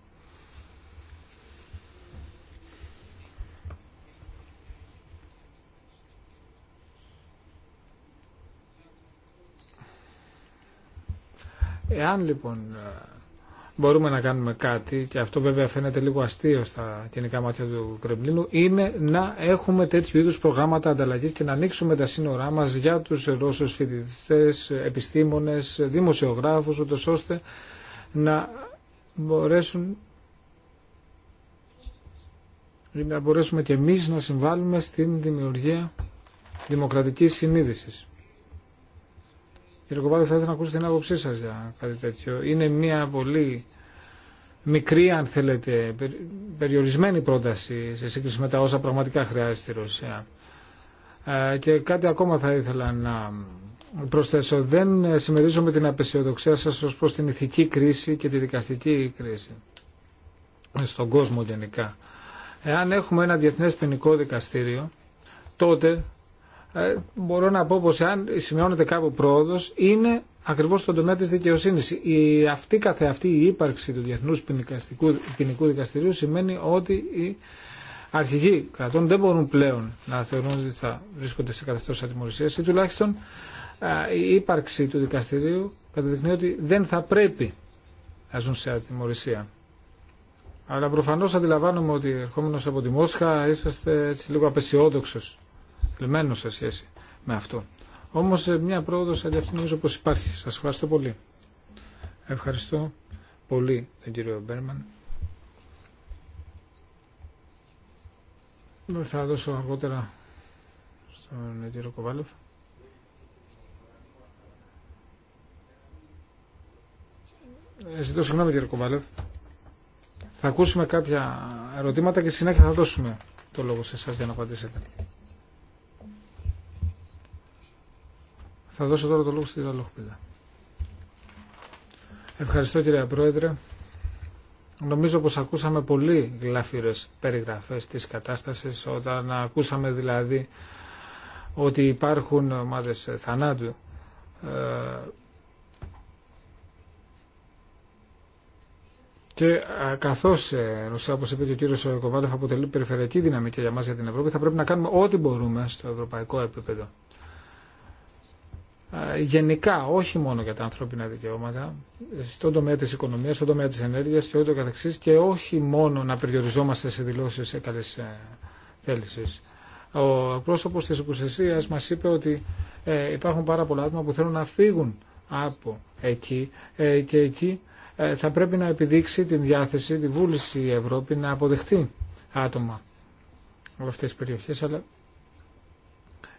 Εάν λοιπόν ε, μπορούμε να κάνουμε κάτι, και αυτό βέβαια φαίνεται λίγο αστείο στα κοινικά μάτια του Κρεμλίνου, είναι να έχουμε τέτοιου είδους προγράμματα ανταλλαγής και να ανοίξουμε τα σύνορά μας για τους Ρώσους φοιτητέ, επιστήμονες, δημοσιογράφους, ώστε να μπορέσουν να μπορέσουμε και εμείς να συμβάλλουμε στην δημιουργία δημοκρατικής συνείδησης. Κύριε θα ήθελα να ακούσω την άποψή σας για κάτι τέτοιο. Είναι μια πολύ μικρή, αν θέλετε, περιορισμένη πρόταση σε σύγκριση με τα όσα πραγματικά χρειάζεται η Ρωσία. Ε, και κάτι ακόμα θα ήθελα να προσθέσω. Δεν με την απεσιοδοξία σας ως προς την ηθική κρίση και τη δικαστική κρίση στον κόσμο γενικά. Εάν έχουμε ένα διεθνές ποινικό δικαστήριο, τότε ε, μπορώ να πω πως αν σημειώνεται κάπου πρόοδος είναι ακριβώς στον τομέα της δικαιοσύνης. Η, αυτή καθεαυτή η ύπαρξη του Διεθνούς Ποινικού Δικαστηρίου σημαίνει ότι οι αρχηγοί κρατών δεν μπορούν πλέον να θεωρούν ότι θα βρίσκονται σε καθεστώς ατιμορρησίας ή τουλάχιστον ε, η ύπαρξη του δικαστηρίου καταδεικνύει ότι δεν θα πρέπει να ζουν σε ατιμορρυσία. Αλλά προφανώς αντιλαμβάνομαι ότι ερχόμενος από τη Μόσχα είσαστε έτσι λίγο απεσιόδοξος θλιμμένο σε σχέση με αυτό. Όμω ε, μια πρόοδο σαν αυτή νομίζω πως υπάρχει. Σα ευχαριστώ πολύ. Ευχαριστώ πολύ τον κύριο Μπέρμαν. Ε, θα δώσω αργότερα στον κύριο Κοβάλεφ. Ε, ζητώ συγγνώμη κύριε Κοβάλεφ. Θα ακούσουμε κάποια ερωτήματα και συνέχεια θα δώσουμε το λόγο σε εσά για να απαντήσετε. Θα δώσω τώρα το λόγο στην Ραλόχπηδα. Ευχαριστώ κύριε Πρόεδρε. Νομίζω πως ακούσαμε πολύ γλαφύρες περιγραφές της κατάστασης όταν ακούσαμε δηλαδή ότι υπάρχουν ομάδες θανάτου ε, και καθώς Ρωσία ε, όπως είπε και ο κύριος Κοβάλεφ αποτελεί περιφερειακή δυναμική για μας για την Ευρώπη θα πρέπει να κάνουμε ό,τι μπορούμε στο ευρωπαϊκό επίπεδο γενικά, όχι μόνο για τα ανθρώπινα δικαιώματα, στον τομέα της οικονομίας, στον τομέα της ενέργειας και ούτω καθεξής και όχι μόνο να περιοριζόμαστε σε δηλώσεις σε καλές ε, Ο πρόσωπος της Οικουσιασίας μας είπε ότι ε, υπάρχουν πάρα πολλά άτομα που θέλουν να φύγουν από εκεί ε, και εκεί θα πρέπει να επιδείξει την διάθεση, τη βούληση η Ευρώπη να αποδεχτεί άτομα από αυτές τις περιοχές, αλλά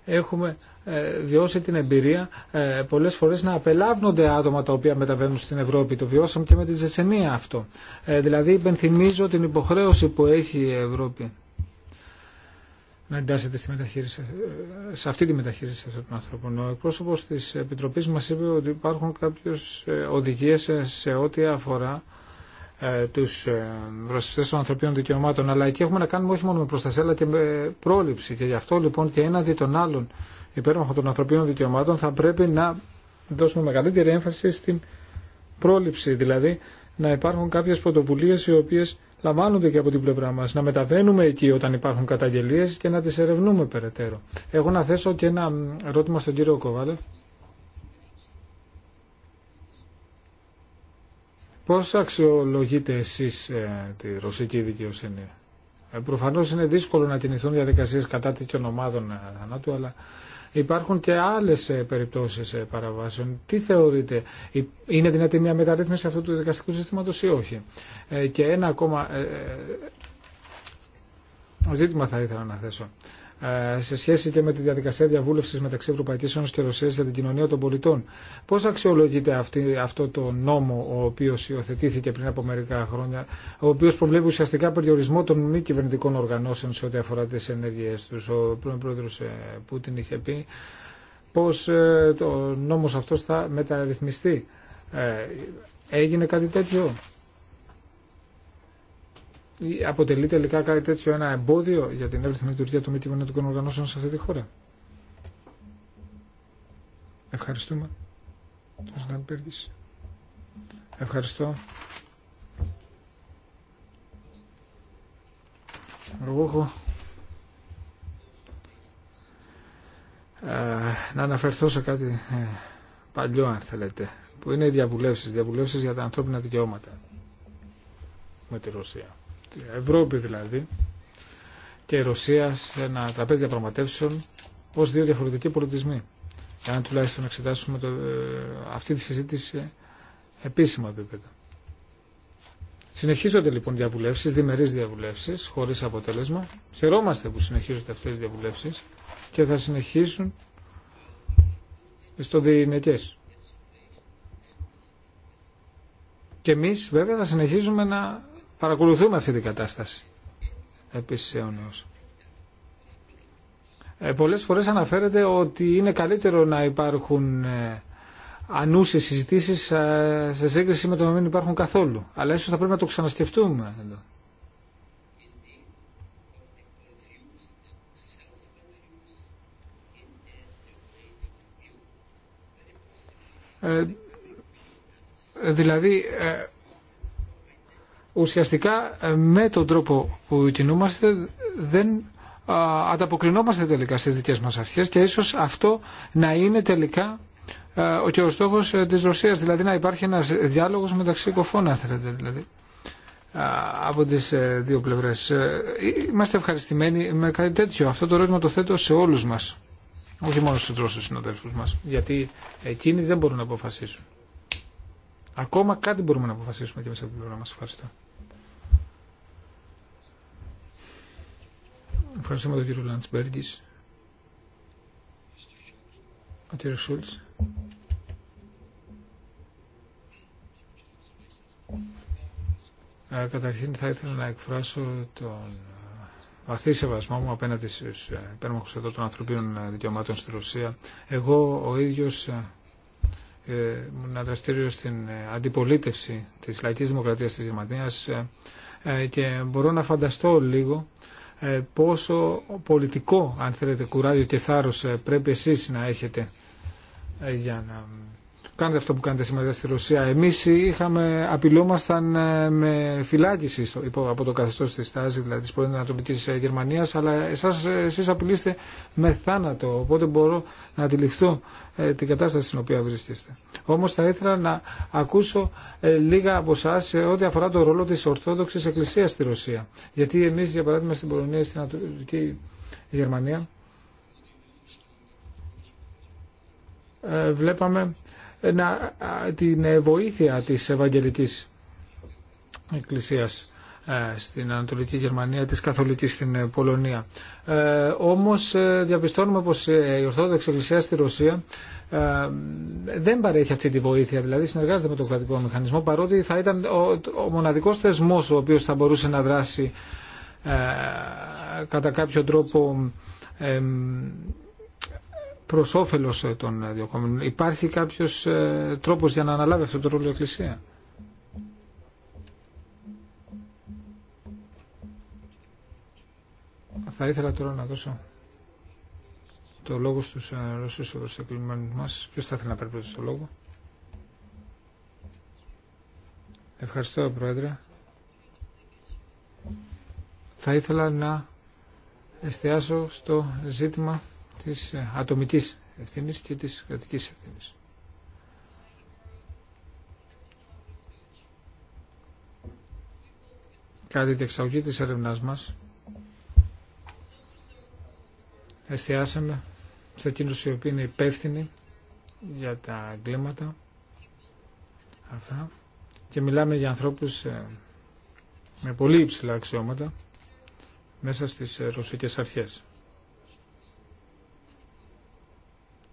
έχουμε ε, βιώσει την εμπειρία ε, πολλές φορές να απελάβνονται άτομα τα οποία μεταβαίνουν στην Ευρώπη. Το βιώσαμε και με τη Ζεσενία αυτό. Ε, δηλαδή υπενθυμίζω την υποχρέωση που έχει η Ευρώπη να εντάσσεται στη μεταχείριση, σε αυτή τη μεταχείριση αυτών των ανθρώπων. Ο εκπρόσωπο τη Επιτροπή μα είπε ότι υπάρχουν κάποιε οδηγίε σε ό,τι αφορά ε, τους δραστηριστέ ε, των ανθρωπίνων δικαιωμάτων, αλλά εκεί έχουμε να κάνουμε όχι μόνο με προστασία, αλλά και με πρόληψη. Και γι' αυτό λοιπόν και έναντι των άλλων υπέρμαχων των ανθρωπίνων δικαιωμάτων θα πρέπει να δώσουμε μεγαλύτερη έμφαση στην πρόληψη, δηλαδή να υπάρχουν κάποιε πρωτοβουλίε οι οποίε λαμβάνονται και από την πλευρά μα, να μεταβαίνουμε εκεί όταν υπάρχουν καταγγελίε και να τι ερευνούμε περαιτέρω. έχω να θέσω και ένα ερώτημα στον κύριο Κοβάλεφ Πώς αξιολογείτε εσείς ε, τη ρωσική δικαιοσύνη. Ε, προφανώς είναι δύσκολο να κινηθούν διαδικασίες κατά τέτοιων ομάδων ε, θανάτου, αλλά υπάρχουν και άλλες ε, περιπτώσεις παραβάσεων. Τι θεωρείτε, είναι δυνατή μια μεταρρύθμιση αυτού του δικαστικού συστήματος ή όχι. Ε, και ένα ακόμα ζήτημα θα ήθελα να θέσω. Ε, σε σχέση και με τη διαδικασία διαβούλευση μεταξύ Ευρωπαϊκή Ένωση και Ρωσία για την κοινωνία των πολιτών. Πώ αξιολογείται αυτό το νόμο ο οποίο υιοθετήθηκε πριν από μερικά χρόνια, ο οποίο προβλέπει ουσιαστικά περιορισμό των μη κυβερνητικών οργανώσεων σε ό,τι αφορά τι ενέργειέ του. Ο πρώην πρόεδρο ε, Πούτιν είχε πει πώ ε, ο νόμο αυτό θα μεταρρυθμιστεί. Έγινε κάτι τέτοιο αποτελεί τελικά κάτι τέτοιο ένα εμπόδιο για την εύρυθμη λειτουργία των μη κυβερνητικών οργανώσεων σε αυτή τη χώρα. Ευχαριστούμε. Ευχαριστώ. Εγώ έχω ε, να αναφερθώ σε κάτι ε, παλιό αν θέλετε που είναι οι διαβουλεύσεις, διαβουλεύσεις για τα ανθρώπινα δικαιώματα με τη Ρωσία. Ευρώπη δηλαδή και η Ρωσία σε ένα τραπέζι διαπραγματεύσεων ως δύο διαφορετικοί πολιτισμοί. Για να τουλάχιστον εξετάσουμε το, ε, αυτή τη συζήτηση επίσημα επίπεδα. Συνεχίζονται λοιπόν διαβουλεύσεις, διμερείς διαβουλεύσεις, χωρίς αποτέλεσμα. Χαιρόμαστε που συνεχίζονται αυτές οι διαβουλεύσεις και θα συνεχίσουν στο διηνεκέ. Και εμεί βέβαια θα συνεχίζουμε να παρακολουθούμε αυτή την κατάσταση. Επίσης αιώνιος. Ε, πολλές φορές αναφέρεται ότι είναι καλύτερο να υπάρχουν ε, ανούσες συζητήσεις ε, σε σύγκριση με το να μην υπάρχουν καθόλου. Αλλά ίσως θα πρέπει να το ξανασκεφτούμε εδώ. Ε, δηλαδή, ε, ουσιαστικά ε, με τον τρόπο που κινούμαστε δεν ανταποκρινόμαστε τελικά στις δικές μας αρχές και ίσως αυτό να είναι τελικά ε, και ο στόχος ε, της Ρωσίας, δηλαδή να υπάρχει ένας διάλογος μεταξύ κοφών, αν θέλετε, δηλαδή από τις δύο πλευρές. Είμαστε ευχαριστημένοι με κάτι τέτοιο. Αυτό το ερώτημα το θέτω σε όλους μας. Όχι μόνο στους Ρώσους συναδέλφους μας. Γιατί εκείνοι δεν μπορούν να αποφασίσουν. Ακόμα κάτι μπορούμε να αποφασίσουμε και μέσα από την πλευρά μας. Ευχαριστώ. Ευχαριστούμε τον κύριο Λαντσμπέργκης. Ο κύριο Σούλτς. Ε, καταρχήν θα ήθελα να εκφράσω τον ε, βαθύ σεβασμό μου απέναντι στους ε, υπέρμαχους εδώ των ανθρωπίνων δικαιωμάτων στη Ρωσία. Εγώ ο ίδιος ήμουν δραστήριο στην αντιπολίτευση της λαϊκής δημοκρατίας της Γερμανίας και μπορώ να φανταστώ λίγο ε, πόσο πολιτικό, αν θέλετε, κουράγιο και θάρρος ε, πρέπει εσείς να έχετε ε, για να Κάντε αυτό που κάνετε σήμερα στη Ρωσία. Εμεί είχαμε, απειλούμασταν ε, με φυλάκιση από το καθεστώς τη τάση, δηλαδή τη πρώην ανατολική ε, Γερμανίας, αλλά εσά ε, εσείς απειλείστε με θάνατο, οπότε μπορώ να αντιληφθώ την κατάσταση στην οποία βρίσκεστε. Όμω θα ήθελα να ακούσω λίγα από εσά σε ό,τι αφορά το ρόλο τη Ορθόδοξη Εκκλησία στη Ρωσία. Γιατί εμεί, για παράδειγμα, στην Πολωνία, στην Ανατολική Γερμανία, βλέπαμε να, την ε, βοήθεια της Ευαγγελικής Εκκλησίας ε, στην Ανατολική Γερμανία, της Καθολικής στην ε, Πολωνία. Ε, όμως διαπιστώνουμε πως η Ορθόδοξη Εκκλησία στη Ρωσία ε, δεν παρέχει αυτή τη βοήθεια, δηλαδή συνεργάζεται με τον κρατικό μηχανισμό, παρότι θα ήταν ο, ο μοναδικός θεσμός ο οποίος θα μπορούσε να δράσει ε, κατά κάποιο τρόπο προ όφελο ε, των ε, διοκόμενων. Υπάρχει κάποιος ε, τρόπος για να αναλάβει αυτό το ρόλο η Εκκλησία. Θα ήθελα τώρα να δώσω το λόγο στους Ρώσους ευρωστεκλημένους μας. Ποιο θα ήθελε να παίρνει το λόγο. Ευχαριστώ, Πρόεδρε. Θα ήθελα να εστιάσω στο ζήτημα της ε, ατομικής ευθύνης και της κρατικής ευθύνης. Κάτι τη διεξαγωγή της έρευνάς μας εστιάσαμε σε εκείνους οι οποίοι είναι υπεύθυνοι για τα εγκλήματα αυτά και μιλάμε για ανθρώπους ε, με πολύ υψηλά αξιώματα μέσα στις ε, ρωσικές αρχές.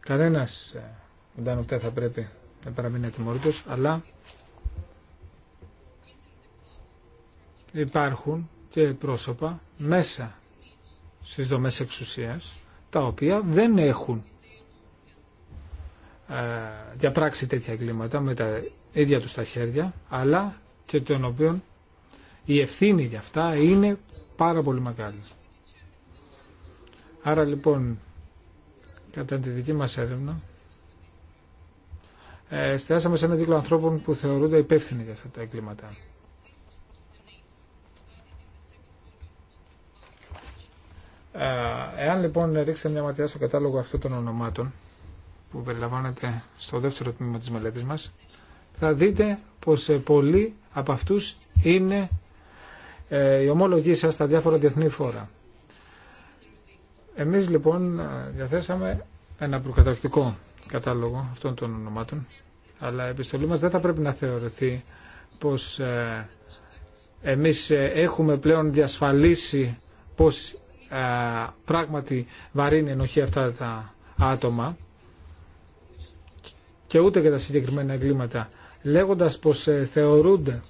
Κανένας που ε, δεν θα πρέπει να παραμείνει ατιμόρυτος, αλλά υπάρχουν και πρόσωπα μέσα στις δομές εξουσίας, τα οποία δεν έχουν ε, διαπράξει τέτοια κλίματα με τα ίδια τους τα χέρια, αλλά και των οποίων η ευθύνη για αυτά είναι πάρα πολύ μεγάλη. Άρα λοιπόν Κατά τη δική μας έρευνα, ε, εστιάσαμε σε ένα δίκλο ανθρώπων που θεωρούνται υπεύθυνοι για αυτά τα εγκλήματα. Ε, εάν λοιπόν ρίξετε μια ματιά στο κατάλογο αυτών των ονομάτων που περιλαμβάνεται στο δεύτερο τμήμα της μελέτης μας, θα δείτε πως ε, πολλοί από αυτούς είναι οι ομόλογοι σας στα διάφορα διεθνή φόρα. Εμείς λοιπόν διαθέσαμε ένα προκατακτικό κατάλογο αυτών των ονομάτων, αλλά η επιστολή μας δεν θα πρέπει να θεωρηθεί πως ε, εμείς ε, έχουμε πλέον διασφαλίσει πως ε, πράγματι βαρύνει ενοχή αυτά τα άτομα και ούτε και τα συγκεκριμένα εγκλήματα, λέγοντας πως θεωρούνται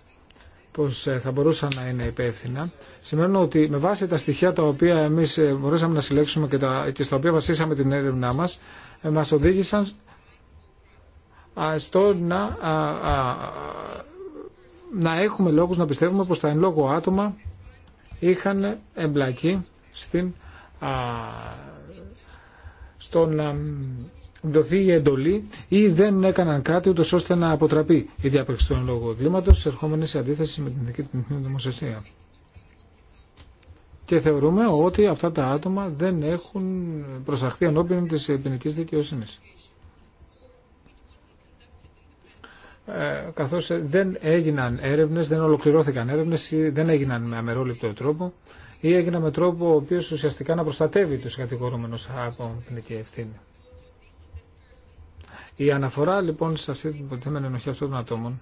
πως ε, θα μπορούσαν να είναι υπεύθυνα, σημαίνει ότι με βάση τα στοιχεία τα οποία εμείς ε, μπορέσαμε να συλλέξουμε και, τα, και στα οποία βασίσαμε την έρευνά μας, ε, μας οδήγησαν στο να, να έχουμε λόγους να πιστεύουμε πως τα εν λόγω άτομα είχαν εμπλακεί στην, στο να δοθεί η εντολή ή δεν έκαναν κάτι ούτως ώστε να αποτραπεί η διάπραξη του εν λόγω ερχόμενη σε αντίθεση με την δική την δημοσιασία. Και θεωρούμε ότι αυτά τα άτομα δεν έχουν προσαχθεί ενώπιον της ποινική δικαιοσύνης. Ε, καθώς δεν έγιναν έρευνες, δεν ολοκληρώθηκαν έρευνες ή δεν έγιναν με αμερόληπτο τρόπο ή έγιναν με τρόπο ο οποίος ουσιαστικά να προστατεύει τους κατηγορούμενους από ποινική ευθύνη. Η αναφορά λοιπόν σε αυτή την υποτιθέμενη ενοχή αυτών των ατόμων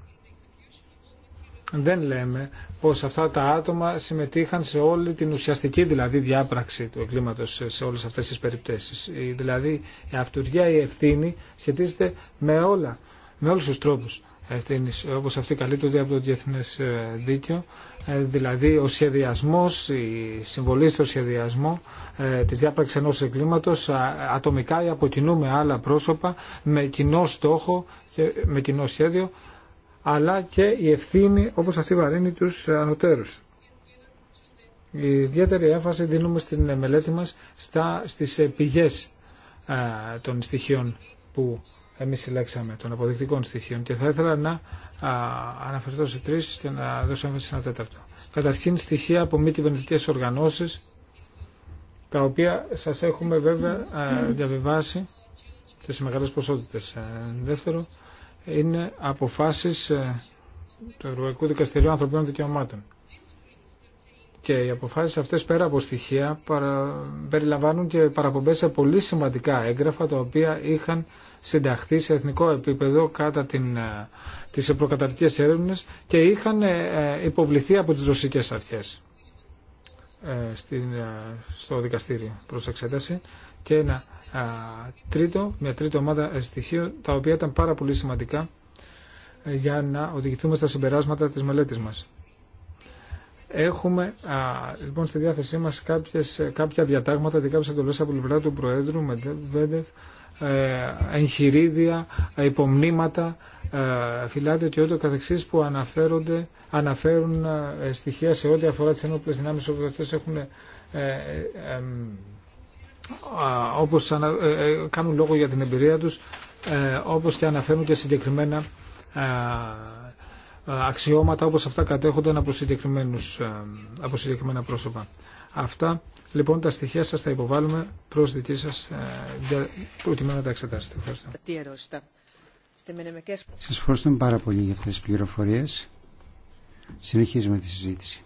δεν λέμε πως αυτά τα άτομα συμμετείχαν σε όλη την ουσιαστική δηλαδή διάπραξη του εγκλήματος σε όλες αυτές τις περιπτώσεις. Δηλαδή η αυτουργία, η ευθύνη σχετίζεται με όλα, με όλους τους τρόπους όπω όπως αυτή καλύπτονται από το Διεθνέ ε, δίκαιο, ε, δηλαδή ο σχεδιασμός, η συμβολή στο σχεδιασμό ε, της διάπραξης ενό εγκλήματο, ατομικά ή από κοινού με άλλα πρόσωπα, με κοινό στόχο, και με κοινό σχέδιο, αλλά και η ευθύνη όπως αυτή βαρύνει του ανωτέρου. Η ιδιαίτερη έμφαση δίνουμε στην μελέτη μας στα, στις πηγές των στοιχείων που εμεί συλλέξαμε των αποδεικτικών στοιχείων και θα ήθελα να αναφερθώ σε τρει και να δώσω έμφαση σε ένα τέταρτο. Καταρχήν στοιχεία από μη κυβερνητικέ οργανώσει, τα οποία σα έχουμε βέβαια διαβιβάσει και σε μεγάλε ποσότητε. Ε, δεύτερο, είναι αποφάσει ε, του Ευρωπαϊκού Δικαστηρίου Ανθρωπίνων Δικαιωμάτων και οι αποφάσεις αυτές πέρα από στοιχεία περιλαμβάνουν και παραπομπές σε πολύ σημαντικά έγγραφα τα οποία είχαν συνταχθεί σε εθνικό επίπεδο κατά την, ε, τις προκαταρτικές έρευνες και είχαν ε, ε, υποβληθεί από τις ρωσικές αρχές στην, στο δικαστήριο προς εξέταση και ένα τρίτο, μια τρίτη ομάδα στοιχείων τα οποία ήταν πάρα πολύ σημαντικά για να οδηγηθούμε στα συμπεράσματα της μελέτης μας. Έχουμε α, λοιπόν στη διάθεσή μας κάποιες, κάποια διατάγματα και κάποιες εντολές από πλευρά του Προέδρου Μεντεβέντεφ, ε, εγχειρίδια, ε, υπομνήματα, ε, φυλάδια και ό,τι καθεξής που αναφέρονται, αναφέρουν στοιχεία σε ό,τι αφορά τις ενόπλες δυνάμεις όπου αυτές έχουν ε, όπως ανα, κάνουν λόγο για την εμπειρία τους όπως και αναφέρουν και συγκεκριμένα ε, αξιώματα όπως αυτά κατέχονταν από, ε, από συγκεκριμένα πρόσωπα. Αυτά λοιπόν τα στοιχεία σας τα υποβάλλουμε προς δική σας ε, για προκειμένου να τα εξετάσετε. Ευχαριστώ. Σας ευχαριστούμε πάρα πολύ για αυτές τις πληροφορίες. Συνεχίζουμε τη συζήτηση.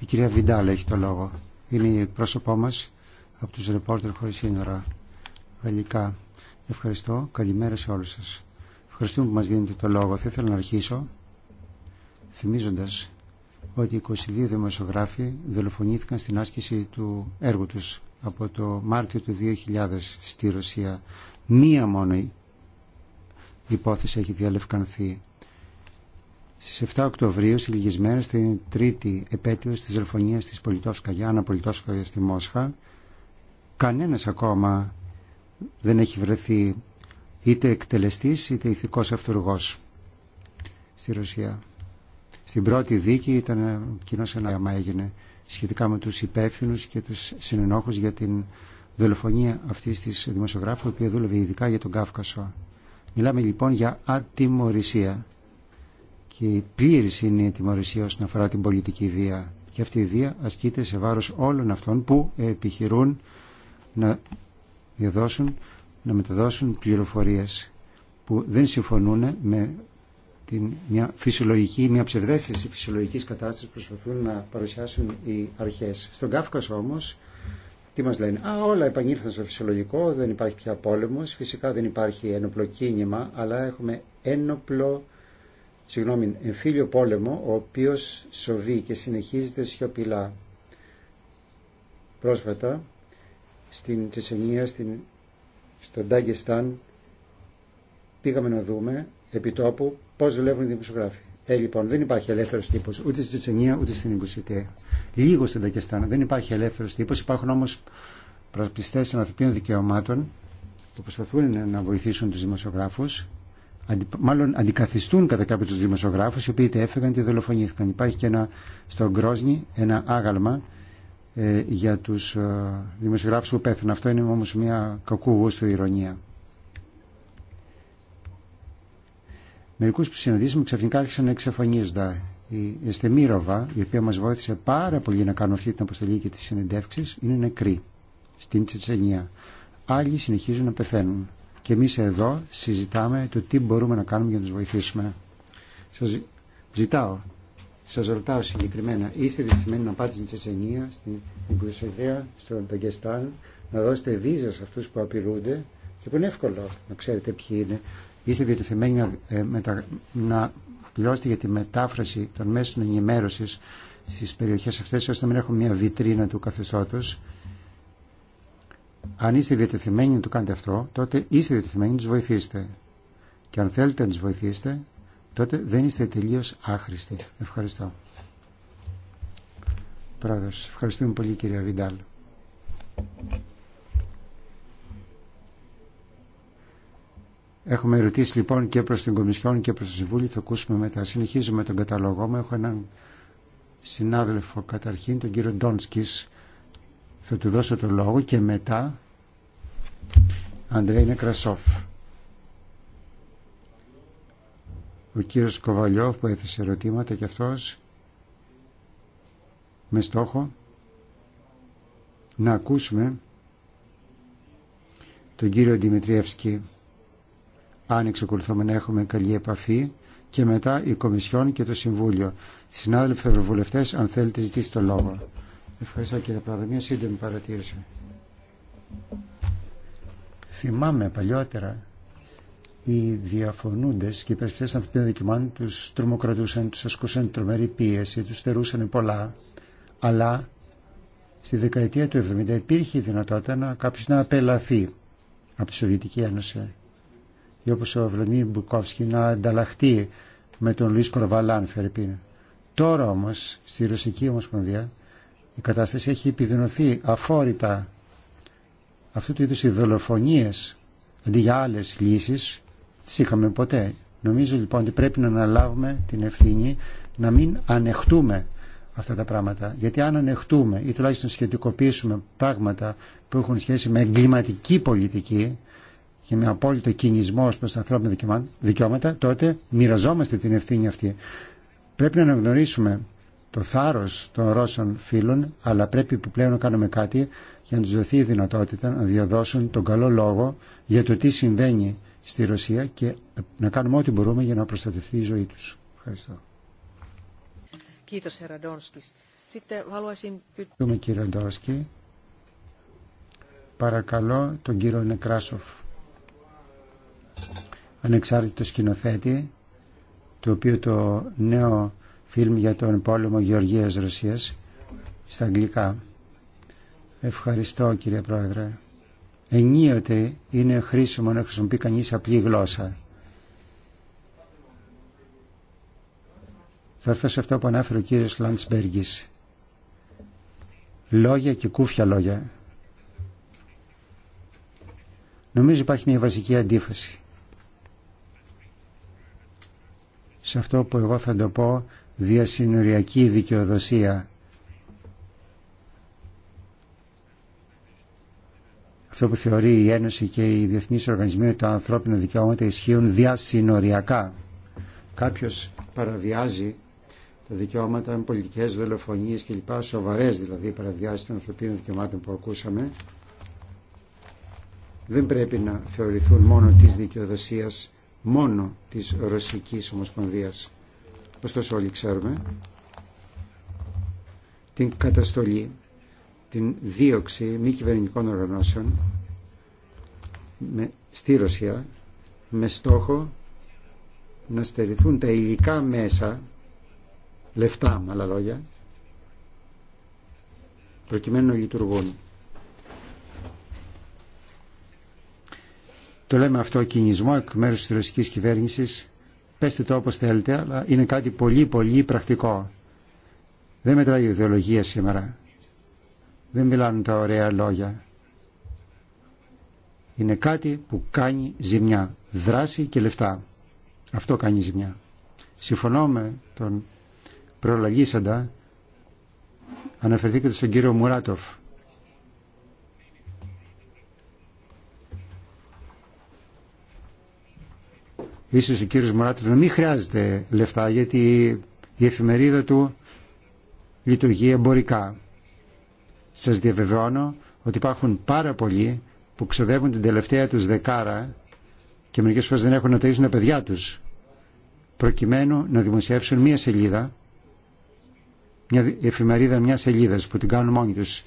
Η κυρία Βιντάλ έχει το λόγο. Είναι η πρόσωπό μας από τους ρεπόρτερ χωρίς σύνορα. Γαλλικά. Ευχαριστώ. Καλημέρα σε όλους σας. Ευχαριστούμε που μας δίνετε το λόγο. Θα ήθελα να αρχίσω θυμίζοντας ότι 22 δημοσιογράφοι δολοφονήθηκαν στην άσκηση του έργου τους από το Μάρτιο του 2000 στη Ρωσία. Μία μόνο υπόθεση έχει διαλευκανθεί. Στις 7 Οκτωβρίου, συλλογισμένα στην τρίτη επέτειο της δολοφονίας της Πολιτόφσκα Γιάννα Πολιτόφσκα στη Μόσχα, κανένας ακόμα δεν έχει βρεθεί είτε εκτελεστής είτε ηθικός αυτούργος στη Ρωσία. Στην πρώτη δίκη ήταν κοινός ανάγκαμα έγινε σχετικά με τους υπεύθυνους και τους συνενόχους για την δολοφονία αυτής της δημοσιογράφου, η οποία δούλευε ειδικά για τον Κάφκασο. Μιλάμε λοιπόν για ατιμορρησία και η πλήρης είναι η ατιμορρησία όσον αφορά την πολιτική βία και αυτή η βία ασκείται σε βάρος όλων αυτών που επιχειρούν να διαδώσουν να μεταδώσουν πληροφορίες που δεν συμφωνούν με την, μια φυσιολογική, μια ψευδέστηση φυσιολογικής κατάστασης που προσπαθούν να παρουσιάσουν οι αρχές. Στον Κάφκας όμως, τι μας λένε, α, όλα επανήλθαν στο φυσιολογικό, δεν υπάρχει πια πόλεμος, φυσικά δεν υπάρχει ένοπλο κίνημα, αλλά έχουμε ένοπλο, συγγνώμη, εμφύλιο πόλεμο, ο οποίος σοβεί και συνεχίζεται σιωπηλά. Πρόσφατα, στην Τσεσενία, στην στο Ντάγκεστάν πήγαμε να δούμε επί τόπου πώς δουλεύουν οι δημοσιογράφοι. Ε, λοιπόν, δεν υπάρχει ελεύθερο τύπο ούτε στη Τσετσενία ούτε στην Ιγκουσιτέα. Λίγο στην Τακιστάν. Δεν υπάρχει ελεύθερο τύπο. Υπάρχουν όμω προσπιστέ των ανθρωπίνων δικαιωμάτων που προσπαθούν να βοηθήσουν του δημοσιογράφου. Αντι, μάλλον αντικαθιστούν κατά κάποιο του δημοσιογράφου οι οποίοι είτε έφυγαν είτε δολοφονήθηκαν. Υπάρχει και ένα, στο Γκρόσνη ένα άγαλμα ε, για τους ε, δημοσιογράφους που πέθουν. Αυτό είναι όμως μια γούστου ηρωνία. Μερικούς που συναντήσαμε ξαφνικά άρχισαν να εξαφανίζονται. Η Εστεμίροβα, η οποία μας βοήθησε πάρα πολύ να κάνουμε αυτή την αποστολή και τις συνεντεύξεις, είναι νεκρή στην Τσετσενία. Άλλοι συνεχίζουν να πεθαίνουν. Και εμείς εδώ συζητάμε το τι μπορούμε να κάνουμε για να τους βοηθήσουμε. Σας ζητάω Σα ρωτάω συγκεκριμένα, είστε διευθυμένοι να πάτε στην Τσετσενία, στην Κουσεδία, στο Ταγκεστάν, να δώσετε βίζα σε αυτού που απειλούνται και που είναι εύκολο να ξέρετε ποιοι είναι. Είστε διευθυμένοι να, ε, να πληρώσετε για τη μετάφραση των μέσων ενημέρωση στι περιοχέ αυτέ, ώστε να μην έχουμε μια βιτρίνα του καθεστώτο. Αν είστε διευθυμένοι να το κάνετε αυτό, τότε είστε διευθυμένοι να του βοηθήσετε. Και αν θέλετε να του βοηθήσετε, τότε δεν είστε τελείω άχρηστοι. Ευχαριστώ. Πρόεδρος, ευχαριστούμε πολύ κυρία Βιντάλ. Έχουμε ερωτήσει λοιπόν και προς την Κομισιόν και προς το Συμβούλιο. Θα ακούσουμε μετά. Συνεχίζουμε τον καταλογό μου. Έχω έναν συνάδελφο καταρχήν, τον κύριο Ντόνσκης. Θα του δώσω το λόγο και μετά Αντρέινε Κρασόφ. ο κύριος Κοβαλιόφ που έθεσε ερωτήματα και αυτός με στόχο να ακούσουμε τον κύριο Δημητριεύσκη αν εξακολουθούμε να έχουμε καλή επαφή και μετά η Κομισιόν και το Συμβούλιο. Συνάδελφοι ευρωβουλευτές, αν θέλετε ζητήστε το λόγο. Ευχαριστώ κύριε Πρόεδρε. Μια σύντομη παρατήρηση. Θυμάμαι παλιότερα οι διαφωνούντε και οι υπερασπιστές των ανθρωπίνων δικαιωμάτων τους τρομοκρατούσαν, του ασκούσαν τρομερή πίεση, του στερούσαν πολλά, αλλά στη δεκαετία του 70 υπήρχε η δυνατότητα να κάποιο να απελαθεί από τη Σοβιετική Ένωση ή όπως ο Βλαμί Μπουκόφσκι να ανταλλαχτεί με τον Λουίς Κορβαλάν Φερρυπίν. Τώρα όμως στη Ρωσική Ομοσπονδία η κατάσταση έχει επιδεινωθεί αφόρητα αυτού του είδου οι δολοφονίες αντί για άλλε λύσει τις είχαμε ποτέ. Νομίζω λοιπόν ότι πρέπει να αναλάβουμε την ευθύνη να μην ανεχτούμε αυτά τα πράγματα. Γιατί αν ανεχτούμε ή τουλάχιστον σχετικοποιήσουμε πράγματα που έχουν σχέση με εγκληματική πολιτική και με απόλυτο κινησμό προς τα ανθρώπινα δικαιώματα, τότε μοιραζόμαστε την ευθύνη αυτή. Πρέπει να αναγνωρίσουμε το θάρρος των Ρώσων φίλων, αλλά πρέπει που πλέον να κάνουμε κάτι για να τους δοθεί η δυνατότητα να διαδώσουν τον καλό λόγο για το τι συμβαίνει στη Ρωσία και να κάνουμε ό,τι μπορούμε για να προστατευτεί η ζωή του. Ευχαριστώ. Ευχαριστούμε κύριε Ντόρσκι. Παρακαλώ τον κύριο Νεκράσοφ, ανεξάρτητο σκηνοθέτη, το οποίο το νέο φιλμ για τον πόλεμο Γεωργίας Ρωσίας στα αγγλικά. Ευχαριστώ κύριε Πρόεδρε ενίοτε είναι χρήσιμο να χρησιμοποιεί κανείς απλή γλώσσα. Θα έρθω σε αυτό που ανάφερε ο κύριος Λαντσμπέργης. Λόγια και κούφια λόγια. Νομίζω υπάρχει μια βασική αντίφαση. Σε αυτό που εγώ θα το πω διασυνοριακή δικαιοδοσία Αυτό που θεωρεί η Ένωση και οι διεθνείς οργανισμοί ότι τα ανθρώπινα δικαιώματα ισχύουν διασυνοριακά. Κάποιος παραβιάζει τα δικαιώματα με πολιτικές δολοφονίες κλπ. Σοβαρές δηλαδή παραβιάσεις των ανθρωπίνων δικαιωμάτων που ακούσαμε. Δεν πρέπει να θεωρηθούν μόνο της δικαιοδοσίας μόνο της Ρωσικής Ομοσπονδίας. Ωστόσο όλοι ξέρουμε την καταστολή την δίωξη μη κυβερνητικών οργανώσεων με, στη Ρωσία με στόχο να στερηθούν τα υλικά μέσα, λεφτά με άλλα λόγια, προκειμένου να λειτουργούν. Το λέμε αυτό κινησμό εκ μέρους της ρωσικής κυβέρνησης. Πέστε το όπως θέλετε, αλλά είναι κάτι πολύ πολύ πρακτικό. Δεν μετράει η ιδεολογία σήμερα δεν μιλάνε τα ωραία λόγια. Είναι κάτι που κάνει ζημιά. Δράση και λεφτά. Αυτό κάνει ζημιά. Συμφωνώ με τον προλαγίσαντα Αναφερθήκατε στον κύριο Μουράτοφ. Ίσως ο κύριος Μουράτοφ να μην χρειάζεται λεφτά γιατί η εφημερίδα του λειτουργεί εμπορικά. Σας διαβεβαιώνω ότι υπάρχουν πάρα πολλοί που ξοδεύουν την τελευταία τους δεκάρα και μερικές φορές δεν έχουν να ταΐσουν τα παιδιά τους προκειμένου να δημοσιεύσουν μία σελίδα μια εφημερίδα μια σελίδα που την κάνουν μόνοι τους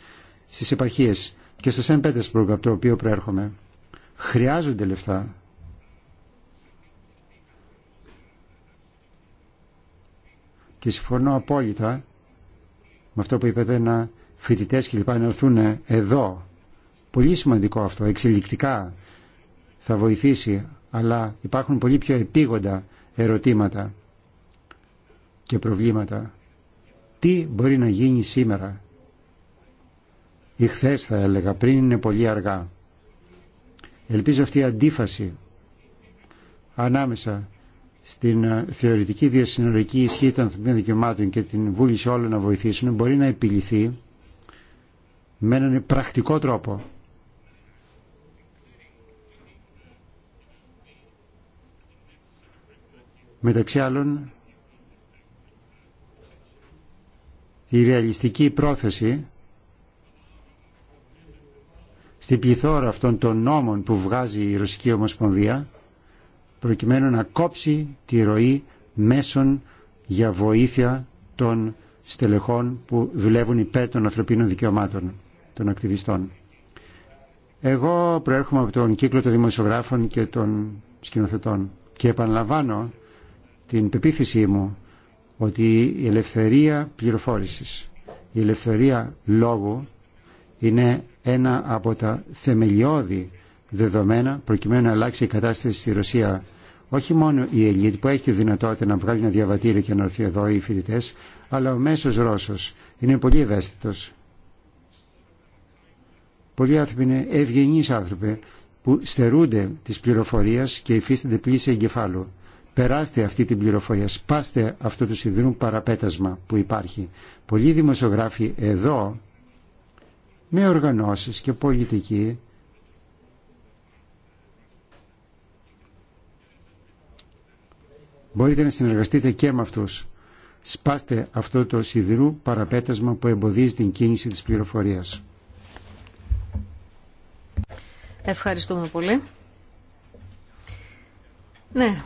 στις επαρχίες και στο Σεν Πέτερσπουργκ από το οποίο προέρχομαι χρειάζονται λεφτά και συμφωνώ απόλυτα με αυτό που είπατε να φοιτητές λοιπά να έρθουν εδώ. Πολύ σημαντικό αυτό, εξελικτικά θα βοηθήσει, αλλά υπάρχουν πολύ πιο επίγοντα ερωτήματα και προβλήματα. Τι μπορεί να γίνει σήμερα ή χθε θα έλεγα, πριν είναι πολύ αργά. Ελπίζω αυτή η αντίφαση ανάμεσα στην ε, θεωρητική διασυνορική ισχύ των ανθρωπίνων δικαιωμάτων και την βούληση όλων να βοηθήσουν μπορεί να επιληθεί με έναν πρακτικό τρόπο. Μεταξύ άλλων, η ρεαλιστική πρόθεση στην πληθώρα αυτών των νόμων που βγάζει η Ρωσική Ομοσπονδία προκειμένου να κόψει τη ροή μέσων για βοήθεια των στελεχών που δουλεύουν υπέρ των ανθρωπίνων δικαιωμάτων των ακτιβιστών. Εγώ προέρχομαι από τον κύκλο των δημοσιογράφων και των σκηνοθετών και επαναλαμβάνω την πεποίθησή μου ότι η ελευθερία πληροφόρησης, η ελευθερία λόγου είναι ένα από τα θεμελιώδη δεδομένα προκειμένου να αλλάξει η κατάσταση στη Ρωσία. Όχι μόνο η ελίτ που έχει τη δυνατότητα να βγάλει ένα διαβατήριο και να έρθει εδώ οι φοιτητέ, αλλά ο μέσο Ρώσο είναι πολύ ευαίσθητο Πολλοί άνθρωποι είναι ευγενείς άνθρωποι που στερούνται της πληροφορίας και υφίστανται πλήση εγκεφάλου. Περάστε αυτή την πληροφορία, σπάστε αυτό το σιδηρού παραπέτασμα που υπάρχει. Πολλοί δημοσιογράφοι εδώ, με οργανώσεις και πολιτικοί, μπορείτε να συνεργαστείτε και με αυτούς. Σπάστε αυτό το σιδηρού παραπέτασμα που εμποδίζει την κίνηση της πληροφορίας. Ευχαριστούμε πολύ. Ναι,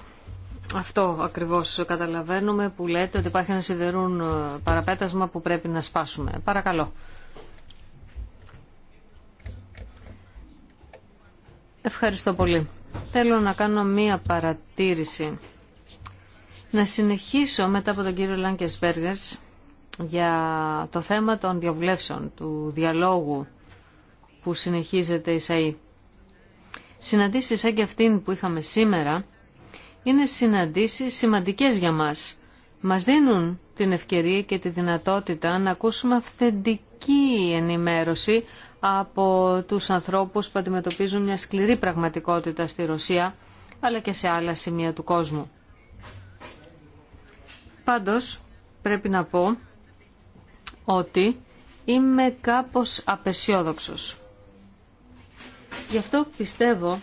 αυτό ακριβώς καταλαβαίνουμε που λέτε ότι υπάρχει ένα σιδερούν ε, παραπέτασμα που πρέπει να σπάσουμε. Παρακαλώ. Ευχαριστώ πολύ. Θέλω να κάνω μία παρατήρηση. Να συνεχίσω μετά από τον κύριο Λάνκες για το θέμα των διαβουλεύσεων, του διαλόγου που συνεχίζεται η ΣΑΗ. Συναντήσεις σαν και αυτήν που είχαμε σήμερα είναι συναντήσεις σημαντικές για μας. Μας δίνουν την ευκαιρία και τη δυνατότητα να ακούσουμε αυθεντική ενημέρωση από τους ανθρώπους που αντιμετωπίζουν μια σκληρή πραγματικότητα στη Ρωσία, αλλά και σε άλλα σημεία του κόσμου. Πάντως, πρέπει να πω ότι είμαι κάπως απεσιόδοξος. Γι' αυτό πιστεύω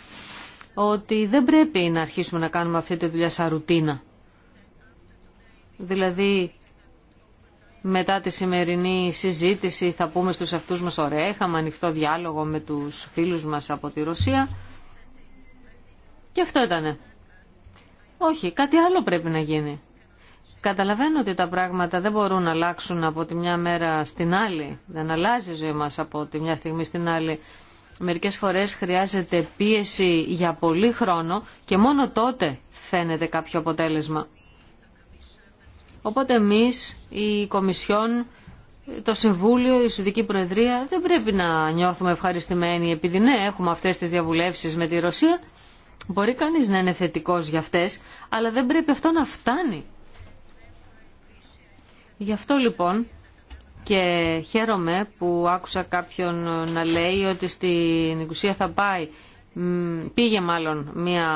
ότι δεν πρέπει να αρχίσουμε να κάνουμε αυτή τη δουλειά σαν ρουτίνα. Δηλαδή, μετά τη σημερινή συζήτηση θα πούμε στους αυτούς μας ωραία, είχαμε ανοιχτό διάλογο με τους φίλους μας από τη Ρωσία. Και αυτό ήτανε. Όχι, κάτι άλλο πρέπει να γίνει. Καταλαβαίνω ότι τα πράγματα δεν μπορούν να αλλάξουν από τη μια μέρα στην άλλη. Δεν αλλάζει η ζωή μας από τη μια στιγμή στην άλλη. Μερικές φορές χρειάζεται πίεση για πολύ χρόνο και μόνο τότε φαίνεται κάποιο αποτέλεσμα. Οπότε εμείς, η Κομισιόν, το Συμβούλιο, η Σουδική Προεδρία δεν πρέπει να νιώθουμε ευχαριστημένοι επειδή ναι, έχουμε αυτές τις διαβουλεύσεις με τη Ρωσία. Μπορεί κανείς να είναι θετικός για αυτές, αλλά δεν πρέπει αυτό να φτάνει. Γι' αυτό λοιπόν και χαίρομαι που άκουσα κάποιον να λέει ότι στην νικουσία θα πάει πήγε μάλλον μια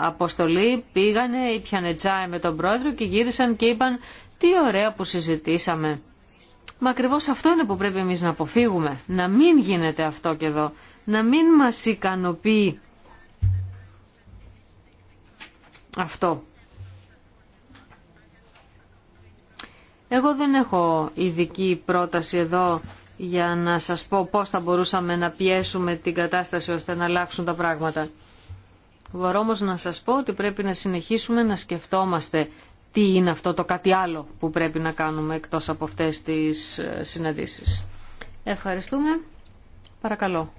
αποστολή, πήγανε, ήπιανε τζάι με τον πρόεδρο και γύρισαν και είπαν τι ωραία που συζητήσαμε. Μα ακριβώ αυτό είναι που πρέπει εμείς να αποφύγουμε, να μην γίνεται αυτό και εδώ, να μην μας ικανοποιεί αυτό. Εγώ δεν έχω ειδική πρόταση εδώ για να σας πω πώς θα μπορούσαμε να πιέσουμε την κατάσταση ώστε να αλλάξουν τα πράγματα. Μπορώ όμως να σας πω ότι πρέπει να συνεχίσουμε να σκεφτόμαστε τι είναι αυτό το κάτι άλλο που πρέπει να κάνουμε εκτός από αυτές τις ε, συναντήσεις. Ευχαριστούμε. Παρακαλώ.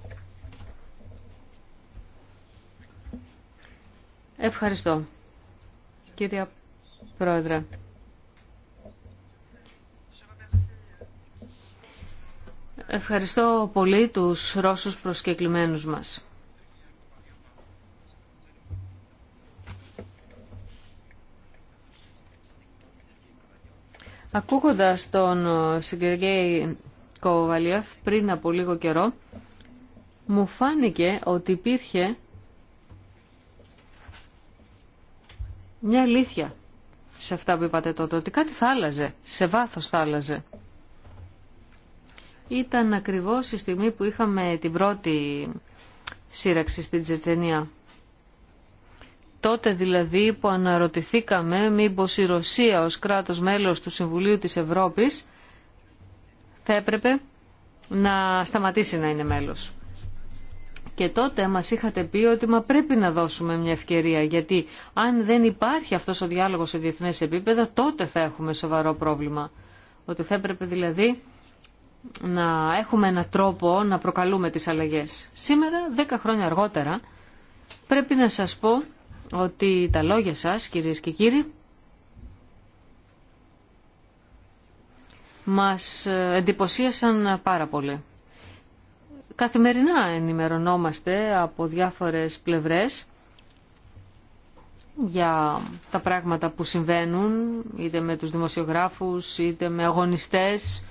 Ευχαριστώ. κύριε Πρόεδρε. Ευχαριστώ πολύ τους Ρώσους προσκεκλημένους μας. Ακούγοντας τον ε, Σιγκεργέη Κοβαλιεφ πριν από λίγο καιρό, μου φάνηκε ότι υπήρχε μια αλήθεια σε αυτά που είπατε τότε, ότι κάτι θα άλλαζε, σε βάθος θα άλλαζε ήταν ακριβώς η στιγμή που είχαμε την πρώτη σύραξη στην Τσετσενία. Τότε δηλαδή που αναρωτηθήκαμε μήπως η Ρωσία ως κράτος μέλος του Συμβουλίου της Ευρώπης θα έπρεπε να σταματήσει να είναι μέλος. Και τότε μας είχατε πει ότι μα πρέπει να δώσουμε μια ευκαιρία γιατί αν δεν υπάρχει αυτός ο διάλογος σε διεθνές επίπεδα τότε θα έχουμε σοβαρό πρόβλημα. Ότι θα έπρεπε δηλαδή να έχουμε έναν τρόπο να προκαλούμε τις αλλαγές. Σήμερα, δέκα χρόνια αργότερα, πρέπει να σας πω ότι τα λόγια σας, κυρίες και κύριοι, μας εντυπωσίασαν πάρα πολύ. Καθημερινά ενημερωνόμαστε από διάφορες πλευρές για τα πράγματα που συμβαίνουν, είτε με τους δημοσιογράφους, είτε με αγωνιστές,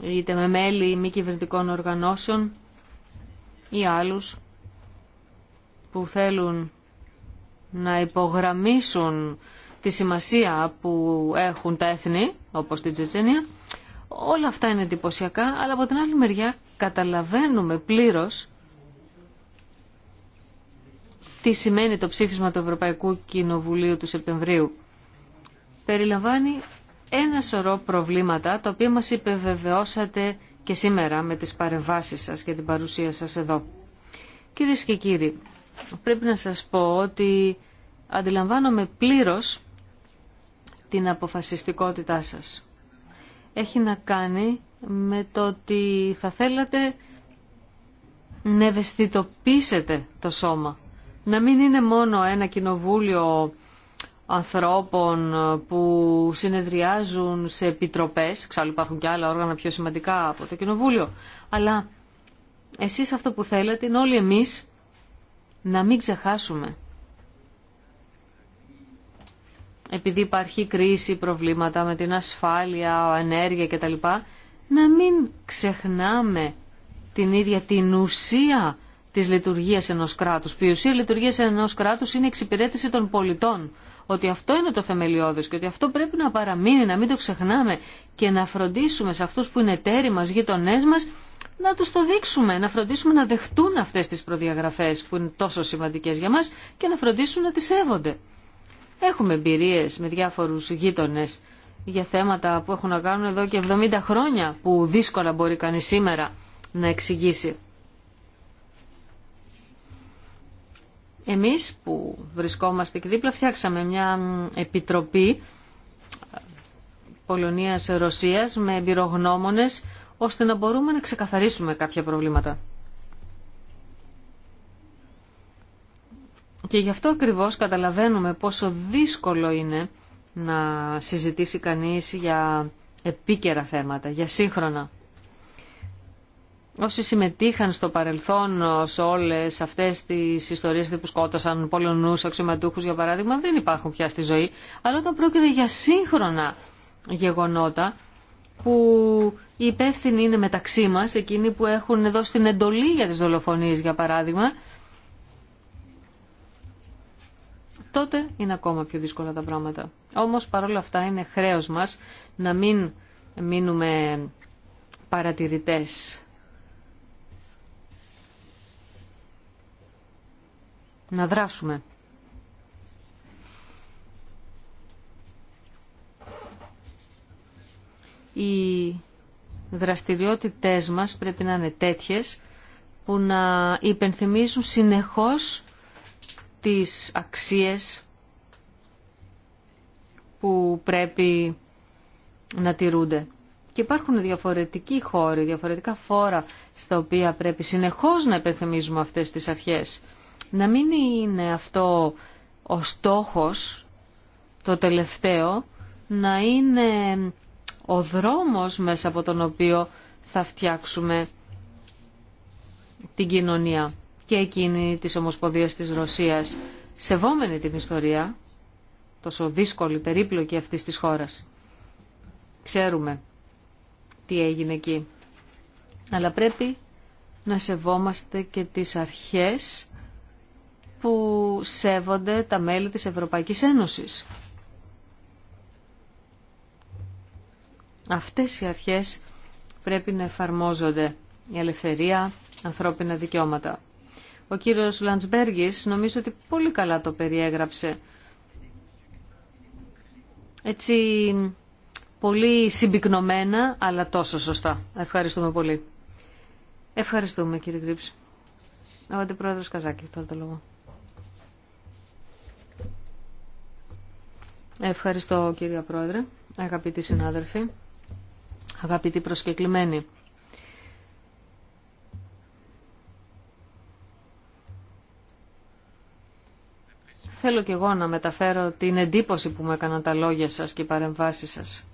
είτε με μέλη μη κυβερνητικών οργανώσεων ή άλλους που θέλουν να υπογραμμίσουν τη σημασία που έχουν τα έθνη, όπως την Τσετσένια. Όλα αυτά είναι εντυπωσιακά, αλλά από την άλλη μεριά καταλαβαίνουμε πλήρως τι σημαίνει το ψήφισμα του Ευρωπαϊκού Κοινοβουλίου του Σεπτεμβρίου. Περιλαμβάνει ένα σωρό προβλήματα τα οποία μας υπεβεβαιώσατε και σήμερα με τις παρεμβάσεις σας και την παρουσία σας εδώ. Κυρίε και κύριοι, πρέπει να σας πω ότι αντιλαμβάνομαι πλήρως την αποφασιστικότητά σας. Έχει να κάνει με το ότι θα θέλατε να ευαισθητοποιήσετε το σώμα. Να μην είναι μόνο ένα κοινοβούλιο ανθρώπων ε, που συνεδριάζουν σε επιτροπές, εξάλλου υπάρχουν και άλλα όργανα πιο σημαντικά από το Κοινοβούλιο, αλλά εσείς αυτό που θέλετε είναι όλοι εμείς να μην ξεχάσουμε. Επειδή υπάρχει κρίση, προβλήματα με την ασφάλεια, ενέργεια κτλ. Να μην ξεχνάμε την ίδια την ουσία της λειτουργίας ενός κράτους. Η ουσία λειτουργίας ενός κράτους είναι η εξυπηρέτηση των πολιτών ότι αυτό είναι το θεμελιώδες και ότι αυτό πρέπει να παραμείνει, να μην το ξεχνάμε και να φροντίσουμε σε αυτούς που είναι τέροι μας, γείτονές μας, να τους το δείξουμε, να φροντίσουμε να δεχτούν αυτές τις προδιαγραφές που είναι τόσο σημαντικές για μας και να φροντίσουν να τις σέβονται. Έχουμε εμπειρίε με διάφορους γείτονε για θέματα που έχουν να κάνουν εδώ και 70 χρόνια που δύσκολα μπορεί κανείς σήμερα να εξηγήσει. Εμείς που βρισκόμαστε και δίπλα φτιάξαμε μια επιτροπή Πολωνίας-Ρωσίας με εμπειρογνώμονες ώστε να μπορούμε να ξεκαθαρίσουμε κάποια προβλήματα. Και γι' αυτό ακριβώς καταλαβαίνουμε πόσο δύσκολο είναι να συζητήσει κανείς για επίκαιρα θέματα, για σύγχρονα όσοι συμμετείχαν στο παρελθόν σε όλες αυτές τις ιστορίες που σκότωσαν πολωνούς αξιωματούχου, για παράδειγμα δεν υπάρχουν πια στη ζωή αλλά όταν πρόκειται για σύγχρονα γεγονότα που οι υπεύθυνοι είναι μεταξύ μα, εκείνοι που έχουν δώσει την εντολή για τις δολοφονίες για παράδειγμα τότε είναι ακόμα πιο δύσκολα τα πράγματα. Όμως παρόλα αυτά είναι χρέος μας να μην μείνουμε παρατηρητές να δράσουμε. Οι δραστηριότητές μας πρέπει να είναι τέτοιες που να υπενθυμίζουν συνεχώς τις αξίες που πρέπει να τηρούνται. Και υπάρχουν διαφορετικοί χώροι, διαφορετικά φόρα στα οποία πρέπει συνεχώς να υπενθυμίζουμε αυτές τις αρχές. Να μην είναι αυτό ο στόχος, το τελευταίο, να είναι ο δρόμος μέσα από τον οποίο θα φτιάξουμε την κοινωνία και εκείνη της Ομοσπονδίας της Ρωσίας, σεβόμενη την ιστορία, τόσο δύσκολη, περίπλοκη αυτής της χώρας. Ξέρουμε τι έγινε εκεί. Αλλά πρέπει να σεβόμαστε και τις αρχές που σέβονται τα μέλη της Ευρωπαϊκής Ένωσης. Αυτές οι αρχές πρέπει να εφαρμόζονται η ελευθερία, ανθρώπινα δικαιώματα. Ο κύριος Λαντσμπέργης νομίζω ότι πολύ καλά το περιέγραψε. Έτσι πολύ συμπυκνωμένα, αλλά τόσο σωστά. Ευχαριστούμε πολύ. Ευχαριστούμε κύριε Γκρίψη. Ο Αντιπρόεδρος Καζάκη, τώρα το λόγο. Ευχαριστώ κύριε Πρόεδρε, αγαπητοί συνάδελφοι, αγαπητοί προσκεκλημένοι. Θέλω και εγώ να μεταφέρω την εντύπωση που μου έκαναν τα λόγια σας και οι παρεμβάσεις σας.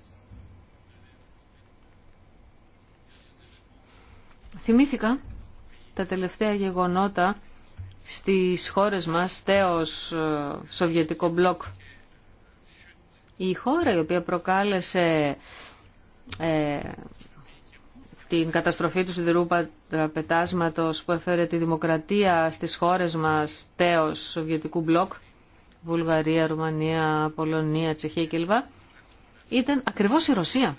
Θυμήθηκα τα τελευταία γεγονότα στις χώρες μας, τέως ε, σοβιετικό μπλοκ η χώρα η οποία προκάλεσε ε, την καταστροφή του σιδηρού πετάσματος που έφερε τη δημοκρατία στις χώρες μας τέος Σοβιετικού μπλοκ, Βουλγαρία, Ρουμανία, Πολωνία, Τσεχία κλπ. Ήταν ακριβώς η Ρωσία.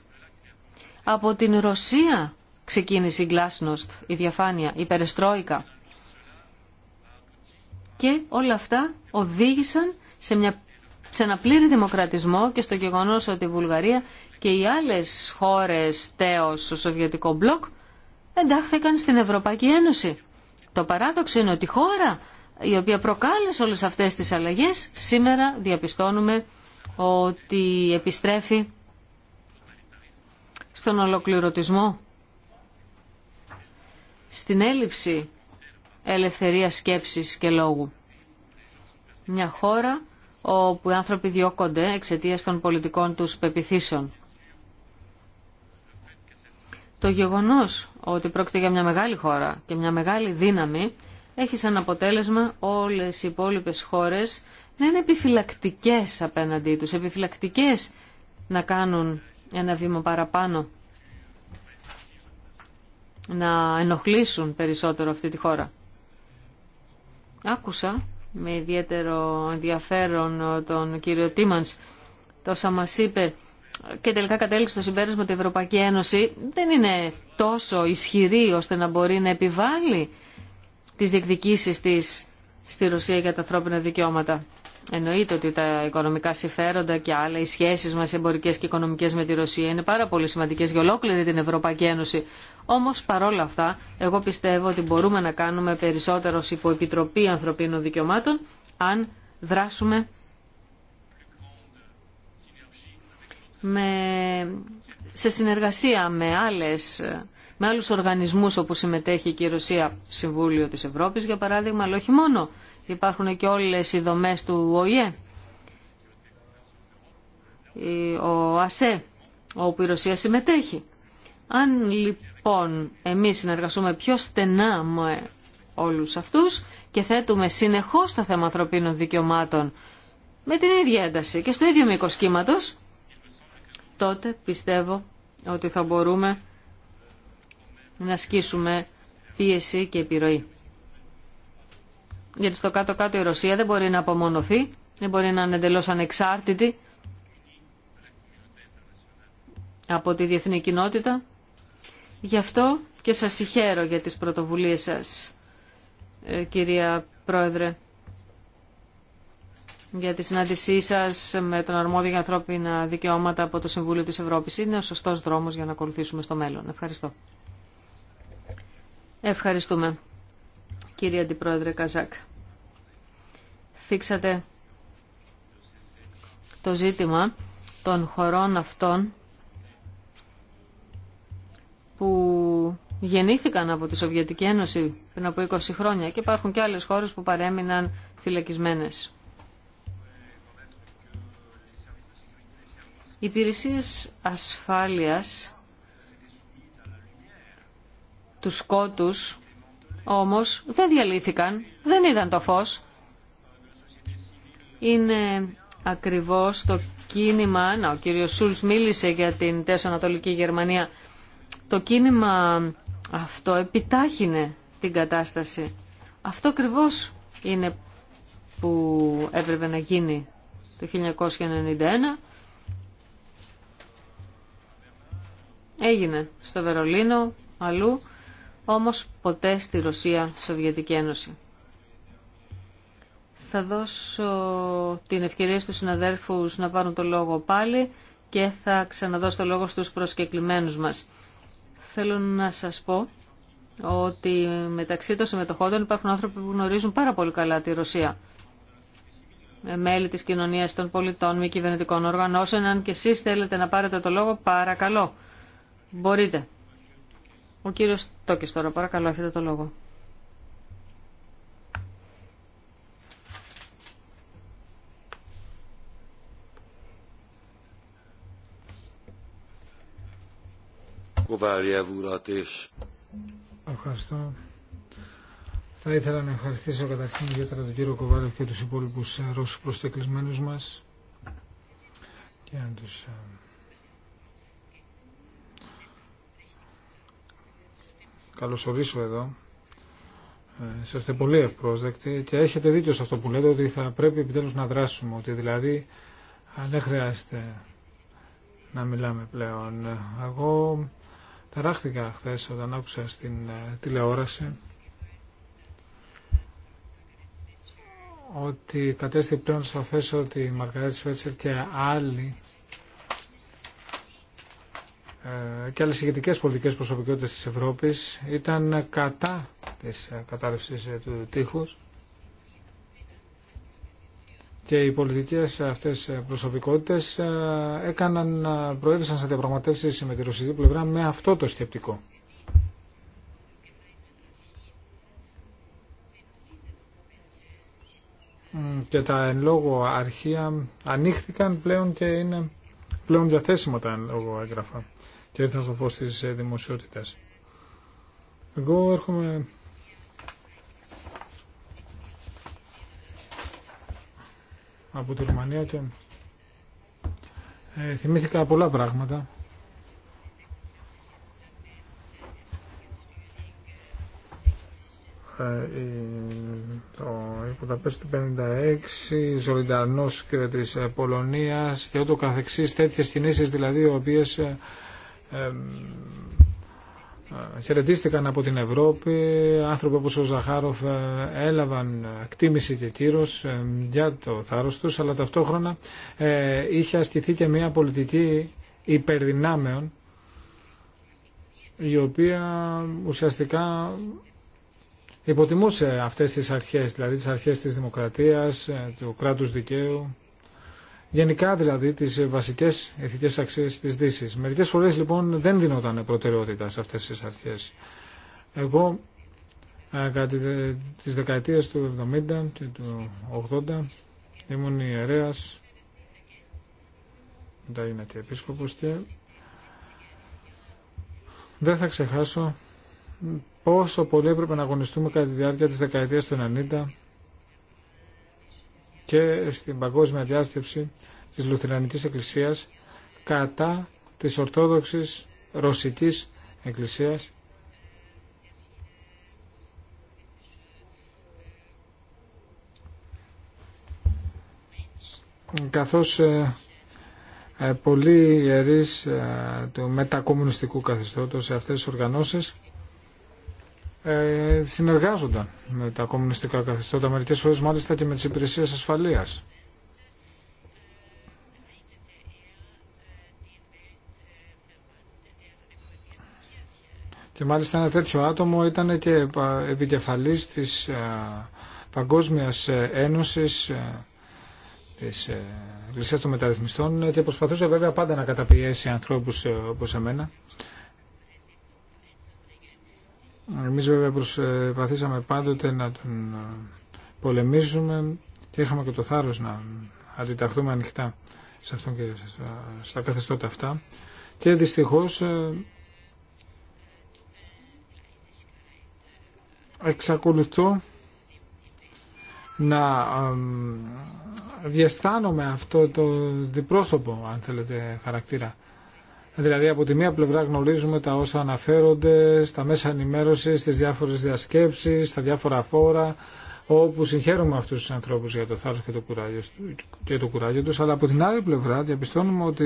Από την Ρωσία ξεκίνησε η Γκλάσνοστ, η διαφάνεια, η περεστρόικα. Και όλα αυτά οδήγησαν σε μια σε ένα πλήρη δημοκρατισμό και στο γεγονός ότι η Βουλγαρία και οι άλλες χώρες τέος στο Σοβιετικό μπλοκ εντάχθηκαν στην Ευρωπαϊκή Ένωση. Το παράδοξο είναι ότι η χώρα η οποία προκάλεσε όλες αυτές τις αλλαγές σήμερα διαπιστώνουμε ότι επιστρέφει στον ολοκληρωτισμό, στην έλλειψη ελευθερίας σκέψης και λόγου. Μια χώρα όπου οι άνθρωποι διώκονται εξαιτία των πολιτικών τους πεπιθήσεων. Το γεγονός ότι πρόκειται για μια μεγάλη χώρα και μια μεγάλη δύναμη έχει σαν αποτέλεσμα όλες οι υπόλοιπες χώρες να είναι επιφυλακτικές απέναντί τους, επιφυλακτικές να κάνουν ένα βήμα παραπάνω, να ενοχλήσουν περισσότερο αυτή τη χώρα. Άκουσα με ιδιαίτερο ενδιαφέρον ε, τον κύριο Τίμανς τόσα μας είπε και τελικά κατέληξε το συμπέρασμα ότι η Ευρωπαϊκή Ένωση δεν είναι τόσο ισχυρή ώστε να μπορεί να επιβάλλει τις διεκδικήσεις της στη Ρωσία για τα ανθρώπινα δικαιώματα. Εννοείται ότι τα οικονομικά συμφέροντα και άλλα, οι σχέσεις μας εμπορικές και οικονομικές με τη Ρωσία είναι πάρα πολύ σημαντικές για ολόκληρη την Ευρωπαϊκή Ένωση. Όμως παρόλα αυτά, εγώ πιστεύω ότι μπορούμε να κάνουμε περισσότερο ως υποεπιτροπή ανθρωπίνων δικαιωμάτων, αν δράσουμε με... σε συνεργασία με άλλες με άλλους οργανισμούς όπου συμμετέχει και η Ρωσία, Συμβούλιο της Ευρώπης για παράδειγμα, αλλά όχι μόνο. Υπάρχουν και όλες οι δομές του ΟΗΕ, ο ΑΣΕ, όπου η Ρωσία συμμετέχει. Αν λοιπόν εμείς συνεργαστούμε πιο στενά με όλους αυτούς και θέτουμε συνεχώς το θέμα ανθρωπίνων δικαιωμάτων με την ίδια ένταση και στο ίδιο μήκο κύματο, τότε πιστεύω ότι θα μπορούμε να ασκήσουμε πίεση και επιρροή γιατί στο κάτω-κάτω η Ρωσία δεν μπορεί να απομονωθεί, δεν μπορεί να είναι εντελώς ανεξάρτητη από τη διεθνή κοινότητα. Γι' αυτό και σας συγχαίρω για τις πρωτοβουλίες σας, ε, κυρία Πρόεδρε, για τη συνάντησή σας με τον αρμόδιο για ανθρώπινα δικαιώματα από το Συμβούλιο της Ευρώπης. Είναι ο σωστός δρόμος για να ακολουθήσουμε στο μέλλον. Ευχαριστώ. Ευχαριστούμε κύριε Αντιπρόεδρε Καζάκ. Φίξατε το ζήτημα των χωρών αυτών που γεννήθηκαν από τη Σοβιετική Ένωση πριν από 20 χρόνια και υπάρχουν και άλλες χώρες που παρέμειναν φυλακισμένες. Οι υπηρεσίες ασφάλειας, τους σκότους όμως δεν διαλύθηκαν, δεν είδαν το φως. Είναι ακριβώς το κίνημα, να, ο κύριος Σούλς μίλησε για την Τέσσερα Ανατολική Γερμανία, το κίνημα αυτό επιτάχυνε την κατάσταση. Αυτό ακριβώς είναι που έπρεπε να γίνει το 1991. Έγινε στο Βερολίνο, αλλού όμως ποτέ στη Ρωσία Σοβιετική Ένωση. Θα δώσω την ευκαιρία στους συναδέρφους να πάρουν το λόγο πάλι και θα ξαναδώσω το λόγο στους προσκεκλημένους μας. Θέλω να σας πω ότι μεταξύ των συμμετοχόντων υπάρχουν άνθρωποι που γνωρίζουν πάρα πολύ καλά τη Ρωσία. Ε, μέλη της κοινωνίας των πολιτών, μη κυβερνητικών οργανώσεων. Αν και εσείς θέλετε να πάρετε το λόγο, παρακαλώ. Μπορείτε. Ο κύριος Τόκης τώρα, παρακαλώ, έχετε το λόγο. Ευχαριστώ. Θα ήθελα να ευχαριστήσω καταρχήν ιδιαίτερα τον κύριο Κοβάλεφ και τους υπόλοιπους Ρώσους προσκεκλισμένους μας και να τους ε, καλωσορίσω εδώ. Ε, Είστε πολύ ευπρόσδεκτοι και έχετε δίκιο σε αυτό που λέτε ότι θα πρέπει επιτέλους να δράσουμε, ότι δηλαδή δεν χρειάζεται να μιλάμε πλέον. Εγώ ταράχθηκα χθε όταν άκουσα στην ε, τηλεόραση ότι κατέστη πλέον σαφές ότι η Μαργαρέτη Σφέτσερ και άλλοι ε, και άλλες ηγετικές πολιτικές προσωπικότητες της Ευρώπης ήταν κατά της ε, κατάρρευσης ε, του τείχους και οι πολιτικές αυτές προσωπικότητες έκαναν, προέβησαν σε διαπραγματεύσεις με τη ρωσική πλευρά με αυτό το σκεπτικό. Και τα εν λόγω αρχεία ανοίχθηκαν πλέον και είναι πλέον διαθέσιμα τα λόγω έγγραφα και ήρθαν στο φως της ε, δημοσιότητας. Εγώ έρχομαι από τη Ρουμανία και ε, θυμήθηκα πολλά πράγματα Ε, το Υπουδαπέστη του 56, Ζολιντανός και της ε, Πολωνίας και ούτω καθεξής τέτοιες κινήσεις δηλαδή οι οποίες ε, χαιρετίστηκαν από την Ευρώπη, άνθρωποι όπως ο Ζαχάροφ έλαβαν εκτίμηση και κύρος για το θάρρος τους, αλλά ταυτόχρονα είχε ασκηθεί και μια πολιτική υπερδυνάμεων η οποία ουσιαστικά υποτιμούσε αυτές τις αρχές, δηλαδή τις αρχές της δημοκρατίας, ε, του κράτους δικαίου, γενικά δηλαδή τις βασικές ηθικές αξίες της δύση. Μερικές φορές λοιπόν δεν δίνονταν προτεραιότητα σε αυτές τις αρχές. Εγώ ε, κατά τις δεκαετίες του 70 και του 80 ήμουν ιερέας, μετά είναι και επίσκοπος και δεν θα ξεχάσω όσο πολύ έπρεπε να αγωνιστούμε κατά τη διάρκεια της δεκαετίας του 90 και στην παγκόσμια διάστηση της Λουθυρανικής Εκκλησίας κατά της Ορθόδοξης Ρωσικής Εκκλησίας καθώς ε, ε, πολλοί ιερείς ε, του μετακομμουνιστικού καθεστώτος σε αυτές τις οργανώσεις ε, συνεργάζονταν με τα κομμουνιστικά καθεστώτα, μερικέ φορέ μάλιστα και με τι υπηρεσίες ασφαλείας. Και μάλιστα ένα τέτοιο άτομο ήταν και επικεφαλής της ε, Παγκόσμιας ε, Ένωσης της Εκκλησίας των Μεταρρυθμιστών και προσπαθούσε βέβαια πάντα να καταπιέσει ανθρώπους όπως εμένα εμείς βέβαια προσπαθήσαμε πάντοτε να τον ε, πολεμήσουμε και είχαμε και το θάρρος να αντιταχθούμε ανοιχτά σε αυτόν και στα καθεστώτα αυτά. Και δυστυχώς ε, εξακολουθώ να διαστάνομαι αυτό το διπρόσωπο, αν θέλετε, χαρακτήρα Δηλαδή από τη μία πλευρά γνωρίζουμε τα όσα αναφέρονται στα μέσα ενημέρωση, στις διάφορες διασκέψεις, στα διάφορα φόρα, όπου συγχαίρουμε αυτούς τους ανθρώπους για το θάρρος και το κουράγιο, και το κουράγιο τους, αλλά από την άλλη πλευρά διαπιστώνουμε ότι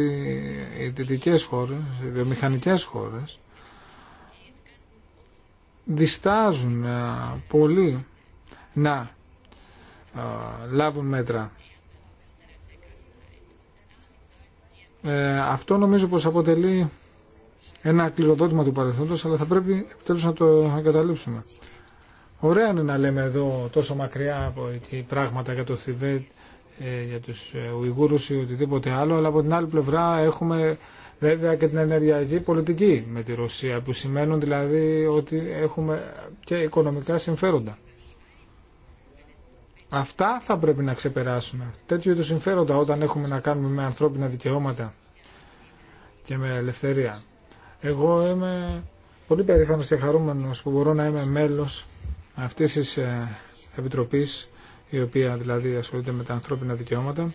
οι δυτικές χώρες, οι βιομηχανικές χώρες, διστάζουν ε, πολύ να ε, λάβουν μέτρα Ε, αυτό νομίζω πως αποτελεί ένα κληροδότημα του παρελθόντος, αλλά θα πρέπει επιτέλους να το εγκαταλείψουμε. Ωραία είναι να λέμε εδώ τόσο μακριά από πράγματα για το Θιβέτ, ε, για τους ε, Ουιγούρους ή οτιδήποτε άλλο, αλλά από την άλλη πλευρά έχουμε βέβαια και την ενεργειακή πολιτική με τη Ρωσία, που σημαίνουν δηλαδή ότι έχουμε και οικονομικά συμφέροντα. Αυτά θα πρέπει να ξεπεράσουμε. Τέτοιου είδου συμφέροντα όταν έχουμε να κάνουμε με ανθρώπινα δικαιώματα και με ελευθερία. Εγώ είμαι πολύ περήφανος και χαρούμενος που μπορώ να είμαι μέλος αυτής της ε, Επιτροπής η οποία δηλαδή ασχολείται με τα ανθρώπινα δικαιώματα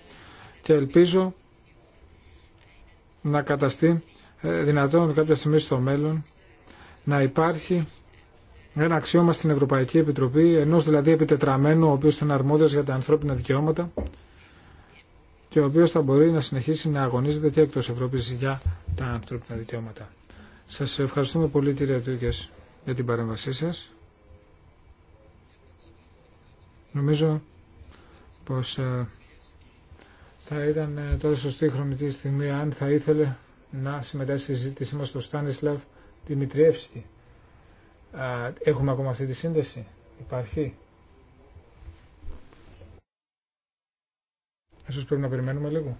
και ελπίζω να καταστεί ε, δυνατόν κάποια στιγμή στο μέλλον να υπάρχει ένα αξίωμα στην Ευρωπαϊκή Επιτροπή, ενός δηλαδή επιτετραμένου, ο οποίος ήταν για τα ανθρώπινα δικαιώματα και ο οποίος θα μπορεί να συνεχίσει να αγωνίζεται και εκτός Ευρώπης για τα ανθρώπινα δικαιώματα. Σας ευχαριστούμε πολύ κύριε Τούκες για την παρέμβασή σας. Νομίζω πως ε, θα ήταν ε, τώρα σωστή χρονική στιγμή αν θα ήθελε να συμμετάσχει στη συζήτησή μας στο Στάνισλαβ Δημητριεύστη έχουμε ακόμα αυτή τη σύνδεση. Υπάρχει. Ίσως πρέπει να περιμένουμε λίγο.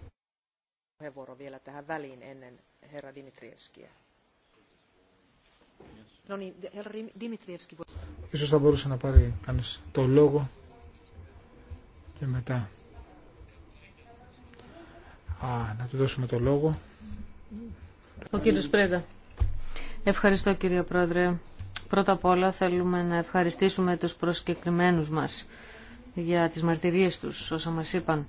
Ίσως θα μπορούσε να πάρει κανείς το λόγο και μετά. Α, να του δώσουμε το λόγο. Ο κύριος Πρέντα. Ευχαριστώ κύριε Πρόεδρε. Πρώτα απ' όλα θέλουμε να ευχαριστήσουμε τους προσκεκριμένους μας για τις μαρτυρίες τους, όσα μας είπαν.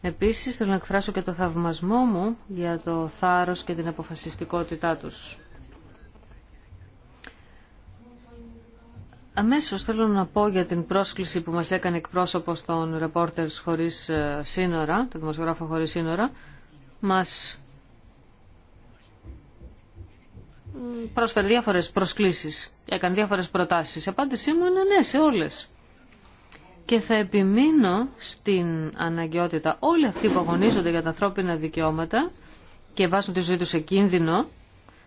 Επίσης, θέλω να εκφράσω και το θαυμασμό μου για το θάρρος και την αποφασιστικότητά τους. Αμέσως θέλω να πω για την πρόσκληση που μας έκανε εκπρόσωπος των Reporters χωρίς ε, σύνορα, το δημοσιογράφο χωρίς σύνορα. Μας πρόσφερε διάφορες προσκλήσεις, έκανε διάφορες προτάσεις. Η απάντησή μου είναι ναι σε όλες. Και θα επιμείνω στην αναγκαιότητα όλοι αυτοί που αγωνίζονται για τα ανθρώπινα δικαιώματα και βάζουν τη ζωή τους σε κίνδυνο,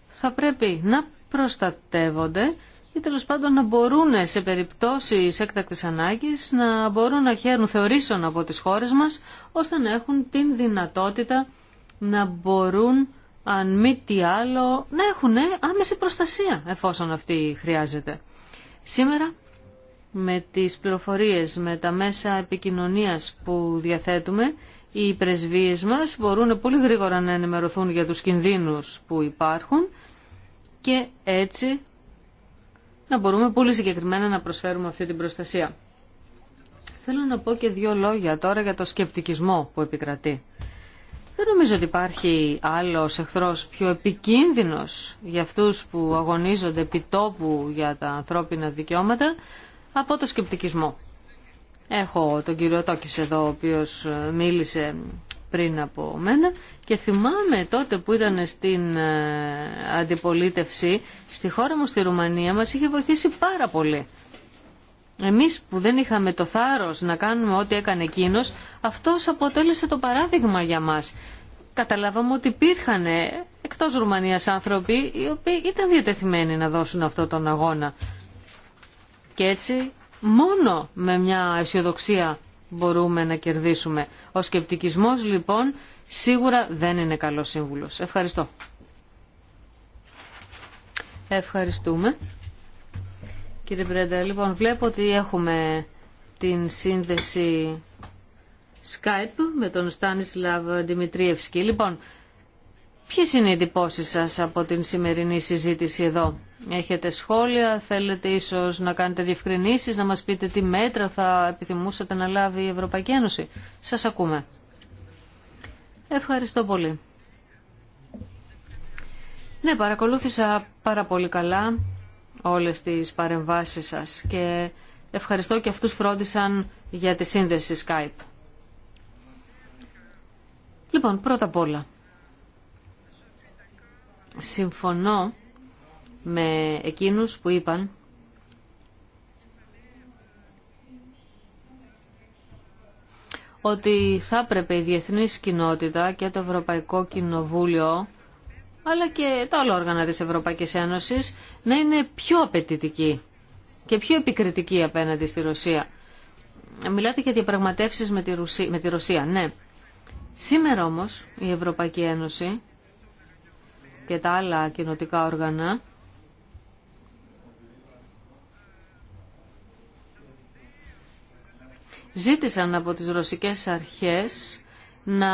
θα πρέπει να προστατεύονται ή τέλο πάντων να μπορούν σε περιπτώσεις έκτακτης ανάγκης να μπορούν να χαίρουν θεωρήσεων από τις χώρες μας, ώστε να έχουν την δυνατότητα να μπορούν αν μη τι άλλο, να έχουν άμεση προστασία εφόσον αυτή χρειάζεται. Σήμερα με τις πληροφορίες, με τα μέσα επικοινωνίας που διαθέτουμε, οι πρεσβείες μας μπορούν πολύ γρήγορα να ενημερωθούν για τους κινδύνους που υπάρχουν και έτσι να μπορούμε πολύ συγκεκριμένα να προσφέρουμε αυτή την προστασία. Θέλω να πω και δύο λόγια τώρα για το σκεπτικισμό που επικρατεί. Δεν νομίζω ότι υπάρχει άλλος εχθρός πιο επικίνδυνος για αυτούς που αγωνίζονται επί τόπου για τα ανθρώπινα δικαιώματα από το σκεπτικισμό. Έχω τον κύριο Τόκης εδώ, ο οποίος ε, μίλησε πριν από μένα και θυμάμαι τότε που ήταν στην ε, αντιπολίτευση στη χώρα μου στη Ρουμανία μας είχε βοηθήσει πάρα πολύ εμείς που δεν είχαμε το θάρρος να κάνουμε ό,τι έκανε εκείνος, αυτός αποτέλεσε το παράδειγμα για μας. Καταλάβαμε ότι υπήρχαν ε, εκτός Ρουμανίας άνθρωποι οι οποίοι ήταν διατεθειμένοι να δώσουν αυτό τον αγώνα. Και έτσι μόνο με μια αισιοδοξία μπορούμε να κερδίσουμε. Ο σκεπτικισμός λοιπόν σίγουρα δεν είναι καλός σύμβουλος. Ευχαριστώ. Ευχαριστούμε. Κύριε Πρέντα, λοιπόν βλέπω ότι έχουμε την σύνδεση Skype με τον Στάνισλαβ Δημητρίευσκη. Λοιπόν, ποιες είναι οι εντυπώσεις σας από την σημερινή συζήτηση εδώ. Έχετε σχόλια, θέλετε ίσως να κάνετε διευκρινήσεις, να μας πείτε τι μέτρα θα επιθυμούσατε να λάβει η Ευρωπαϊκή Ένωση. Σας ακούμε. Ευχαριστώ πολύ. Ναι, παρακολούθησα πάρα πολύ καλά όλες τις παρεμβάσεις σας και ευχαριστώ και αυτούς φρόντισαν για τη σύνδεση Skype. Λοιπόν, πρώτα απ' όλα, συμφωνώ με εκείνους που είπαν ότι θα έπρεπε η διεθνής κοινότητα και το Ευρωπαϊκό Κοινοβούλιο αλλά και τα άλλα όργανα της Ευρωπαϊκής Ένωσης να είναι πιο απαιτητικοί και πιο επικριτικοί απέναντι στη Ρωσία. Μιλάτε για διαπραγματεύσεις με τη, Ρουσία, με τη Ρωσία, ναι. Σήμερα όμως η Ευρωπαϊκή Ένωση και τα άλλα κοινοτικά όργανα ζήτησαν από τις ρωσικές αρχές να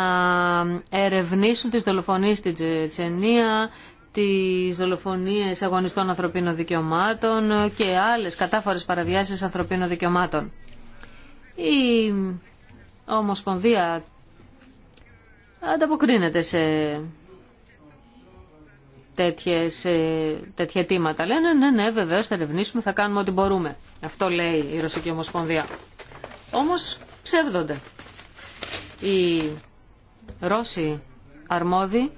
ερευνήσουν τις δολοφονίες στην Τσενία, τις δολοφονίες αγωνιστών ανθρωπίνων δικαιωμάτων και άλλες κατάφορες παραβιάσεις ανθρωπίνων δικαιωμάτων. Η Ομοσπονδία ανταποκρίνεται σε τέτοιες, ε, τέτοια τίματα Λένε ναι, ναι, βεβαίως θα ερευνήσουμε, θα κάνουμε ό,τι μπορούμε. Αυτό λέει η Ρωσική Ομοσπονδία. Όμως ψεύδονται οι Ρώσοι αρμόδιοι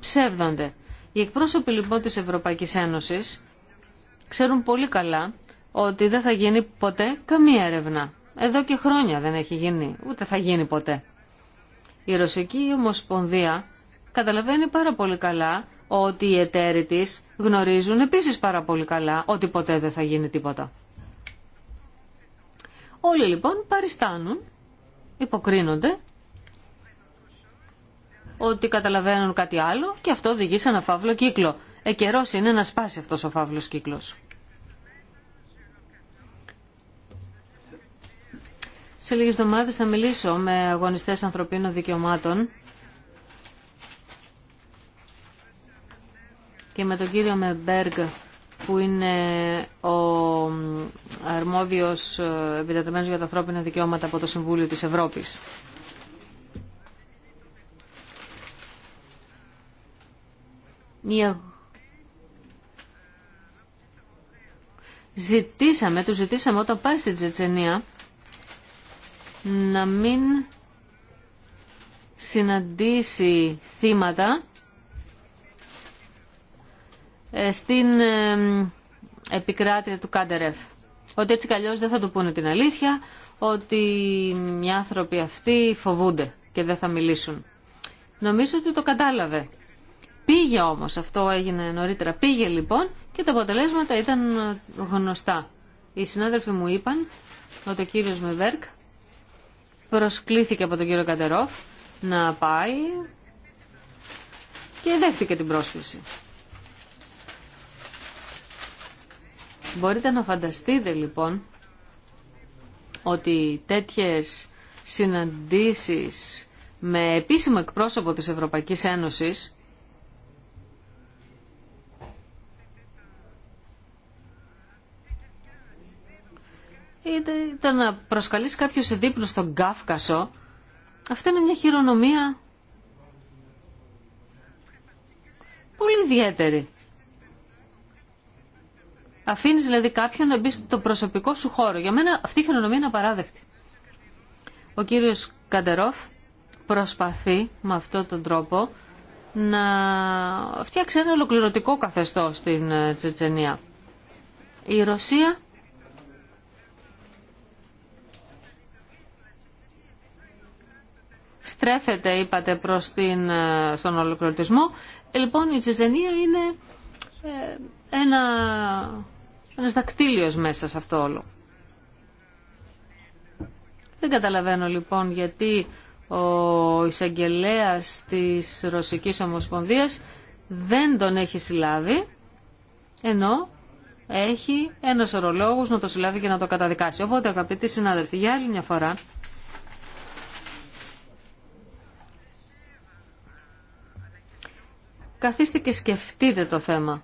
ψεύδονται. Οι εκπρόσωποι λοιπόν της Ευρωπαϊκής Ένωσης ξέρουν πολύ καλά ότι δεν θα γίνει ποτέ καμία έρευνα. Εδώ και χρόνια δεν έχει γίνει, ούτε θα γίνει ποτέ. Η Ρωσική Ομοσπονδία καταλαβαίνει πάρα πολύ καλά ότι οι εταίροι της γνωρίζουν επίσης πάρα πολύ καλά ότι ποτέ δεν θα γίνει τίποτα. Όλοι λοιπόν παριστάνουν, υποκρίνονται ότι καταλαβαίνουν κάτι άλλο και αυτό οδηγεί σε ένα φαύλο κύκλο. Εκερός είναι να σπάσει αυτός ο φαύλος κύκλος. Σε λίγες εβδομάδες θα μιλήσω με αγωνιστές ανθρωπίνων δικαιωμάτων και με τον κύριο Μεμπέργκ που είναι ο αρμόδιος ε, επιτεταμένος για τα ανθρώπινα δικαιώματα από το Συμβούλιο της Ευρώπης. Ζητήσαμε, του ζητήσαμε όταν πάει στη Τσετσενία να μην συναντήσει θύματα ε, στην επικράτεια του Κάντερεφ. Ότι έτσι καλλιώς δεν θα του πούνε την αλήθεια, ότι οι άνθρωποι αυτοί φοβούνται και δεν θα μιλήσουν. Νομίζω ότι το κατάλαβε Πήγε όμως, αυτό έγινε νωρίτερα, πήγε λοιπόν και τα αποτελέσματα ήταν γνωστά. Οι συνάδελφοι μου είπαν ότι ο κύριος Μεβέρκ προσκλήθηκε από τον κύριο κατερόφ να πάει και δέχτηκε την πρόσκληση. Μπορείτε να φανταστείτε λοιπόν ότι τέτοιες συναντήσεις με επίσημο εκπρόσωπο της Ευρωπαϊκής Ένωσης ήταν να προσκαλείς κάποιο σε δείπνο στον Κάφκασο. Αυτό είναι μια χειρονομία πολύ ιδιαίτερη. Αφήνεις δηλαδή κάποιον να μπει στο προσωπικό σου χώρο. Για μένα αυτή η χειρονομία είναι απαράδεκτη. Ο κύριος Καντερόφ προσπαθεί με αυτόν τον τρόπο να φτιάξει ένα ολοκληρωτικό καθεστώς στην ε, Τσετσενία. Η Ρωσία στρέφεται, είπατε, προς την, ε, στον ολοκληρωτισμό. Ε, λοιπόν, η Τσιζενία είναι ε, ένα, ένας δακτύλιος μέσα σε αυτό όλο. Δεν καταλαβαίνω λοιπόν γιατί ο εισαγγελέα της Ρωσικής Ομοσπονδίας δεν τον έχει συλλάβει, ενώ έχει ένα ορολόγος να το συλλάβει και να το καταδικάσει. Οπότε, αγαπητοί συνάδελφοι, για άλλη μια φορά καθίστε και σκεφτείτε το θέμα.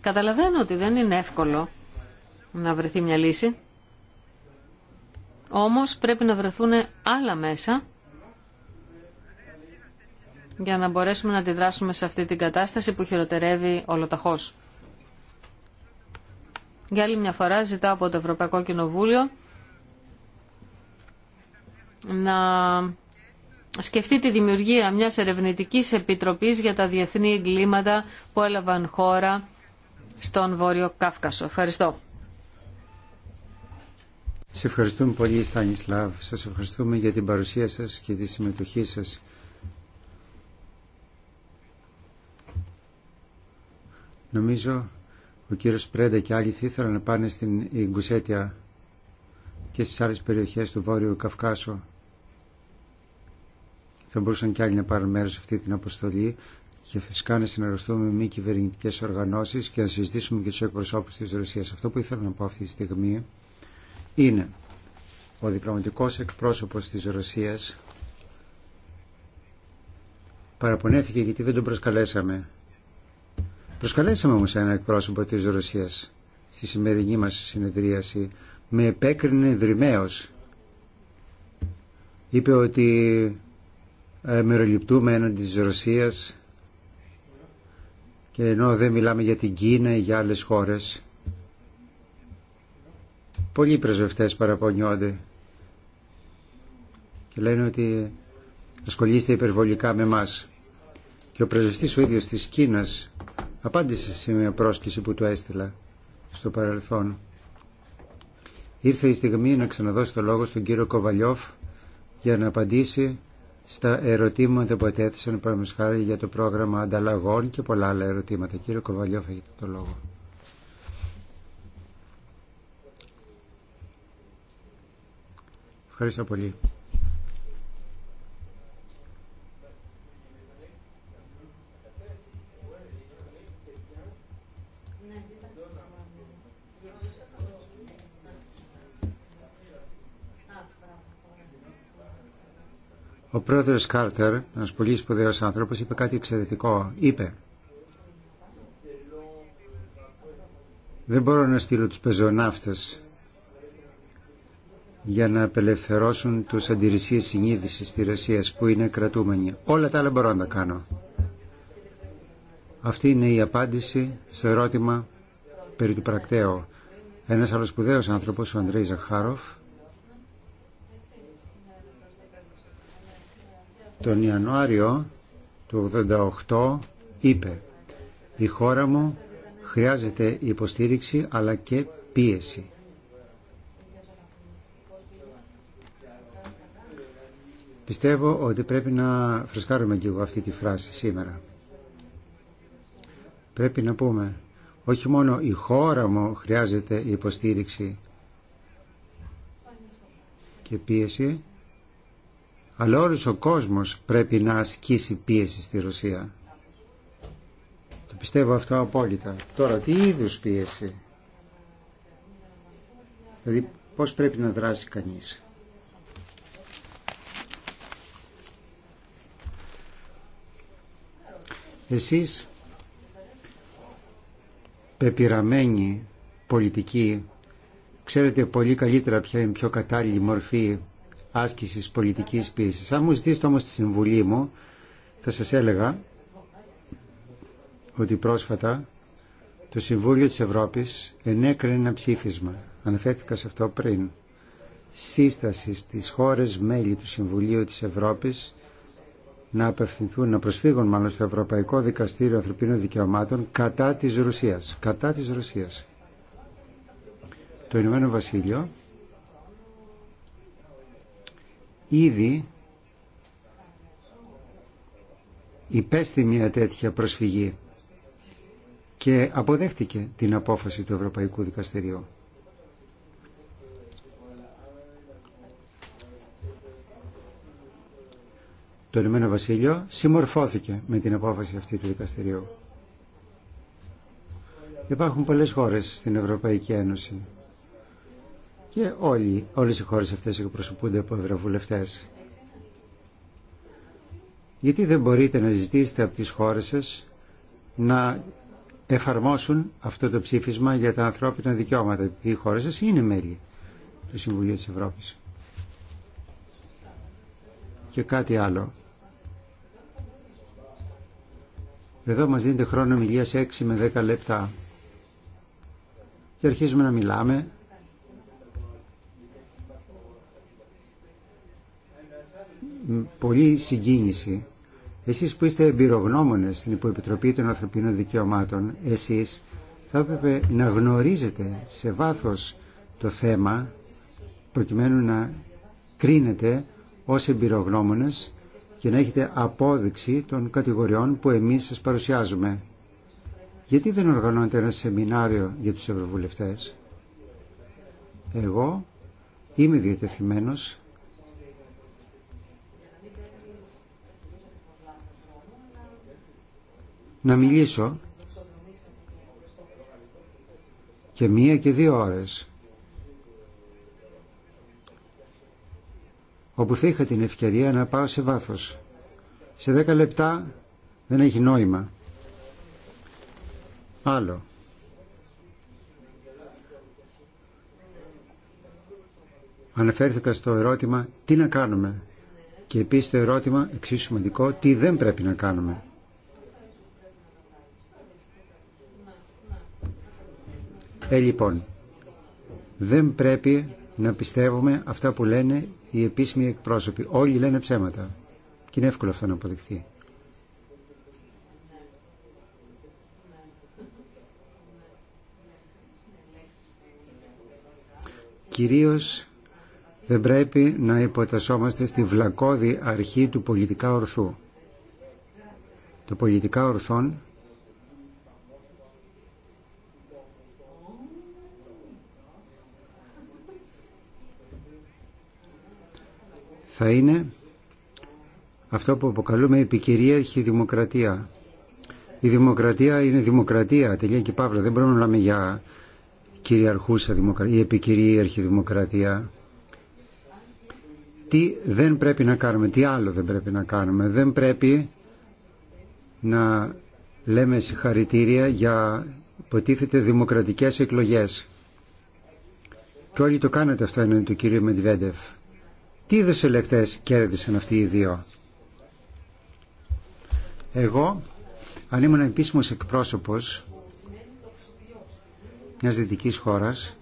Καταλαβαίνω ότι δεν είναι εύκολο να βρεθεί μια λύση. Όμως πρέπει να βρεθούν άλλα μέσα για να μπορέσουμε να αντιδράσουμε σε αυτή την κατάσταση που χειροτερεύει ολοταχώς. Για άλλη μια φορά ζητάω από το Ευρωπαϊκό Κοινοβούλιο να σκεφτεί τη δημιουργία μιας ερευνητικής επιτροπής για τα διεθνή εγκλήματα που έλαβαν χώρα στον Βόρειο Κάφκασο. Ευχαριστώ. Σε ευχαριστούμε πολύ Στάνισλαβ. Σας ευχαριστούμε για την παρουσία σας και τη συμμετοχή σας. Νομίζω ο κύριος Πρέντα και άλλοι θα να πάνε στην Γκουσέτια και στις άλλες περιοχές του Βόρειου Καυκάσου θα μπορούσαν και άλλοι να πάρουν μέρο σε αυτή την αποστολή και φυσικά να συνεργαστούμε με μη κυβερνητικέ οργανώσει και να συζητήσουμε και του εκπροσώπου τη Ρωσία. Αυτό που ήθελα να πω αυτή τη στιγμή είναι ο διπλωματικός εκπρόσωπο τη Ρωσία. παραπονέθηκε γιατί δεν τον προσκαλέσαμε. Προσκαλέσαμε όμως ένα εκπρόσωπο της Ρωσίας στη σημερινή μας συνεδρίαση. Με επέκρινε δρυμαίως. Είπε ότι ε, μεροληπτούμε έναντι της Ρωσίας και ενώ δεν μιλάμε για την Κίνα ή για άλλες χώρες πολλοί πρεσβευτές παραπονιόνται και λένε ότι ασχολείστε υπερβολικά με μας και ο πρεσβευτής ο ίδιος της Κίνας απάντησε σε μια πρόσκληση που του έστειλα στο παρελθόν ήρθε η στιγμή να ξαναδώσει το λόγο στον κύριο Κοβαλιόφ για να απαντήσει στα ερωτήματα που ετέθησαν παραδείγματος για το πρόγραμμα ανταλλαγών και πολλά άλλα ερωτήματα. Κύριε Κοβαλιόφ, έχετε το λόγο. Ευχαριστώ πολύ. Ο πρόεδρος Κάρτερ, ένας πολύ σπουδαίος άνθρωπος, είπε κάτι εξαιρετικό. Είπε «Δεν μπορώ να στείλω τους πεζοναύτες για να απελευθερώσουν τους αντιρρησίες συνείδησης της Ρωσίας που είναι κρατούμενοι. Όλα τα άλλα μπορώ να τα κάνω». Αυτή είναι η απάντηση στο ερώτημα περί του πρακτέου. Ένας άλλος σπουδαίος άνθρωπος, ο Ανδρέης Ζαχάροφ, τον Ιανουάριο του 88 είπε «Η χώρα μου χρειάζεται υποστήριξη αλλά και πίεση». Πιστεύω ότι πρέπει να φρεσκάρουμε λίγο αυτή τη φράση σήμερα. Πρέπει να πούμε όχι μόνο η χώρα μου χρειάζεται υποστήριξη και πίεση, αλλά όλος ο κόσμος πρέπει να ασκήσει πίεση στη Ρωσία. Το πιστεύω αυτό απόλυτα. Τώρα, τι είδους πίεση. Δηλαδή, πώς πρέπει να δράσει κανείς. Εσείς, πεπειραμένοι πολιτικοί, ξέρετε πολύ καλύτερα ποια είναι η πιο κατάλληλη μορφή Άσκηση πολιτικής πίεσης. Αν μου ζητήσετε όμω τη συμβουλή μου, θα σα έλεγα ότι πρόσφατα το Συμβούλιο της Ευρώπης ενέκρινε ένα ψήφισμα. Αναφέρθηκα σε αυτό πριν. Σύσταση στις χώρες μέλη του Συμβουλίου της Ευρώπης να απευθυνθούν, να προσφύγουν μάλλον στο Ευρωπαϊκό Δικαστήριο Ανθρωπίνων Δικαιωμάτων κατά της Ρωσίας. Κατά της Ρωσίας. Το Ηνωμένο Βασίλειο ήδη υπέστη μια τέτοια προσφυγή και αποδέχτηκε την απόφαση του Ευρωπαϊκού Δικαστηρίου. Το Ηνωμένο Βασίλειο συμμορφώθηκε με την απόφαση αυτή του δικαστηρίου. Υπάρχουν πολλές χώρες στην Ευρωπαϊκή Ένωση και όλοι, όλες οι χώρες αυτές εκπροσωπούνται από ευρωβουλευτές. Γιατί δεν μπορείτε να ζητήσετε από τις χώρες σας να εφαρμόσουν αυτό το ψήφισμα για τα ανθρώπινα δικαιώματα, οι χώρες σας είναι μέλη του Συμβουλίου της Ευρώπης. Και κάτι άλλο. Εδώ μας δίνεται χρόνο μιλίας 6 με 10 λεπτά και αρχίζουμε να μιλάμε πολύ συγκίνηση. Εσείς που είστε εμπειρογνώμονες στην Υποεπιτροπή των Ανθρωπίνων Δικαιωμάτων, εσείς θα έπρεπε να γνωρίζετε σε βάθος το θέμα προκειμένου να κρίνετε ως εμπειρογνώμονες και να έχετε απόδειξη των κατηγοριών που εμείς σας παρουσιάζουμε. Γιατί δεν οργανώνετε ένα σεμινάριο για τους ευρωβουλευτές. Εγώ είμαι διατεθειμένος να μιλήσω και μία και δύο ώρες όπου θα είχα την ευκαιρία να πάω σε βάθος. Σε δέκα λεπτά δεν έχει νόημα. Άλλο. Αναφέρθηκα στο ερώτημα τι να κάνουμε και επίσης το ερώτημα εξίσου σημαντικό τι δεν πρέπει να κάνουμε. Ε, λοιπόν, δεν πρέπει να πιστεύουμε αυτά που λένε οι επίσημοι εκπρόσωποι. Όλοι λένε ψέματα. Και είναι εύκολο αυτό να αποδειχθεί. Κυρίως δεν πρέπει να υποτασσόμαστε στη βλακώδη αρχή του πολιτικά ορθού. Το πολιτικά ορθόν θα είναι αυτό που αποκαλούμε επικυρίαρχη δημοκρατία. Η δημοκρατία είναι δημοκρατία, τελειώνει και παύλα. Δεν μπορούμε να μιλάμε για κυριαρχούσα δημοκρατία ή επικυρίαρχη δημοκρατία. Τι δεν πρέπει να κάνουμε, τι άλλο δεν πρέπει να κάνουμε. Δεν πρέπει να λέμε συγχαρητήρια για υποτίθεται δημοκρατικές εκλογές. Και όλοι το κάνατε αυτό είναι του κυρίου Μεντβέντεφ. Τι είδους ελεκτές κέρδισαν αυτοί οι δύο. Εγώ, αν ήμουν επίσημος εκπρόσωπος μιας δυτικής χώρας,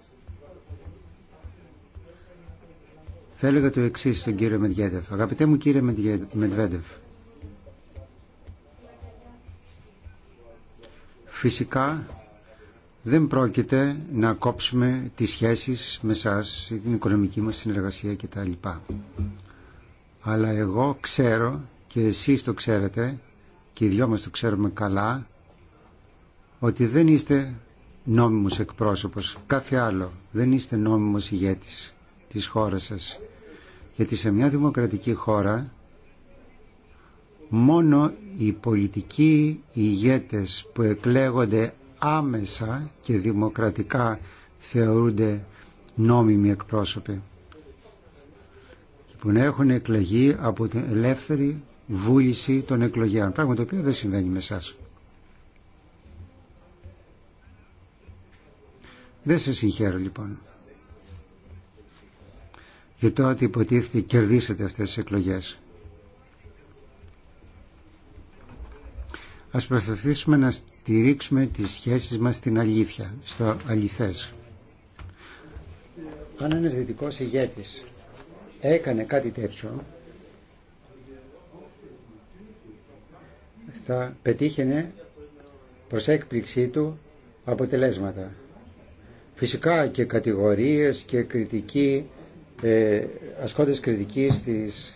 θα έλεγα το εξή στον κύριο Μετβέντεφ. Αγαπητέ μου κύριε Μεντβέντεφ, φυσικά δεν πρόκειται να κόψουμε τις σχέσεις με σας, την οικονομική μας συνεργασία κτλ. Αλλά εγώ ξέρω και εσείς το ξέρετε και οι δυο μας το ξέρουμε καλά ότι δεν είστε νόμιμος εκπρόσωπος, κάθε άλλο. Δεν είστε νόμιμος ηγέτης της χώρας σας. Γιατί σε μια δημοκρατική χώρα μόνο οι πολιτικοί ηγέτες που εκλέγονται άμεσα και δημοκρατικά θεωρούνται νόμιμοι εκπρόσωποι που να έχουν εκλεγεί από την ελεύθερη βούληση των εκλογέων. Πράγμα το οποίο δεν συμβαίνει με εσάς. Δεν σε συγχαίρω λοιπόν. Για το ότι υποτίθεται κερδίσετε αυτές τις εκλογές. Ας προσπαθήσουμε να στηρίξουμε τις σχέσεις μας στην αλήθεια, στο αληθές. Αν ένας δυτικός ηγέτης έκανε κάτι τέτοιο, θα πετύχαινε προς έκπληξή του αποτελέσματα. Φυσικά και κατηγορίες και ε, κριτική, ε, ασκώντας κριτική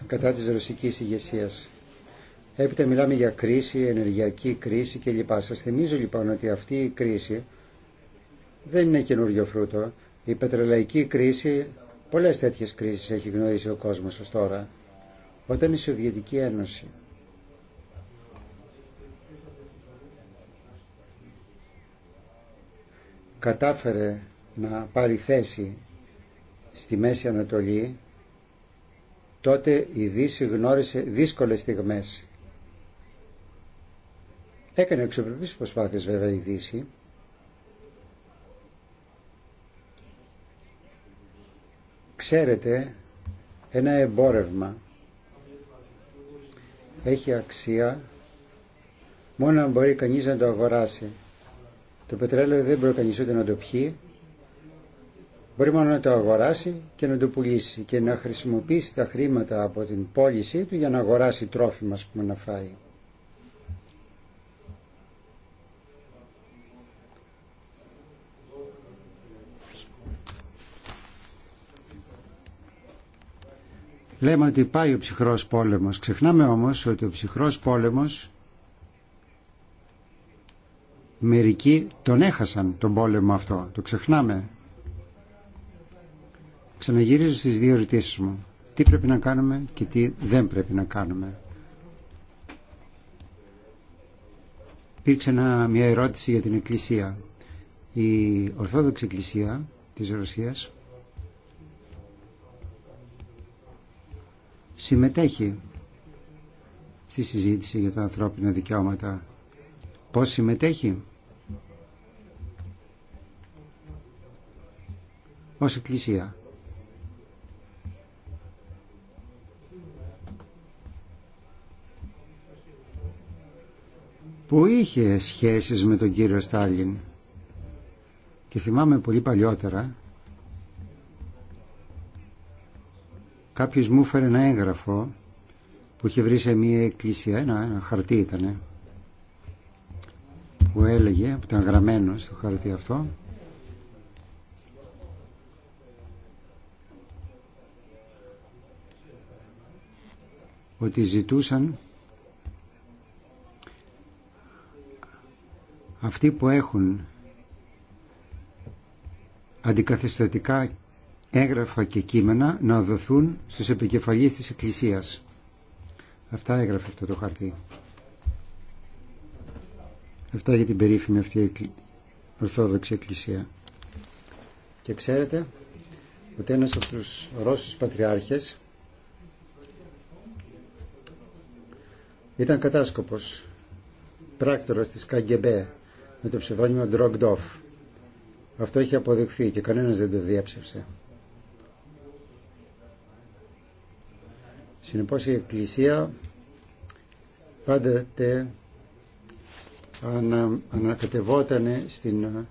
κατά της ρωσικής ηγεσίας. Έπειτα μιλάμε για κρίση, ενεργειακή κρίση κλπ. Σα θυμίζω λοιπόν ότι αυτή η κρίση δεν είναι καινούριο φρούτο. Η πετρελαϊκή κρίση, πολλές τέτοιες κρίσεις έχει γνωρίσει ο κόσμος ως τώρα. Όταν η Σοβιετική Ένωση κατάφερε να πάρει θέση στη Μέση Ανατολή, τότε η Δύση γνώρισε δύσκολες στιγμές Έκανε εξωπρεπείς προσπάθειες βέβαια η Δύση ξέρετε ένα εμπόρευμα έχει αξία μόνο αν μπορεί κανείς να το αγοράσει. Το πετρέλαιο δεν μπορεί κανείς ούτε να το πιει, μπορεί μόνο να το αγοράσει και να το πουλήσει και να χρησιμοποιήσει τα χρήματα από την πώλησή του για να αγοράσει τρόφιμα πούμε, να φάει. λέμε ότι πάει ο ψυχρός πόλεμος. Ξεχνάμε όμως ότι ο ψυχρός πόλεμος μερικοί τον έχασαν τον πόλεμο αυτό. Το ξεχνάμε. Ξαναγυρίζω στις δύο ερωτήσει μου. Τι πρέπει να κάνουμε και τι δεν πρέπει να κάνουμε. Υπήρξε μια ερώτηση για την Εκκλησία. Η Ορθόδοξη Εκκλησία της Ρωσίας συμμετέχει στη συζήτηση για τα ανθρώπινα δικαιώματα. Πώς συμμετέχει. Ως εκκλησία. που είχε σχέσεις με τον κύριο Στάλιν και θυμάμαι πολύ παλιότερα Κάποιο μου έφερε ένα έγγραφο που είχε βρει σε μια εκκλησία, ένα, ένα χαρτί ήταν, που έλεγε, που ήταν γραμμένο στο χαρτί αυτό, ότι ζητούσαν αυτοί που έχουν αντικαθεστατικά έγραφα και κείμενα να δοθούν στους επικεφαλείς της Εκκλησίας. Αυτά έγραφε αυτό το χαρτί. Αυτά για την περίφημη αυτή η Ορθόδοξη Εκκλησία. Και ξέρετε ότι ένας από τους Ρώσους Πατριάρχες ήταν κατάσκοπος, πράκτορας της ΚΑΓΚΕΜΠΕ με το ψευδόνιμο Drogdov Αυτό έχει αποδειχθεί και κανένας δεν το διέψευσε. Συνεπώς η Εκκλησία πάντα ανα, ανακατευόταν στην ε,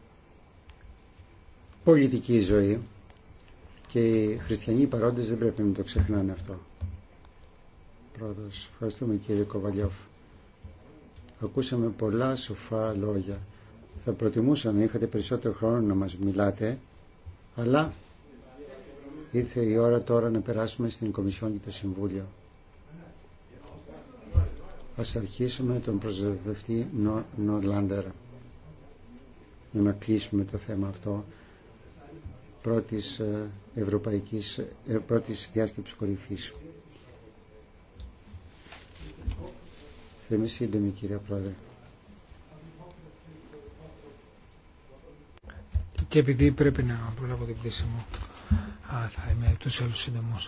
πολιτική ζωή και οι χριστιανοί παρόντες δεν πρέπει να το ξεχνάνε αυτό. Πρόεδρος, ευχαριστούμε κύριε Κοβαλιόφ. Ακούσαμε πολλά σοφά λόγια. Θα προτιμούσα να είχατε περισσότερο χρόνο να μας μιλάτε, αλλά Ήρθε η ώρα τώρα να περάσουμε στην Κομισιόν και το Συμβούλιο. Ας αρχίσουμε τον προσδευτή Νορλάντερ για να κλείσουμε το θέμα αυτό πρώτης, ε, ευρωπαϊκής, ε, πρώτης διάσκεψης κορυφής. Θα είμαι σύντομη κυρία Πρόεδρε. Και επειδή πρέπει να προλάβω την πτήση μου. Α, θα είμαι εκτό άλλου σύντομο.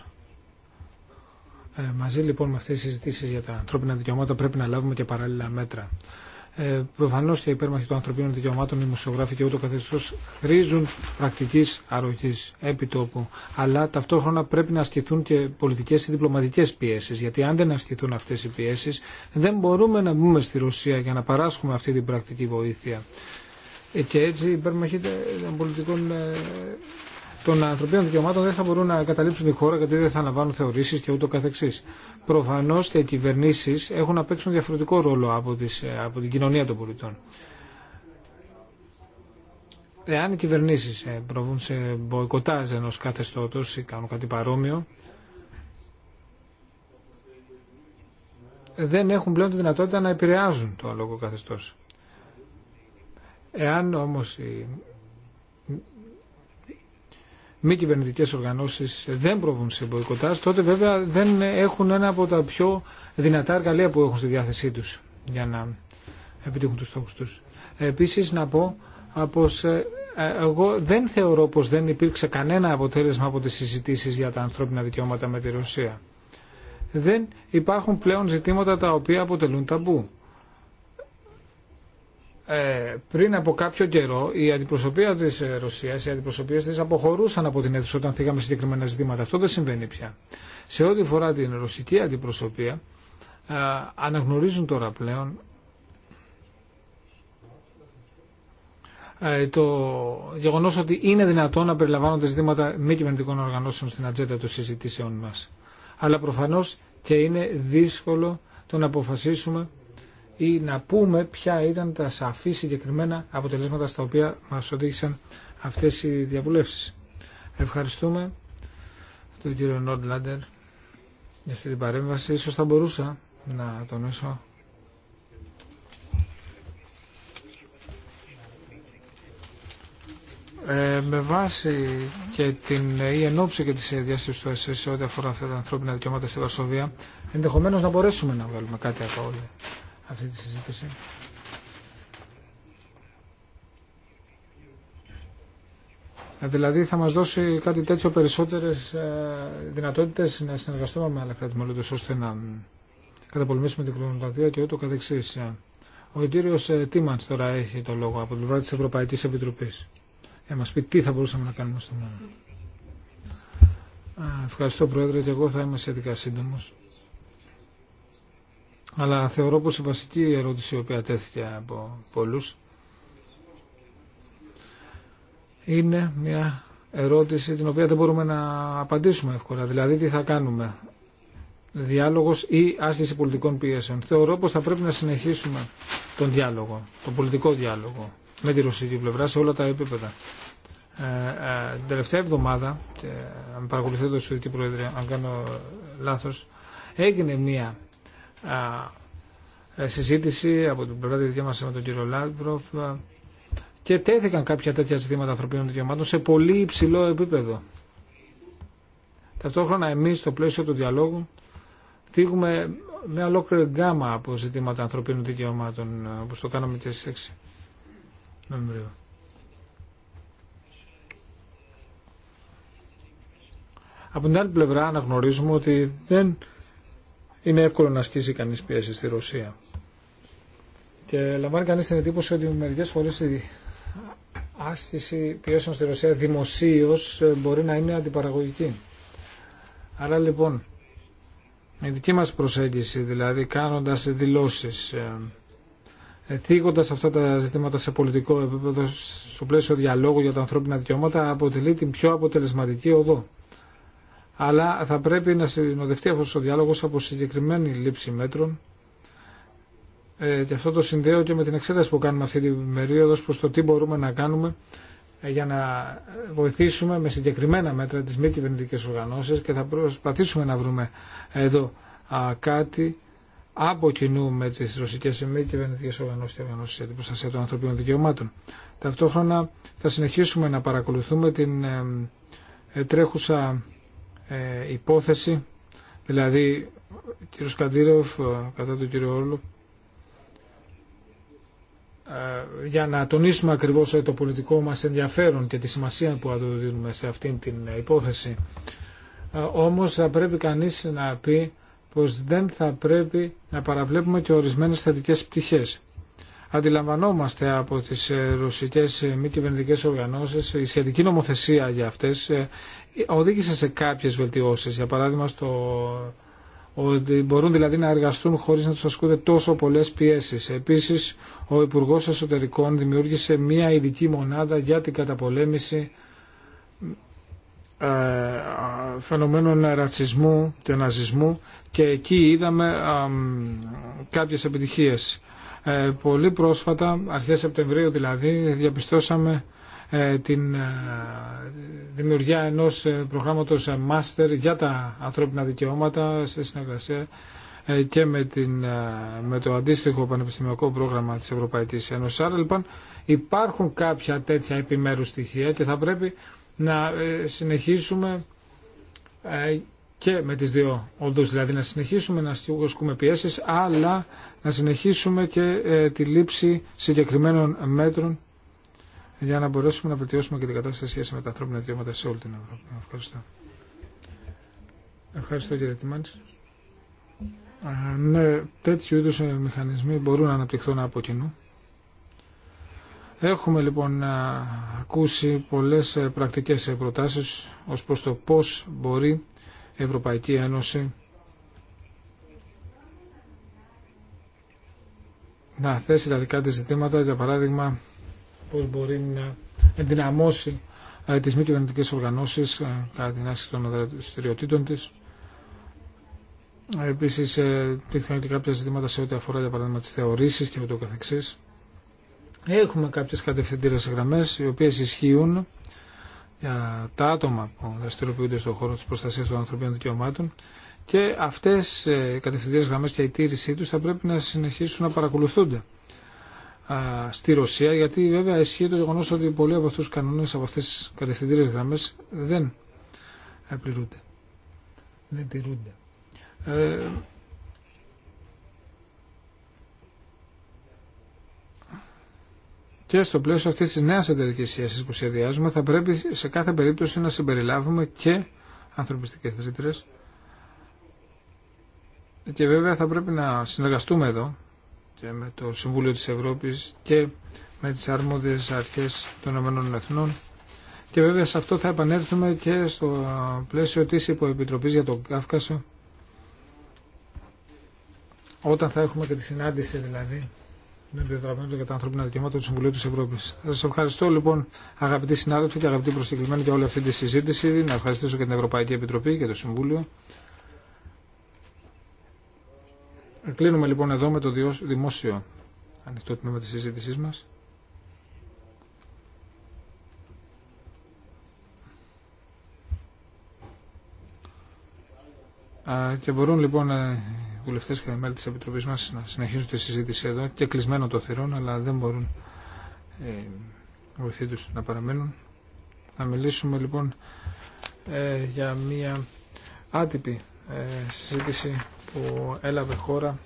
Ε, μαζί λοιπόν με αυτές τις συζητήσει για τα ανθρώπινα δικαιώματα πρέπει να λάβουμε και παράλληλα μέτρα. Ε, Προφανώ και υπέρμαχοι των ανθρωπίνων δικαιωμάτων, οι μουσιογράφοι και ούτω καθεστώ χρήζουν πρακτική αρρωγή επί τόπου. Αλλά ταυτόχρονα πρέπει να ασκηθούν και πολιτικέ ή διπλωματικέ πιέσει. Γιατί αν δεν ασκηθούν αυτέ οι πιέσει, δεν μπορούμε να μπούμε στη Ρωσία για να παράσχουμε αυτή την πρακτική βοήθεια. Ε, και έτσι υπέρμαχοι των πολιτικών ε, των ανθρωπίνων δικαιωμάτων δεν θα μπορούν να καταλήψουν τη χώρα γιατί δεν θα αναβάνουν θεωρήσει και ούτω καθεξή. Προφανώ και οι κυβερνήσει έχουν να παίξουν διαφορετικό ρόλο από, τις, ε, από την κοινωνία των πολιτών. Εάν οι κυβερνήσει ε, προβούν σε μποϊκοτάζ ενό καθεστώτο ή κάνουν κάτι παρόμοιο, δεν έχουν πλέον τη δυνατότητα να επηρεάζουν το λόγο καθεστώ. Εάν όμως μη κυβερνητικέ οργανώσει δεν προβούν σε μποϊκοτάζ, τότε βέβαια δεν έχουν ένα από τα πιο δυνατά εργαλεία που έχουν στη διάθεσή του για να επιτύχουν του στόχου του. Επίση, να πω πω ε, ε, εγώ δεν θεωρώ πως δεν υπήρξε κανένα αποτέλεσμα από τις συζητήσει για τα ανθρώπινα δικαιώματα με τη Ρωσία. Δεν υπάρχουν πλέον ζητήματα τα οποία αποτελούν ταμπού ε, πριν από κάποιο καιρό η αντιπροσωπεία της ε, Ρωσίας, οι αντιπροσωπείες της αποχωρούσαν από την αίθουσα όταν θίγαμε συγκεκριμένα ζητήματα. Αυτό δεν συμβαίνει πια. Σε ό,τι φορά την ρωσική αντιπροσωπεία ε, αναγνωρίζουν τώρα πλέον ε, το γεγονός ότι είναι δυνατόν να περιλαμβάνονται ζητήματα μη κυβερνητικών οργανώσεων στην ατζέντα των συζητήσεων μας. Αλλά προφανώς και είναι δύσκολο το να αποφασίσουμε ή να πούμε ποια ήταν τα σαφή συγκεκριμένα αποτελέσματα στα οποία μας οδήγησαν αυτές οι διαβουλεύσεις. Ευχαριστούμε τον κύριο Νόρντλαντερ για αυτή την παρέμβαση. Ίσως θα μπορούσα να τονίσω Ε, με βάση και την η ε, ενόψη και τις διαστήσεις του ΕΣΕ σε ό,τι αφορά αυτά τα ανθρώπινα δικαιώματα στη Βαρσοβία, ενδεχομένως να μπορέσουμε να βγάλουμε κάτι από όλοι αυτή τη συζήτηση. Ε, δηλαδή θα μας δώσει κάτι τέτοιο περισσότερες ε, δυνατότητες να συνεργαστούμε με άλλα κράτη ώστε να καταπολεμήσουμε την κλωνοκρατία και ούτω καθεξής. Ε, ο κύριος Τίμαντς τώρα έχει το λόγο από την πλευρά της Ευρωπαϊκής Επιτροπής για να μας πει τι θα μπορούσαμε να κάνουμε στο μέλλον. Ευχαριστώ Πρόεδρε και εγώ θα είμαι σχετικά σύντομος αλλά θεωρώ πως η βασική ερώτηση η οποία τέθηκε από πολλούς είναι μια ερώτηση την οποία δεν μπορούμε να απαντήσουμε εύκολα. Δηλαδή τι θα κάνουμε. Διάλογος ή άσκηση πολιτικών πιέσεων. Θεωρώ πως θα πρέπει να συνεχίσουμε τον διάλογο, τον πολιτικό διάλογο με τη ρωσική πλευρά σε όλα τα επίπεδα. Ε, την ε, τελευταία εβδομάδα, και αν παρακολουθείτε το Σουηδική Προεδρία, αν κάνω λάθος, έγινε μια ε, συζήτηση από την πλευρά τη δικιά μα με τον κύριο Λάλμπροφ και τέθηκαν κάποια τέτοια ζητήματα ανθρωπίνων δικαιωμάτων σε πολύ υψηλό επίπεδο. Ταυτόχρονα εμείς στο πλαίσιο του διαλόγου δείχνουμε μια ολόκληρη γκάμα από ζητήματα ανθρωπίνων δικαιωμάτων όπως το κάναμε και στις 6 Νοεμβρίου. Από την άλλη πλευρά αναγνωρίζουμε ότι δεν είναι εύκολο να στήσει κανεί πίεση στη Ρωσία. Και λαμβάνει κανεί την εντύπωση ότι μερικέ φορέ η άσκηση πιέσεων στη Ρωσία δημοσίω ε, μπορεί να είναι αντιπαραγωγική. Άρα λοιπόν, η δική μας προσέγγιση, δηλαδή κάνοντας δηλώσεις, ε, ε, θίγοντας αυτά τα ζητήματα σε πολιτικό επίπεδο, στο πλαίσιο διαλόγου για τα ανθρώπινα δικαιώματα, αποτελεί την πιο αποτελεσματική οδό αλλά θα πρέπει να συνοδευτεί αυτός ο διάλογος από συγκεκριμένη λήψη μέτρων ε, και αυτό το συνδέω και με την εξέταση που κάνουμε αυτή την περίοδο προς το τι μπορούμε να κάνουμε ε, για να βοηθήσουμε με συγκεκριμένα μέτρα τις μη κυβερνητικέ οργανώσεις και θα προσπαθήσουμε να βρούμε εδώ κάτι από κοινού με τις ρωσικές μη κυβερνητικέ οργανώσεις και οργανώσεις για την προστασία των ανθρωπίνων δικαιωμάτων. Ταυτόχρονα θα συνεχίσουμε να παρακολουθούμε την ε, τρέχουσα ε, υπόθεση, δηλαδή ο κύριος ε, κατά τον κύριο Όλου ε, για να τονίσουμε ακριβώς το πολιτικό μας ενδιαφέρον και τη σημασία που δίνουμε σε αυτήν την υπόθεση. όμως θα πρέπει κανείς να πει πως δεν θα πρέπει να παραβλέπουμε και ορισμένες θετικές πτυχές. Αντιλαμβανόμαστε από τις ρωσικές μη κυβερνητικέ οργανώσεις η σχετική νομοθεσία για αυτές οδήγησε σε κάποιες βελτιώσεις. Για παράδειγμα στο ότι μπορούν δηλαδή να εργαστούν χωρίς να τους ασκούνται τόσο πολλές πιέσεις. Επίσης, ο Υπουργός Εσωτερικών δημιούργησε μία ειδική μονάδα για την καταπολέμηση ε, φαινομένων ρατσισμού και ναζισμού και εκεί είδαμε κάποιες επιτυχίες. Ε, πολύ πρόσφατα, αρχές Σεπτεμβρίου δηλαδή, διαπιστώσαμε ε, την ε, δημιουργία ενός ε, προγράμματος μάστερ για τα ανθρώπινα δικαιώματα σε συνεργασία και με, την, με το αντίστοιχο πανεπιστημιακό πρόγραμμα της Ευρωπαϊκής Ένωσης. Άρα λοιπόν υπάρχουν κάποια τέτοια επιμέρους στοιχεία και θα πρέπει να συνεχίσουμε και με τις δύο όντως δηλαδή να συνεχίσουμε να στιγουσκούμε πιέσεις αλλά να συνεχίσουμε και τη λήψη συγκεκριμένων μέτρων για να μπορέσουμε να βελτιώσουμε και την κατάσταση σχέση με τα ανθρώπινα δικαιώματα σε όλη την Ευρώπη. Ευχαριστώ. Ευχαριστώ κύριε Τιμάντς. Ναι, τέτοιου είδους ε, μηχανισμοί μπορούν να αναπτυχθούν από κοινού. Έχουμε λοιπόν ακούσει πολλές ε, πρακτικές ε, προτάσεις ως προς το πώς μπορεί η Ευρωπαϊκή Ένωση να θέσει τα δικά της ζητήματα, για παράδειγμα πώς μπορεί να ενδυναμώσει ε, τις μη κυβερνητικές οργανώσεις ε, κατά την άσκηση των δραστηριοτήτων της. Επίσης, ε, τύχηκαν και κάποια ζητήματα σε ό,τι αφορά, για παράδειγμα, τις θεωρήσεις και ούτω καθεξής. Έχουμε κάποιες κατευθυντήρες γραμμέ, οι οποίες ισχύουν για τα άτομα που δραστηριοποιούνται στον χώρο της προστασίας των ανθρωπίνων δικαιωμάτων και αυτές οι κατευθυντήρες γραμμές και η τήρησή τους θα πρέπει να συνεχίσουν να παρακολουθούνται στη Ρωσία, γιατί βέβαια ισχύει το γεγονό ότι πολλοί από αυτού του κανόνε, από αυτέ τι κατευθυντήριε γραμμέ δεν πληρούνται. Δεν τηρούνται. Ε, και στο πλαίσιο αυτή τη νέα εταιρική σχέση που σχεδιάζουμε, θα πρέπει σε κάθε περίπτωση να συμπεριλάβουμε και ανθρωπιστικέ ρήτρε. Και βέβαια θα πρέπει να συνεργαστούμε εδώ και με το Συμβούλιο της Ευρώπης και με τις αρμόδιες αρχές των Ηνωμένων Εθνών. Και βέβαια σε αυτό θα επανέλθουμε και στο πλαίσιο της Υποεπιτροπής για τον Κάφκασο όταν θα έχουμε και τη συνάντηση δηλαδή με επιτραπέζοντα για τα ανθρώπινα δικαιώματα του Συμβουλίου της Ευρώπης. Θα σα ευχαριστώ λοιπόν, αγαπητοί συνάδελφοι και αγαπητοί προσκεκλημένοι, για όλη αυτή τη συζήτηση. Να ευχαριστήσω και την Ευρωπαϊκή Επιτροπή και το Συμβούλιο Κλείνουμε λοιπόν εδώ με το δημόσιο ανοιχτό τμήμα της συζήτησής μας. Και μπορούν λοιπόν ε, οι βουλευτέ και οι μέλη τη Επιτροπή μα να συνεχίσουν τη συζήτηση εδώ και κλεισμένο το θηρόν, αλλά δεν μπορούν ε, βοηθοί του να παραμένουν. Θα μιλήσουμε λοιπόν ε, για μία άτυπη ε, συζήτηση που έλαβε χώρα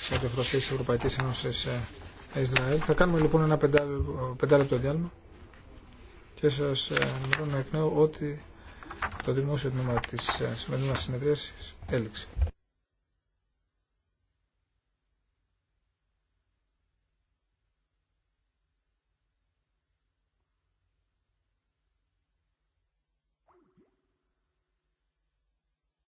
σε τη της Ευρωπαϊκής Ένωσης Ισραήλ. Θα κάνουμε λοιπόν ένα πεντάλεπτο διάλειμμα και σας ε, ενημερώνω εκ νέου ότι το δημόσιο τμήμα της ε, σημερινής συνεδρίασης έληξε.